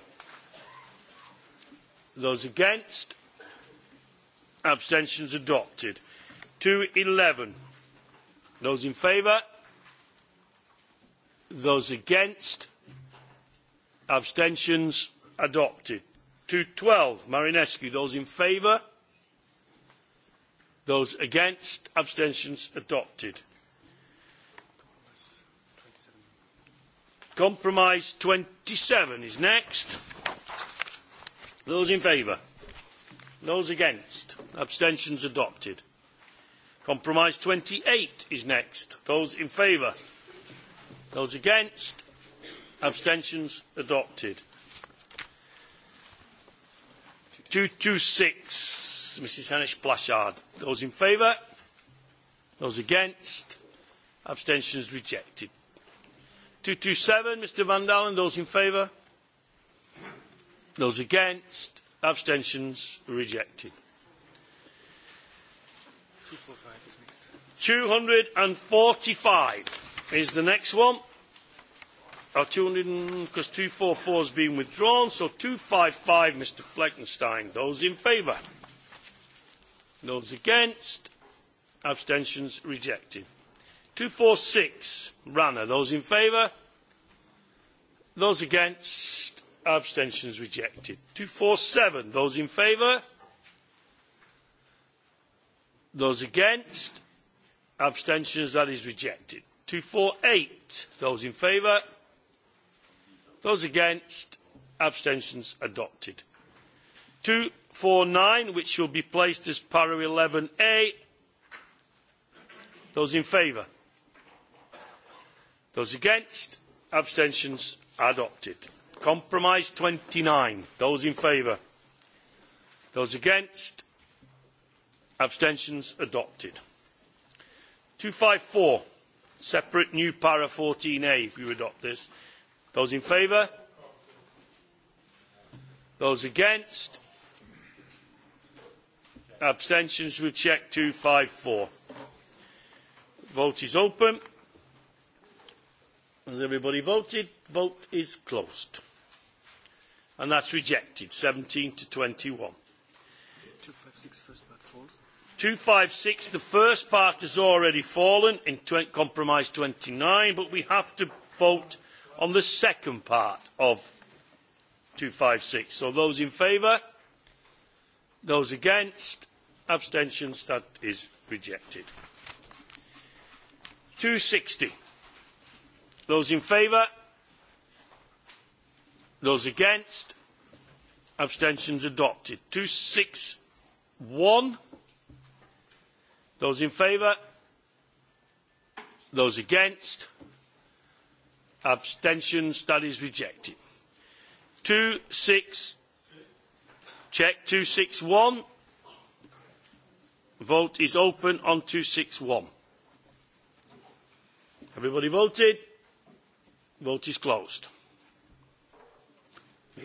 those against abstentions adopted two eleven those in favour those against abstentions adopted twelve, marinescu those in favour those against abstentions adopted compromise twenty-seven is next those in favour those against abstentions adopted compromise twenty-eight is next those in favour those against abstentions adopted 226 mrs hennish plashard those in favour those against abstentions rejected 227 mr van dalen those in favour those against abstentions rejected 245 is next 245 is the next one Our 200, because 244 has been withdrawn, so 255, Mr. Fleckenstein. Those in favour? Those against? Abstentions rejected. 246, Rana. Those in favour? Those against? Abstentions rejected. 247, those in favour? Those against? Abstentions, that is rejected. 248, those in favour? those against abstentions adopted 249 which will be placed as para 11a those in favour those against abstentions adopted compromise 29 those in favour those against abstentions adopted 254 separate new para 14a if you adopt this Those in favour? Those against? Abstentions will check 254. Vote is open. Has everybody voted? Vote is closed. And that's rejected, 17 to 21. 256 first part falls. 256, the first part has already fallen in tw- compromise 29, but we have to vote on the second part of 256. So those in favour? Those against? Abstentions? That is rejected. 260. Those in favour? Those against? Abstentions adopted. 261. Those in favour? Those against? Abstention studies rejected 26 check 261 vote is open on 261 everybody voted vote is closed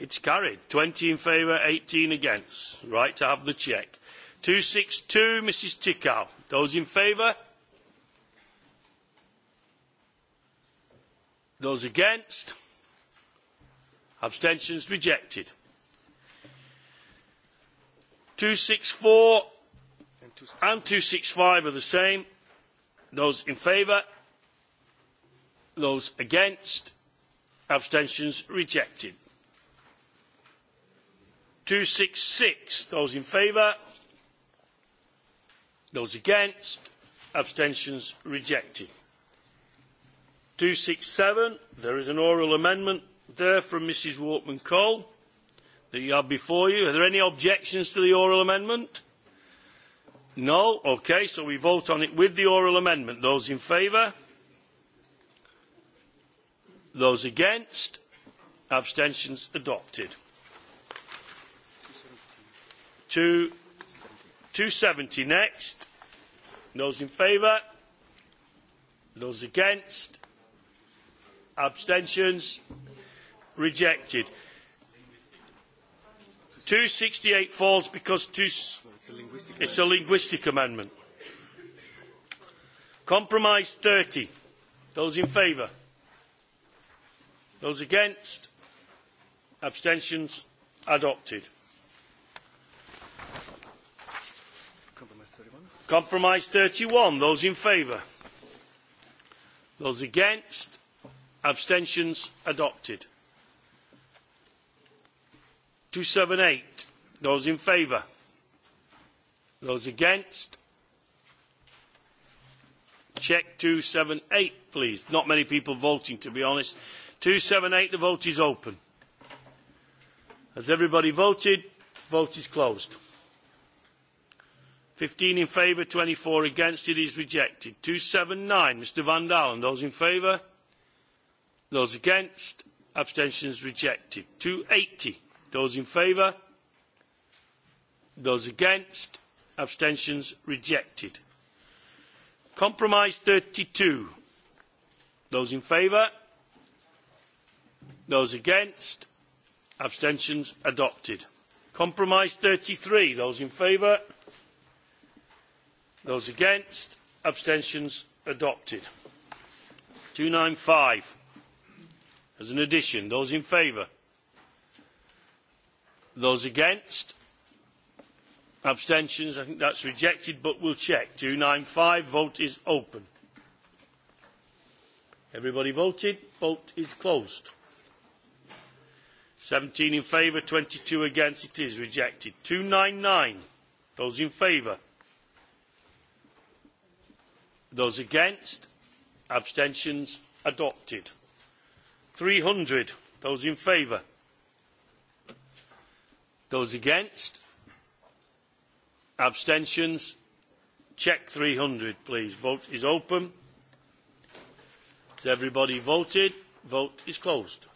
it's carried 20 in favour 18 against right to have the check 262 mrs Tickow those in favour Those against? Abstentions rejected. 264 and 265 are the same. Those in favour? Those against? Abstentions rejected. 266. Those in favour? Those against? Abstentions rejected. 267, there is an oral amendment there from Mrs Walkman Cole that you have before you. Are there any objections to the oral amendment? No? Okay, so we vote on it with the oral amendment. Those in favour? Those against? Abstentions adopted. 270 next. Those in favour? Those against? abstentions rejected 268 falls because two, it's, a it's a linguistic amendment compromise 30 those in favour those against abstentions adopted compromise 31 compromise 31 those in favour those against abstentions adopted 278 those in favour those against check 278 please not many people voting to be honest 278 the vote is open has everybody voted vote is closed 15 in favour 24 against it is rejected 279 mr van dalen those in favour Those against? Abstentions rejected. 280. Those in favour? Those against? Abstentions rejected. Compromise 32. Those in favour? Those against? Abstentions adopted. Compromise 33. Those in favour? Those against? Abstentions adopted. 295 as an addition. Those in favour? Those against? Abstentions? I think that's rejected, but we'll check. 295, vote is open. Everybody voted? Vote is closed. 17 in favour, 22 against. It is rejected. 299. Those in favour? Those against? Abstentions adopted. 300 those in favour those against abstentions check 300 please vote is open has everybody voted vote is closed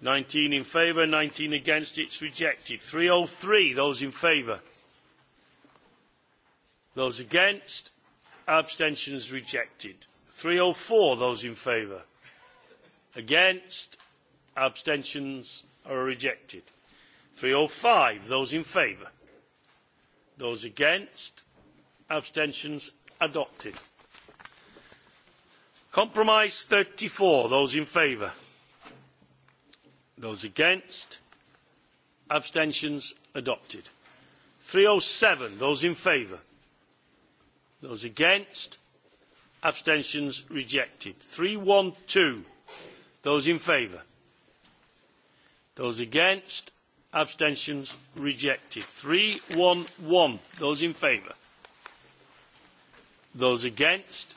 19 in favour 19 against it's rejected 303 those in favour those against abstentions rejected 304, those in favour. Against, abstentions are rejected. 305, those in favour. Those against, abstentions adopted. Compromise 34, those in favour. Those against, abstentions adopted. 307, those in favour. Those against, abstentions rejected 312 those in favour those against abstentions rejected 311 those in favour those against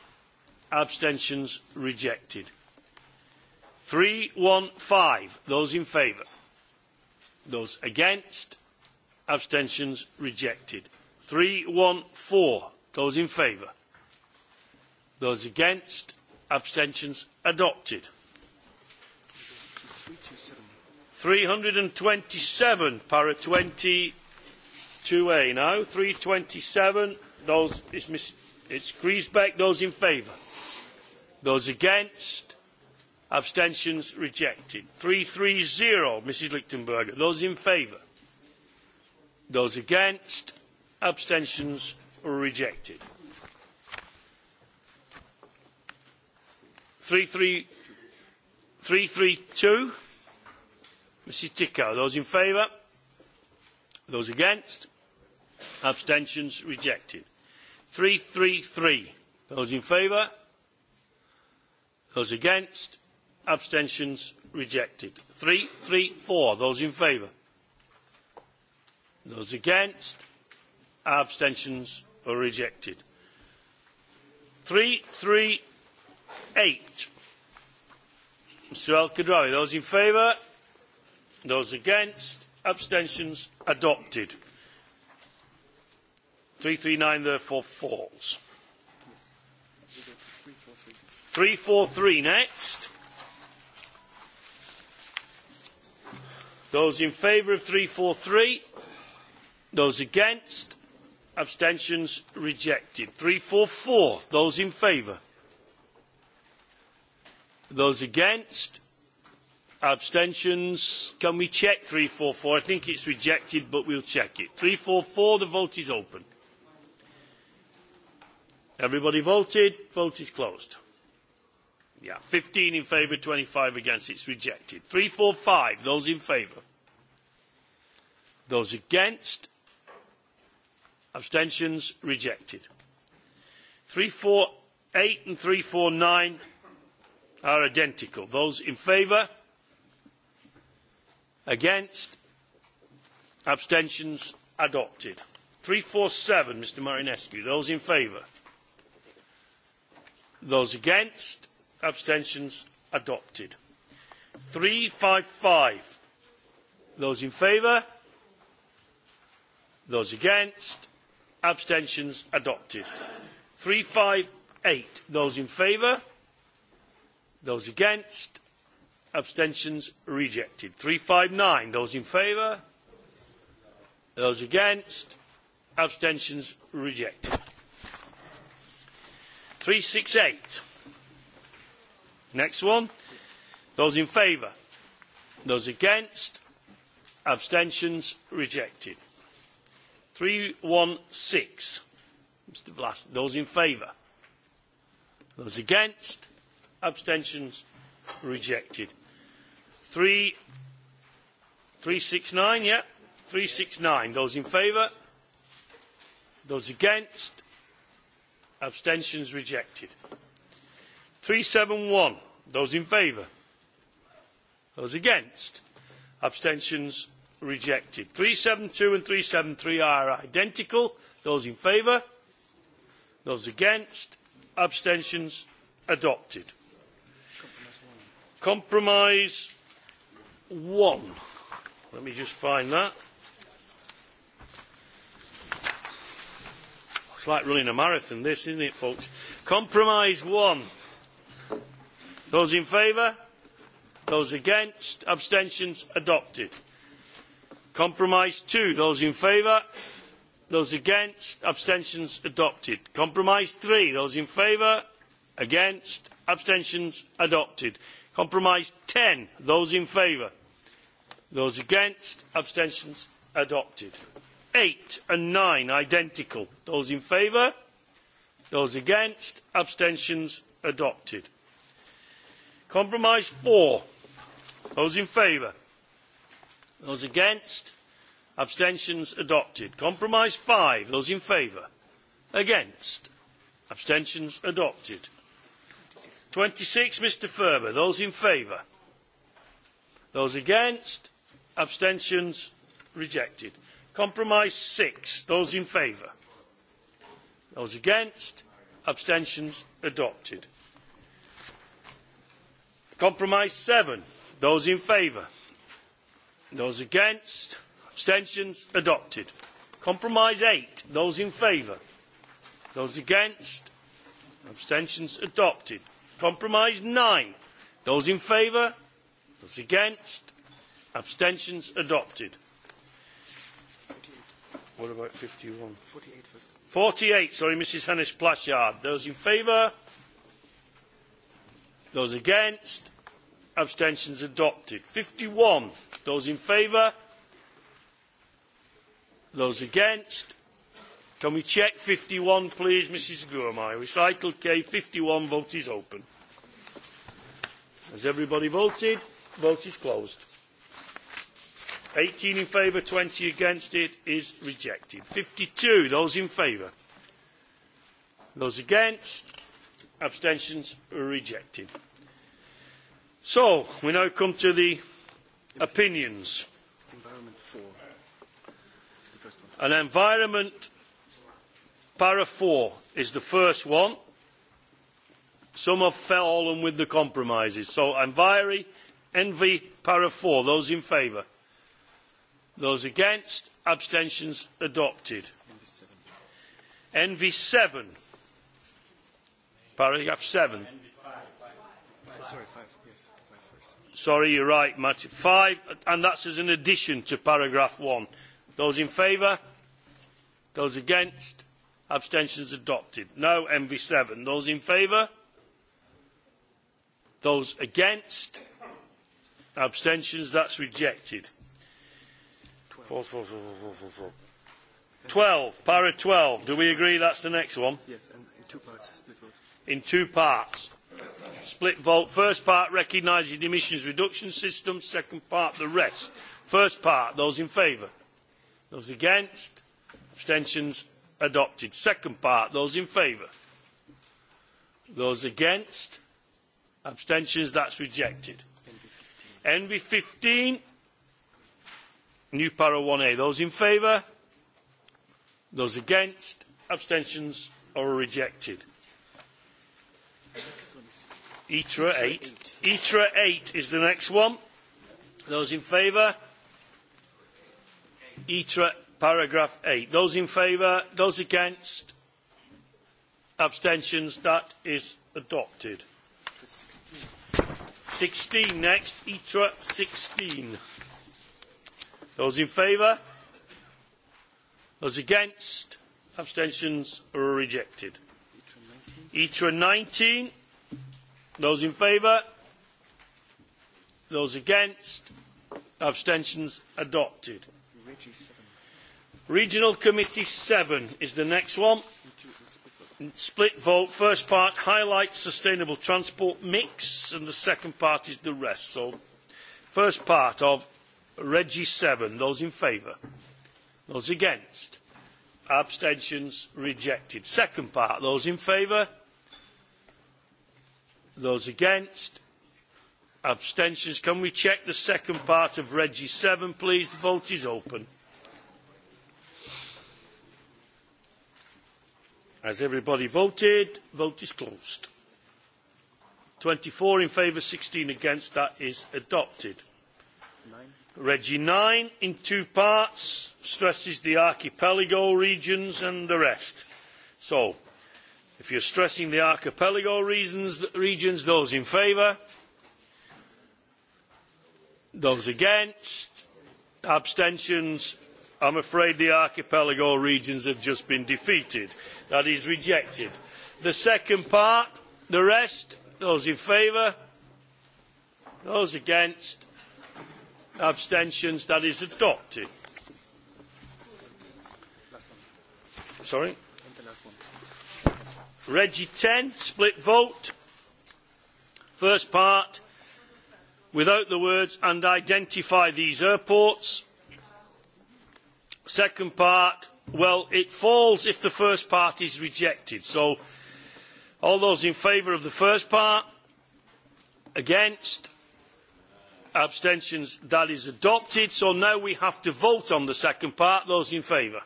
abstentions rejected 315 those in favour those against abstentions rejected 314 those in favour Those against? Abstentions adopted. 327, para 22A now. 327, those, it's, Ms, it's Griesbeck. Those in favour? Those against? Abstentions rejected. 330, Mrs Lichtenberger. Those in favour? Those against? Abstentions rejected. three three two mrs Tickow those in favour those against abstentions rejected three three three those in favour those against abstentions rejected three three four those in favour those against abstentions are rejected three three eight. Mr El those in favour? Those against? Abstentions adopted. 339 therefore falls. 343 next. Those in favour of 343? Those against? Abstentions rejected. 344. Those in favour? Those against? Abstentions? Can we check 344? I think it's rejected, but we'll check it. 344, the vote is open. Everybody voted. Vote is closed. Yeah, 15 in favour, 25 against. It's rejected. 345, those in favour. Those against? Abstentions? Rejected. 348 and 349 are identical. Those in favour? Against? Abstentions? Adopted. 347, Mr Marinescu. Those in favour? Those against? Abstentions? Adopted. 355. Those in favour? Those against? Abstentions? Adopted. 358. Those in favour? Those against? Abstentions rejected. 359. Those in favour? Those against? Abstentions rejected. 368. Next one. Those in favour? Those against? Abstentions rejected. 316. Mr. Blast. Those in favour? Those against? abstentions rejected three three yeah 369. nine those in favour those against abstentions rejected three one those in favour those against abstentions rejected three two and three three are identical those in favour those against abstentions adopted Compromise one. Let me just find that. It's like running a marathon, this, isn't it, folks? Compromise one. Those in favour? Those against? Abstentions adopted. Compromise two. Those in favour? Those against? Abstentions adopted. Compromise three. Those in favour? Against? Abstentions adopted compromise ten those in favour those against abstentions adopted eight and nine identical those in favour those against abstentions adopted compromise four those in favour those against abstentions adopted compromise five those in favour against abstentions adopted 26, Mr Ferber. Those in favour? Those against? Abstentions? Rejected. Compromise six, Those in favour? Those against? Abstentions? Adopted. Compromise seven, Those in favour? Those against? Abstentions? Adopted. Compromise eight, Those in favour? Those against? Abstentions? Adopted compromise nine those in favour those against abstentions adopted what about 51 48 48 sorry mrs hennis plashard those in favour those against abstentions adopted 51 those in favour those against can we check 51 please mrs Gurmai recital K 51 vote is open Has everybody voted? Vote is closed. 18 in favour, 20 against. It is rejected. 52. Those in favour. Those against. Abstentions rejected. So we now come to the opinions. Environment 4. An environment para 4 is the first one. Some have fallen with the compromises. So Enviri, Envy, Para 4. Those in favour? Those against? Abstentions adopted. Envy 7. Paragraph 7. Sorry, you're right, Matt. Five, and that's as an addition to paragraph one. Those in favour? Those against? Abstentions adopted. No MV7. Those in favour? Those against? Abstentions? That's rejected. 12. 4, 4, 12. Para 12. Do we agree that's the next one? Yes, and in two parts. Split vote. In two parts. Split vote. First part recognises the emissions reduction system. Second part, the rest. First part, those in favour. Those against? Abstentions? Adopted. Second part, those in favour. Those against? Abstentions, that's rejected. NV 15, new para 1A. Those in favour? Those against? Abstentions are rejected. ITRA 8. ITRA 8 is the next one. Those in favour? ITRA paragraph 8. Those in favour? Those against? Abstentions? That is adopted. 16 next. ITRA 16. Those in favour? Those against? Abstentions are rejected. ITRA 19. Those in favour? Those against? Abstentions adopted. Regional Committee 7 is the next one split vote. First part highlights sustainable transport mix, and the second part is the rest. So, first part of Regi 7. Those in favour? Those against? Abstentions rejected. Second part. Those in favour? Those against? Abstentions. Can we check the second part of Regi 7, please? The vote is open. Has everybody voted? Vote is closed. twenty four in favour, sixteen against. That is adopted. Nine. Regi nine in two parts stresses the archipelago regions and the rest. So, if you're stressing the archipelago regions, regions those in favour, those against, abstentions, I'm afraid the archipelago regions have just been defeated that is rejected the second part the rest those in favour those against abstentions that is adopted sorry Reggie 10 split vote first part without the words and identify these airports second part Well, it falls if the first part is rejected. So all those in favour of the first part, against, abstentions, that is adopted. So now we have to vote on the second part. Those in favour.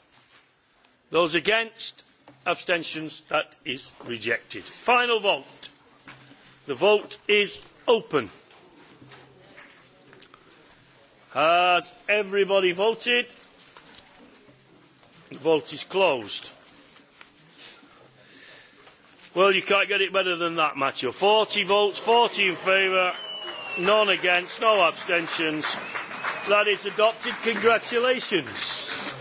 Those against, abstentions, that is rejected. Final vote. The vote is open. Has everybody voted? vote is closed. Well, you can't get it better than that, Matthew. 40 votes, 40 in favour, none against, no abstentions. That is adopted. Congratulations.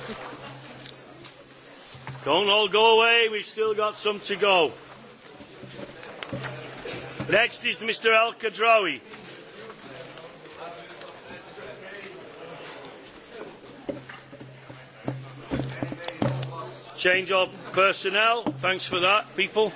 Don't all go away. We've still got some to go. Next is Mr. El Kadrawi. Change of personnel. Thanks for that, people.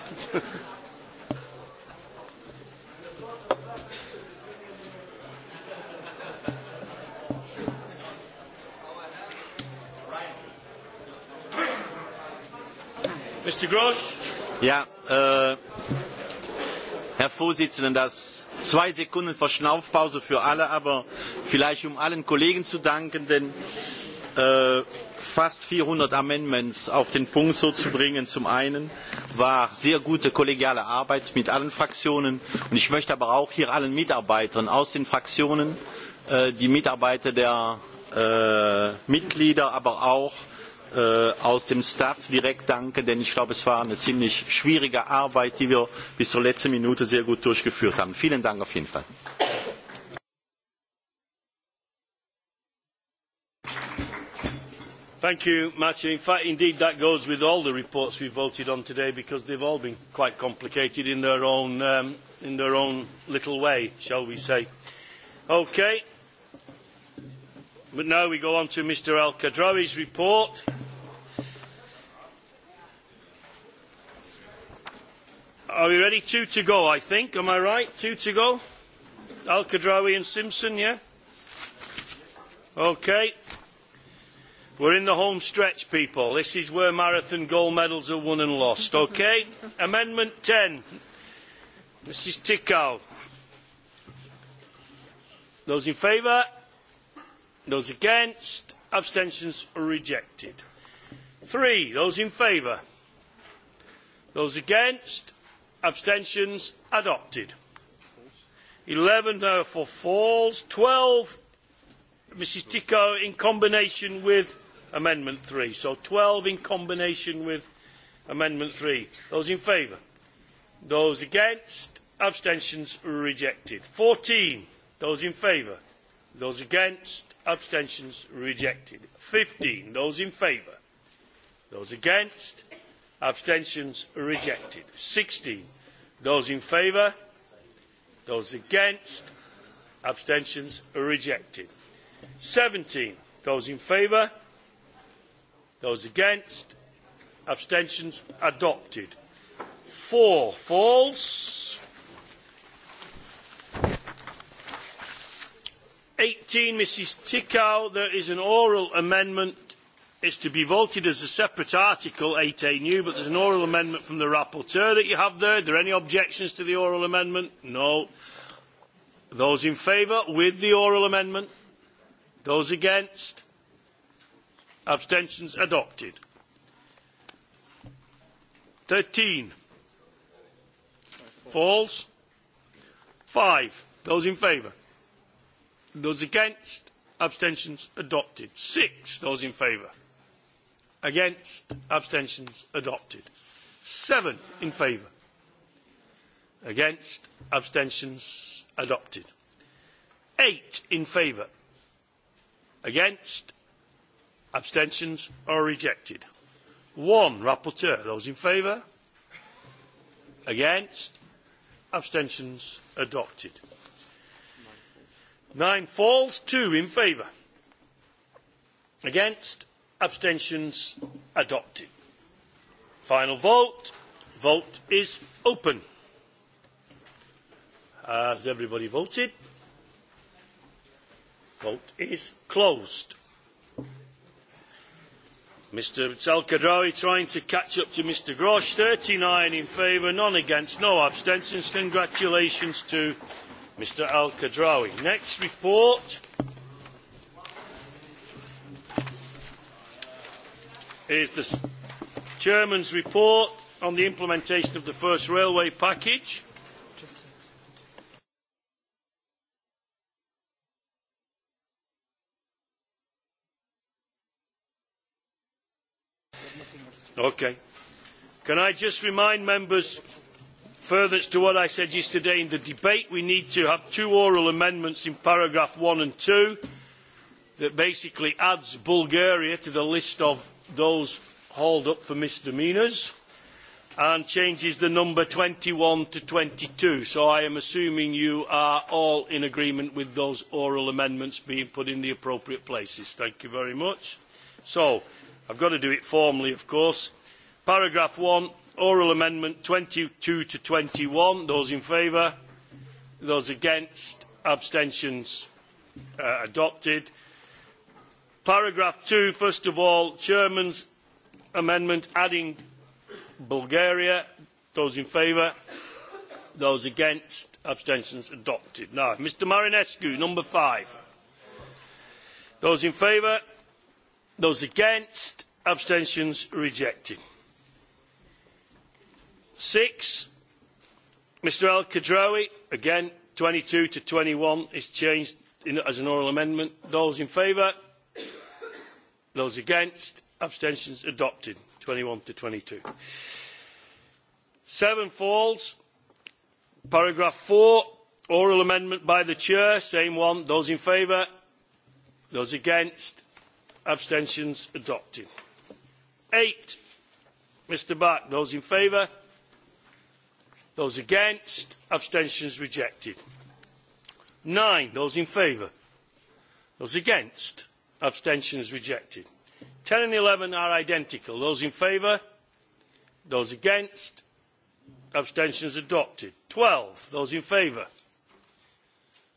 Mr. Grosch. Ja, äh, Herr Vorsitzender, das zwei Sekunden Verschnaufpause für alle, aber vielleicht um allen Kollegen zu danken, denn Äh, fast 400 Amendments auf den Punkt so zu bringen. Zum einen war sehr gute kollegiale Arbeit mit allen Fraktionen. Und ich möchte aber auch hier allen Mitarbeitern aus den Fraktionen, äh, die Mitarbeiter der äh, Mitglieder, aber auch äh, aus dem Staff direkt danken, denn ich glaube, es war eine ziemlich schwierige Arbeit, die wir bis zur letzten Minute sehr gut durchgeführt haben. Vielen Dank auf jeden Fall. Thank you, Martin. In fact, indeed, that goes with all the reports we voted on today because they've all been quite complicated in their own, um, in their own little way, shall we say. Okay. But now we go on to Mr Al Kadrawi's report. Are we ready? Two to go, I think. Am I right? Two to go? Al Kadrawi and Simpson, yeah? Okay. We're in the home stretch, people. This is where marathon gold medals are won and lost, okay? Amendment 10. Mrs Tickow. Those in favour? Those against? Abstentions are rejected. Three. Those in favour? Those against? Abstentions adopted. Eleven therefore falls. Twelve, Mrs Tickow, in combination with amendment 3. So 12 in combination with amendment 3. Those in favour? Those against? Abstentions rejected. 14. Those in favour? Those against? Abstentions rejected. 15. Those in favour? Those against? Abstentions rejected. 16. Those in favour? Those against? Abstentions rejected. 17. Those in favour? Those against? Abstentions adopted. Four falls. 18, Mrs Tickow, there is an oral amendment. It's to be voted as a separate article, 8A new, but there's an oral amendment from the rapporteur that you have there. Are there any objections to the oral amendment? No. Those in favour with the oral amendment? Those against? abstentions adopted Thirteen. false Five. those in favour those against abstentions adopted Six. those in favour against abstentions adopted Seven. in favour against abstentions adopted Eight. in favour against abstentions are rejected one rapporteur those in favour against abstentions adopted nine falls two in favour against abstentions adopted final vote vote is open has everybody voted vote is closed Mr el trying to catch up to Mr Grosh. 39 in favour, none against, no abstentions. Congratulations to Mr El-Khadraoui. Next report is the Chairman's report on the implementation of the first railway package. Okay. Can I just remind members, further to what I said yesterday in the debate, we need to have two oral amendments in paragraph one and two, that basically adds Bulgaria to the list of those hauled up for misdemeanours and changes the number 21 to 22. So I am assuming you are all in agreement with those oral amendments being put in the appropriate places. Thank you very much. So I've got to do it formally, of course. Paragraph one, oral amendment 22 to 21. Those in favour? Those against? Abstentions uh, adopted. Paragraph two. first of all, Chairman's amendment adding Bulgaria. Those in favour? Those against? Abstentions adopted. Now, Mr Marinescu, number five. Those in favour? Those against, abstentions rejected. Six, Mr El Khadraoui, again, 22 to 21 is changed in, as an oral amendment. Those in favour? Those against? Abstentions adopted, 21 to 22. Seven falls. Paragraph four, oral amendment by the Chair, same one. Those in favour? Those against? abstentions adopted eight mr bach those in favour those against abstentions rejected nine those in favour those against abstentions rejected ten and eleven are identical those in favour those against abstentions adopted twelve those in favour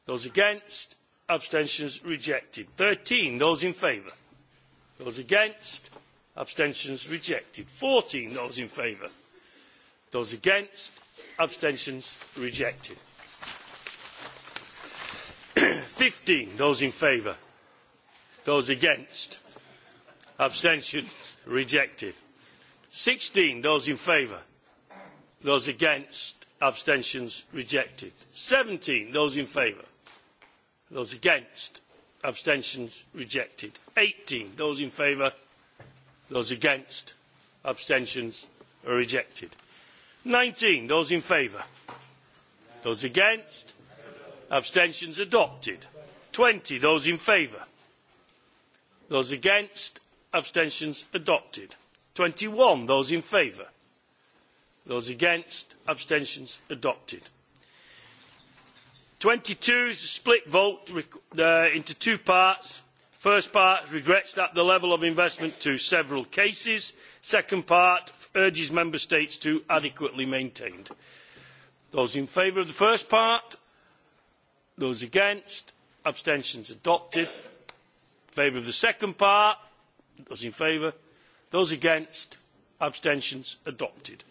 those against abstentions rejected thirteen those in favour Those against? Abstentions rejected. fourteen Those in favour? Those against? Abstentions rejected. fifteen Those in favour? Those against? Abstentions rejected. sixteen Those in favour? Those against? Abstentions rejected. seventeen Those in favour? Those against? abstentions rejected 18 those in favour those against abstentions are rejected 19 those in favour those against abstentions adopted 20 those in favour those against abstentions adopted 21 those in favour those against abstentions adopted twenty two is a split vote uh, into two parts the first part regrets that the level of investment to several cases the second part urges member states to adequately maintain it. those in favour of the first part those against abstentions adopted in favour of the second part those in favour those against abstentions adopted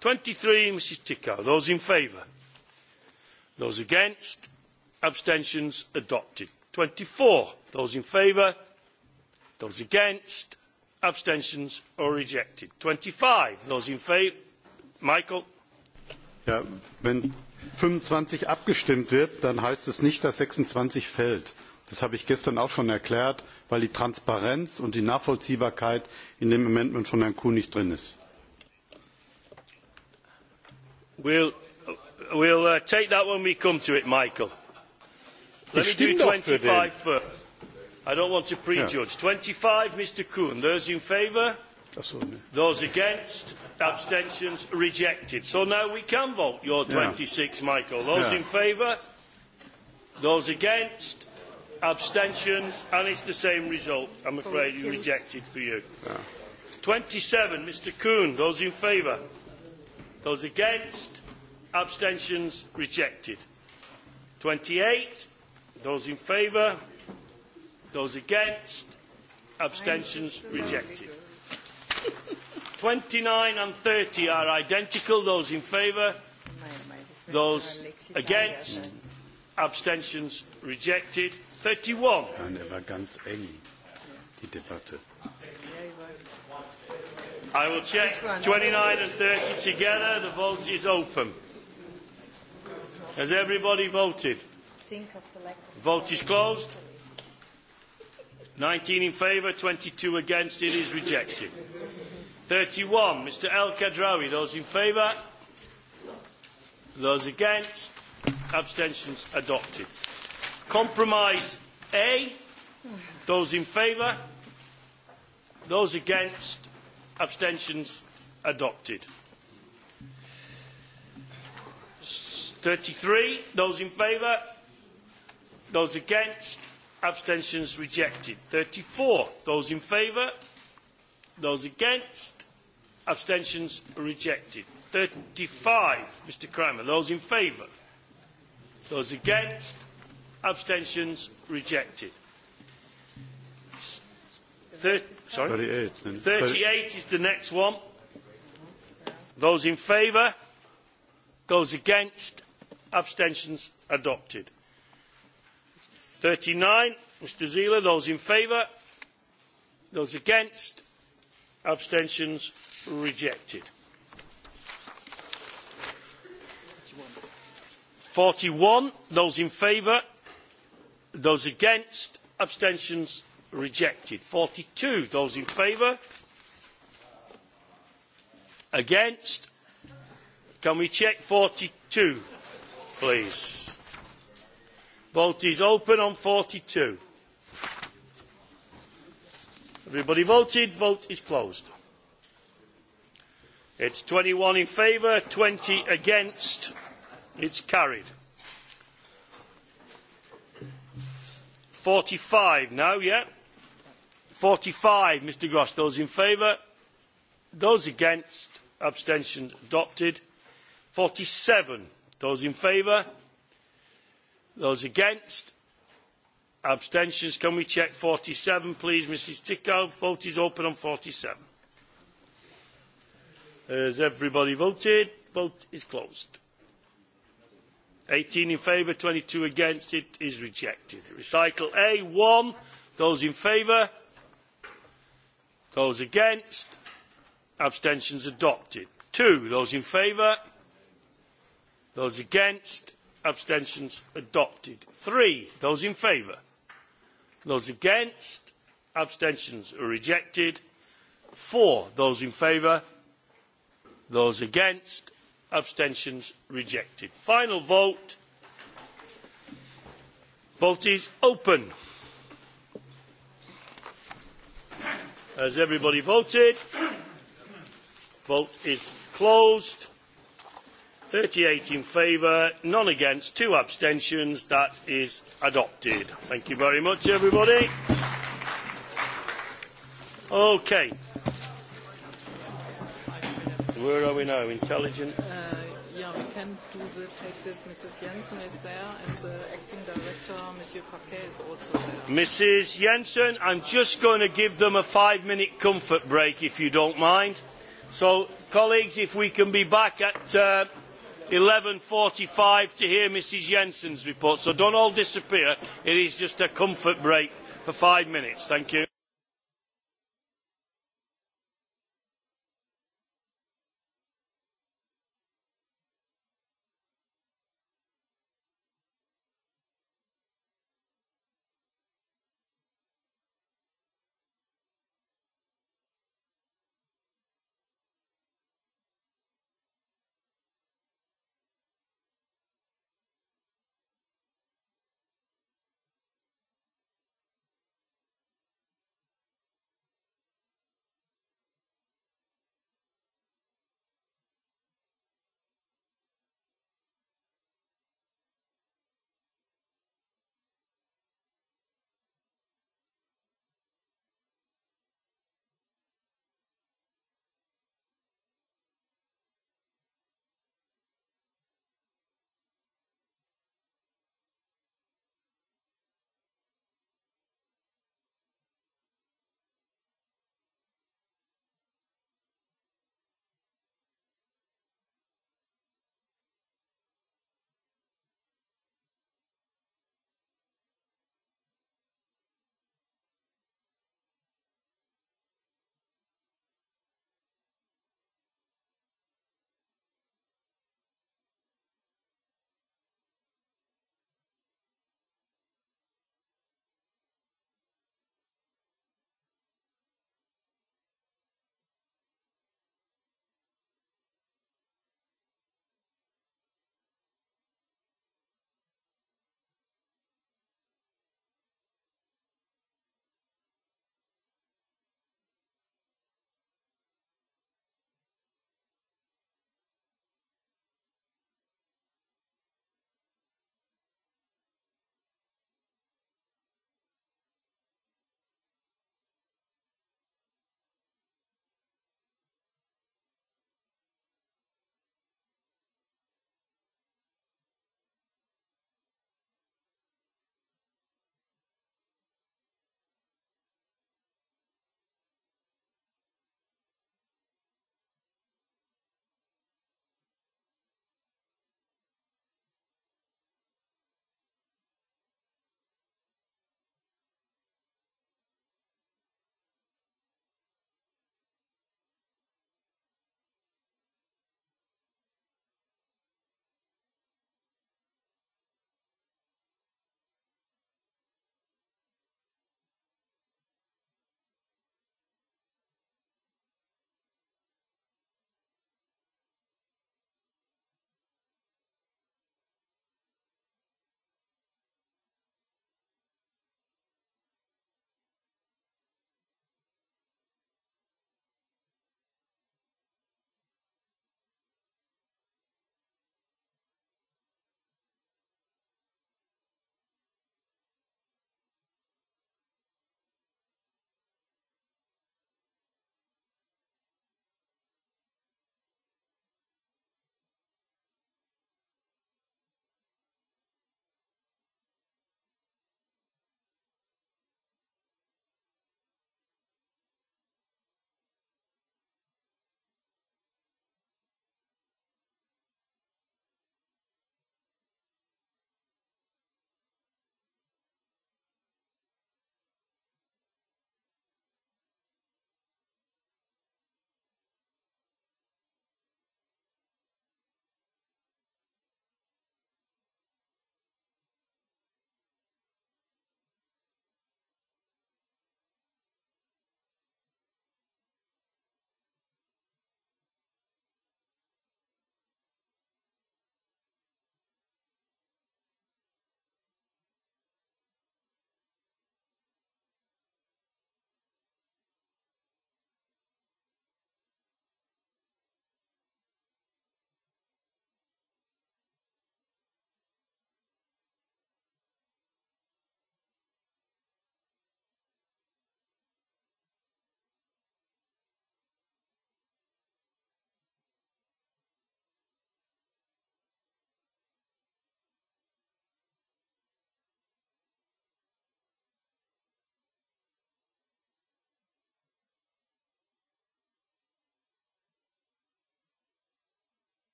twenty three mrs tickau those in favour those against abstentions adopted twenty four those in favour those against abstentions or rejected twenty five those in favour michael ja, wenn 25 abgestimmt wird dann heißt es nicht dass 26 fällt das habe ich gestern auch schon erklärt weil die transparenz und die nachvollziehbarkeit in dem amendment von herrn kuhn nicht drin ist. We'll We'll uh, take that when we come to it, Michael. Let me do 25 first. I don't want to prejudge. Yeah. 25, Mr Kuhn. Those in favour? Those against? Abstentions? Rejected. So now we can vote your 26, yeah. Michael. Those yeah. in favour? Those against? Abstentions? And it's the same result. I'm afraid you rejected for you. Yeah. 27, Mr Kuhn. Those in favour? Those against? abstentions rejected 28 those in favour those against abstentions rejected 29 and 30 are identical those in favour those against abstentions rejected 31 I will check 29 and 30 together the vote is open Has everybody voted? Vote is closed. 19 in favour, 22 against. It is rejected. 31, Mr El Kadrawi. Those in favour? Those against? Abstentions adopted. Compromise A. Those in favour? Those against? Abstentions adopted. 33. Those in favour? Those against? Abstentions rejected. 34. Those in favour? Those against? Abstentions rejected. 35. Mr Cramer. Those in favour? Those against? Abstentions rejected. Thir- sorry? 38. 38 is the next one. Those in favour? Those against? abstentions adopted thirty nine mr zle those in favour those against abstentions rejected forty one those in favour those against abstentions rejected forty two those in favour against can we check forty two please. Vote is open on 42. Everybody voted. Vote is closed. It's 21 in favour, 20 against. It's carried. 45 now, yeah? 45, Mr Gross. Those in favour? Those against? Abstentions adopted. 47 Those in favour? Those against? Abstentions. Can we check 47, please, Mrs Tickow? Vote is open on 47. Has everybody voted? Vote is closed. 18 in favour, 22 against. It is rejected. Recycle A, 1. Those in favour? Those against? Abstentions adopted. 2. Those in favour? Those against, abstentions adopted. Three, those in favour. Those against, abstentions rejected. Four, those in favour. Those against, abstentions rejected. Final vote. Vote is open. Has everybody voted? Vote is closed. 38 in favour, none against, two abstentions. That is adopted. Thank you very much, everybody. Okay. Where are we now? Intelligent? Uh, yeah, we can do the taxes. Mrs. Jensen is there, and the acting director, Monsieur is also there. Mrs. Jensen, I'm just going to give them a five minute comfort break, if you don't mind. So, colleagues, if we can be back at. Uh, 11.45 to hear Mrs Jensen's report. So don't all disappear. It is just a comfort break for five minutes. Thank you.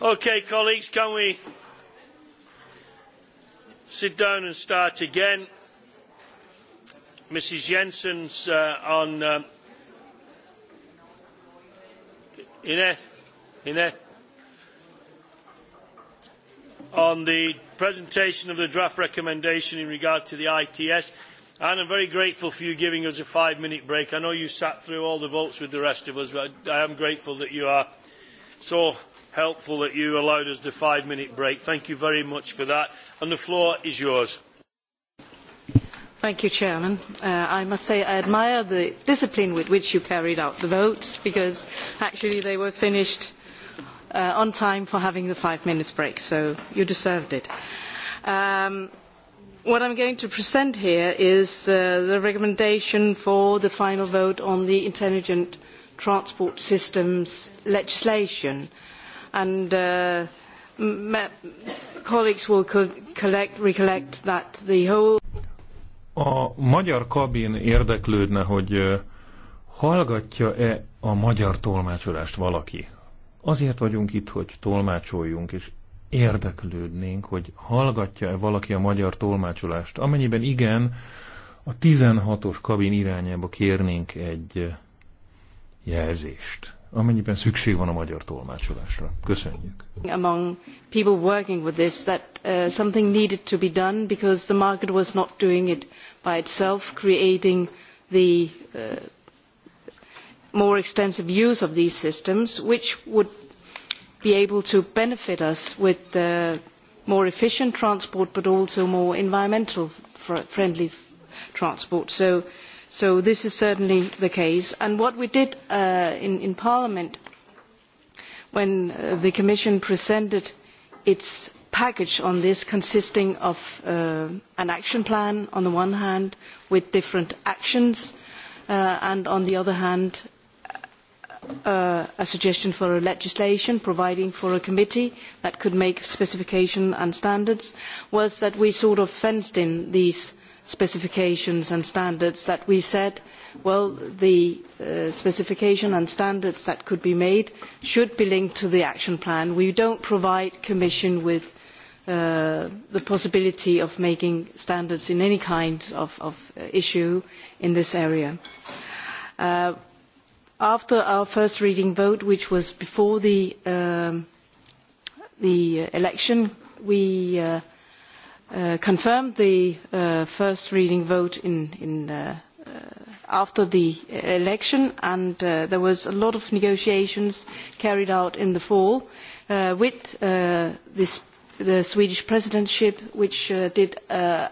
Okay, colleagues, can we sit down and start again? Mrs. Jensen's uh, on. Um, Ineth, Ineth, on the presentation of the draft recommendation in regard to the ITS. And I'm very grateful for you giving us a five-minute break. I know you sat through all the votes with the rest of us, but I am grateful that you are so helpful that you allowed us the five minute break. Thank you very much for that. And the floor is yours. Thank you, Chairman. Uh, I must say I admire the discipline with which you carried out the votes because actually they were finished uh, on time for having the five minutes break, so you deserved it. Um, what I'm going to present here is uh, the recommendation for the final vote on the intelligent transport systems legislation. Uh, and uh, colleagues will collect, recollect that the whole a magyar kabin érdeklődne, hogy hallgatja-e a magyar tolmácsolást valaki. Azért vagyunk itt, hogy tolmácsoljunk, és érdeklődnénk, hogy hallgatja-e valaki a magyar tolmácsolást. Amennyiben igen, a 16-os kabin irányába kérnénk egy jelzést amennyiben szükség van a magyar tolmácsolásra. Köszönjük. Among people working with this that uh, something needed to be done because the market was not doing it by itself creating the uh, more extensive use of these systems which would be able to benefit us with uh, more efficient transport but also more environmental friendly transport. So So this is certainly the case. And what we did uh, in, in, Parliament when uh, the Commission presented its package on this consisting of uh, an action plan on the one hand with different actions uh, and on the other hand Uh, a suggestion for a legislation providing for a committee that could make specification and standards was that we sort of fenced in these specifications and standards that we said, well, the uh, specification and standards that could be made should be linked to the action plan. We don't provide Commission with uh, the possibility of making standards in any kind of, of uh, issue in this area. Uh, after our first reading vote, which was before the, um, the election, we uh, uh, confirmed the uh, first reading vote in, in, uh, uh after the election, and uh, there was a lot of negotiations carried out in the fall uh, with this, the Swedish presidency, which did a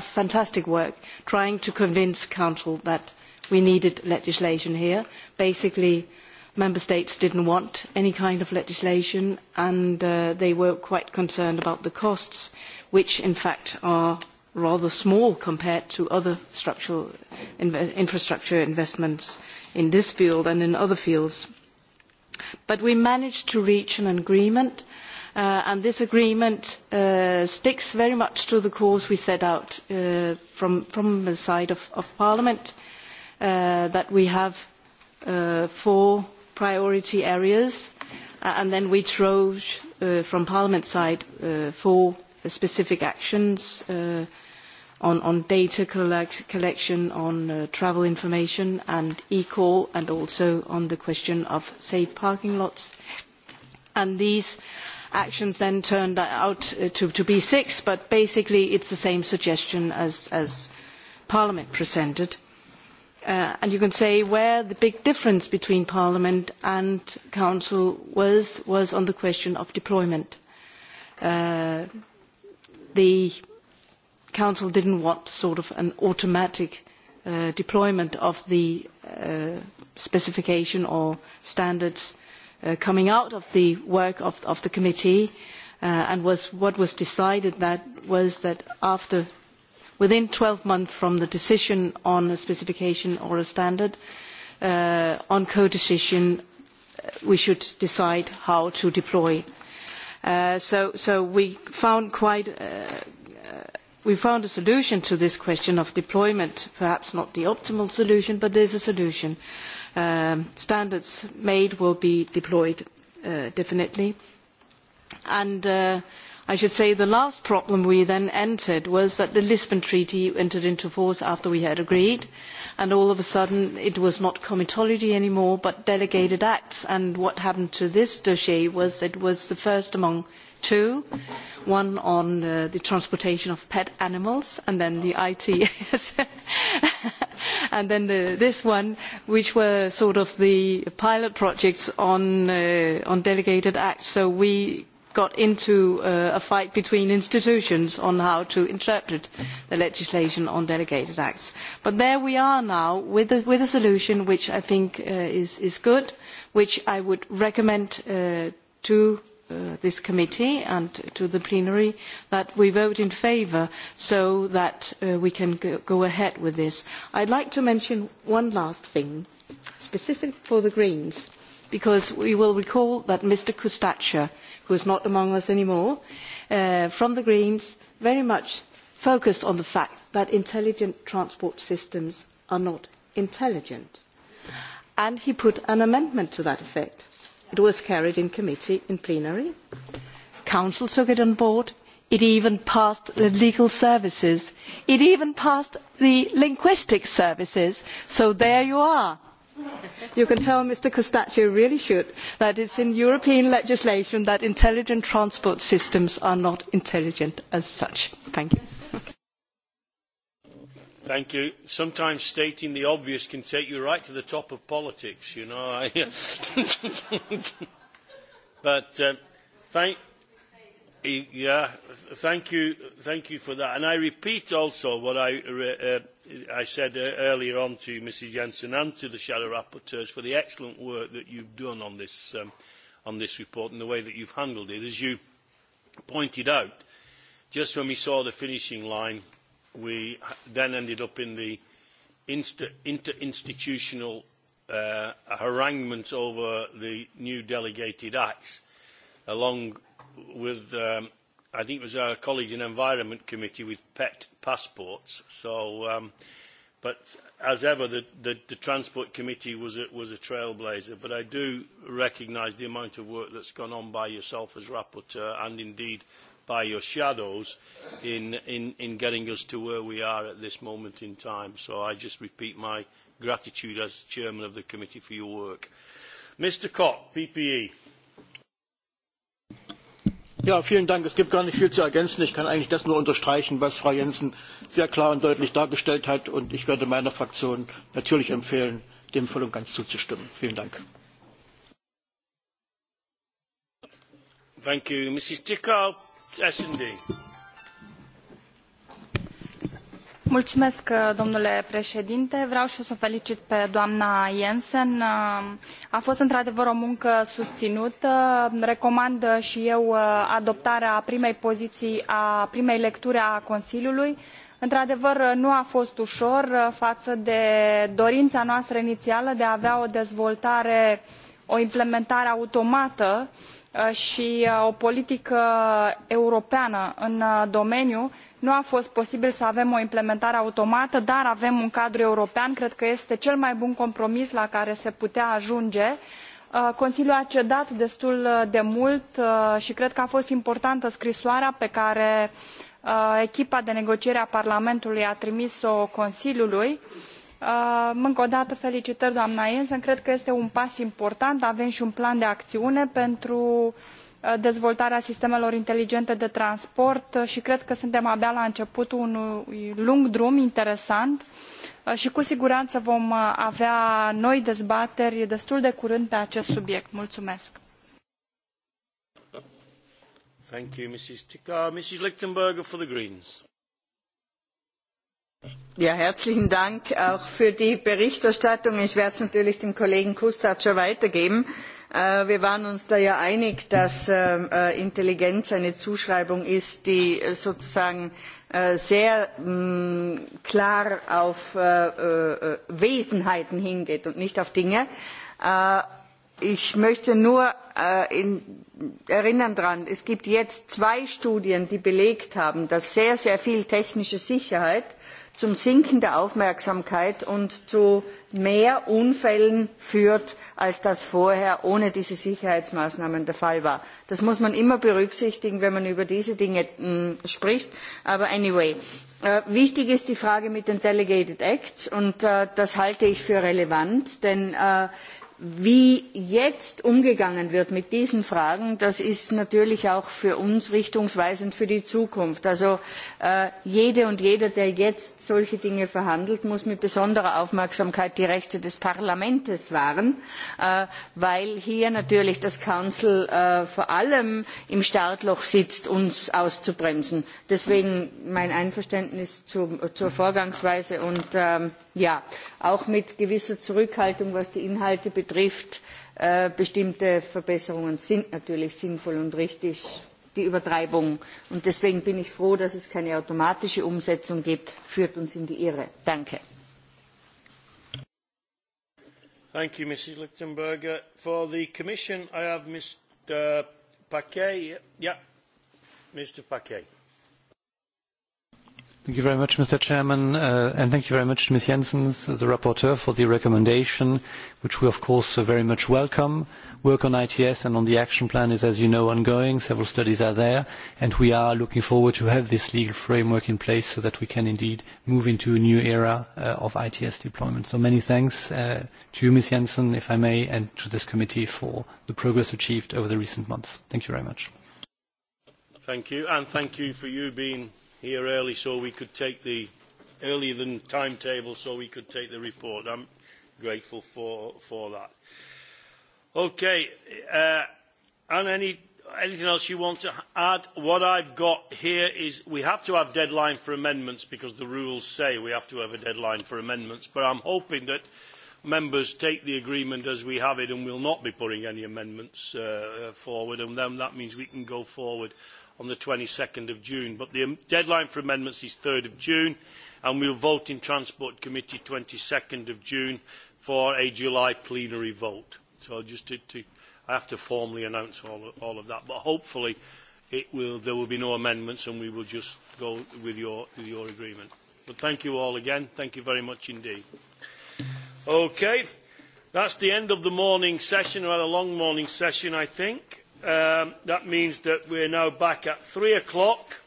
fantastic work trying to convince Council that we needed legislation here. Basically, member states didn't want any kind of legislation, and they were quite concerned about the costs which in fact are rather small compared to other structural infrastructure investments in this field and in other fields. But we managed to reach an agreement, uh, and this agreement uh, sticks very much to the course we set out uh, from, from, the side of, of Parliament, uh, that we have uh, four priority areas, uh, and then we chose from Parliament's side four Uh, specific actions uh, on, on data collect collection, on uh, travel information and e-call, and also on the question of safe parking lots. And these actions then turned out uh, to, to be six, but basically it's the same suggestion as, as Parliament presented. Uh, and you can say where the big difference between Parliament and Council was, was on the question of deployment. Uh, the council didn't want sort of an automatic uh, deployment of the uh, specification or standards uh, coming out of the work of, of the committee uh, and was, what was decided that was that after within 12 months from the decision on a specification or a standard uh, on co-decision uh, we should decide how to deploy Uh, so, so we found quite uh, uh, we found a solution to this question of deployment, perhaps not the optimal solution, but there's a solution. Um, standards made will be deployed, uh, definitely. And uh, I should say the last problem we then entered was that the Lisbon Treaty entered into force after we had agreed. Uh, and all of a sudden it was not comitology anymore but delegated acts and what happened to this dossier was it was the first among two one on uh, the transportation of pet animals and then the ITS and then the, this one which were sort of the pilot projects on uh, on delegated acts so we got into uh, a fight between institutions on how to interpret the legislation on delegated acts. But there we are now with a, with a solution which I think uh, is, is good, which I would recommend uh, to uh, this committee and to the plenary that we vote in favour so that uh, we can go, go ahead with this. I'd like to mention one last thing, specific for the Greens because we will recall that Mr. Kustacha, who is not among us anymore, uh, from the Greens, very much focused on the fact that intelligent transport systems are not intelligent. And he put an amendment to that effect. It was carried in committee in plenary. Council took it on board. It even passed the legal services. It even passed the linguistic services. So there you are you can tell Mr. Costaccio really should, that it's in European legislation that intelligent transport systems are not intelligent as such. Thank you. Thank you. Sometimes stating the obvious can take you right to the top of politics, you know. but uh, thank, yeah, thank you, thank you for that. And I repeat also what I uh, I said uh, earlier on to Mrs Jensen and to the shadow rapporteurs for the excellent work that you've done on this, um, on this report and the way that you've handled it. As you pointed out, just when we saw the finishing line, we then ended up in the inter interinstitutional uh, haranguement over the new delegated acts, along with um, I think it was our colleagues in Environment Committee with pet passports. So, um, but as ever, the, the, the Transport Committee was a, was a trailblazer. But I do recognise the amount of work that's gone on by yourself as rapporteur and indeed by your shadows in, in, in getting us to where we are at this moment in time. So I just repeat my gratitude as chairman of the committee for your work. Mr Cock, PPE. Ja, vielen Dank. Es gibt gar nicht viel zu ergänzen. Ich kann eigentlich das nur unterstreichen, was Frau Jensen sehr klar und deutlich dargestellt hat. Und ich werde meiner Fraktion natürlich empfehlen, dem voll und ganz zuzustimmen. Vielen Dank. Thank you. Mrs. Dickau, S&D. Mulțumesc, uh, domnule președinte. Vreau și o să o felicit pe doamna Jensen. Uh, a fost într-adevăr o muncă susținută. Recomand și eu uh, adoptarea primei poziții, a primei lecturi a Consiliului. Într-adevăr, nu a fost ușor față de dorința noastră inițială de a avea o dezvoltare, o implementare automată și o politică europeană în domeniu nu a fost posibil să avem o implementare automată dar avem un cadru european cred că este cel mai bun compromis la care se putea ajunge uh, consiliul a cedat destul de mult uh, i cred că a fost importantă scrisoarea pe care uh, echipa de negociere a parlamentului a trimis o consiliului. încă o dată felicitări doamnă jensen cred că este un pas important avem i un plan de aciune pentru Uh, dezvoltarea sistemelor inteligente de transport uh, i cred că suntem abia la începutul unui lung drum interesant uh, i cu sigurană vom avea noi dezbateri destul de curând pe acest subiect. Mulțumesc! herzlichen Dank auch für die Berichterstattung. Ich werde es natürlich dem Kollegen Kustatscher weitergeben Äh, wir waren uns da ja einig dass äh, äh, intelligenz eine zuschreibung ist die sozusagen sehr mm, klar auf wesenheiten hingeht und nicht auf dinge. ich möchte nur daran erinnern es gibt jetzt zwei studien die belegt haben dass sehr viel technische sicherheit zum Sinken der Aufmerksamkeit und zu mehr Unfällen führt, als das vorher ohne diese Sicherheitsmaßnahmen der Fall war. Das muss man immer berücksichtigen, wenn man über diese Dinge mm, spricht. Aber anyway, äh, wichtig ist die Frage mit den Delegated Acts und äh, das halte ich für relevant, denn äh, Wie jetzt umgegangen wird mit diesen Fragen, das ist natürlich auch für uns richtungsweisend für die Zukunft. Also äh, jede und jeder, der jetzt solche Dinge verhandelt, muss mit besonderer Aufmerksamkeit die Rechte des Parlaments wahren, äh, weil hier natürlich das rat äh, vor allem im Startloch sitzt, uns auszubremsen. Deswegen mein Einverständnis zur Vorgangsweise und ähm, auch mit gewisser zurückhaltung was die inhalte betrifft äh, bestimmte verbesserungen sind natürlich sinnvoll und richtig die übertreibung und deswegen bin ich froh dass es keine automatische umsetzung gibt führt uns in die irre. danke. Thank you very much, Mr. Chairman, uh, and thank you very much to Ms. Jensen, the rapporteur, for the recommendation, which we of course uh, very much welcome. Work on ITS and on the action plan is, as you know, ongoing. Several studies are there, and we are looking forward to have this legal framework in place so that we can indeed move into a new era uh, of ITS deployment. So many thanks to you, Ms. Jensen, if I may, and to this committee for the progress achieved over the recent months. Thank you very much. Thank you, and thank you for you being here early so we could take the earlier than timetable so we could take the report. I'm grateful for for that. Okay, uh, and any anything else you want to add? What I've got here is we have to have deadline for amendments because the rules say we have to have a deadline for amendments. But I'm hoping that members take the agreement as we have it and will not be putting any amendments uh, forward, and then that means we can go forward on the 22nd of June. But the deadline for amendments is 3rd of June, and we'll vote in Transport Committee 22nd of June for a July plenary vote. So just to, to, I have to formally announce all, all of that. But hopefully it will, there will be no amendments and we will just go with your, with your agreement. But thank you all again. Thank you very much indeed. Okay, that's the end of the morning session. We had long morning session, I think. Um, that means that we are now back at three o'clock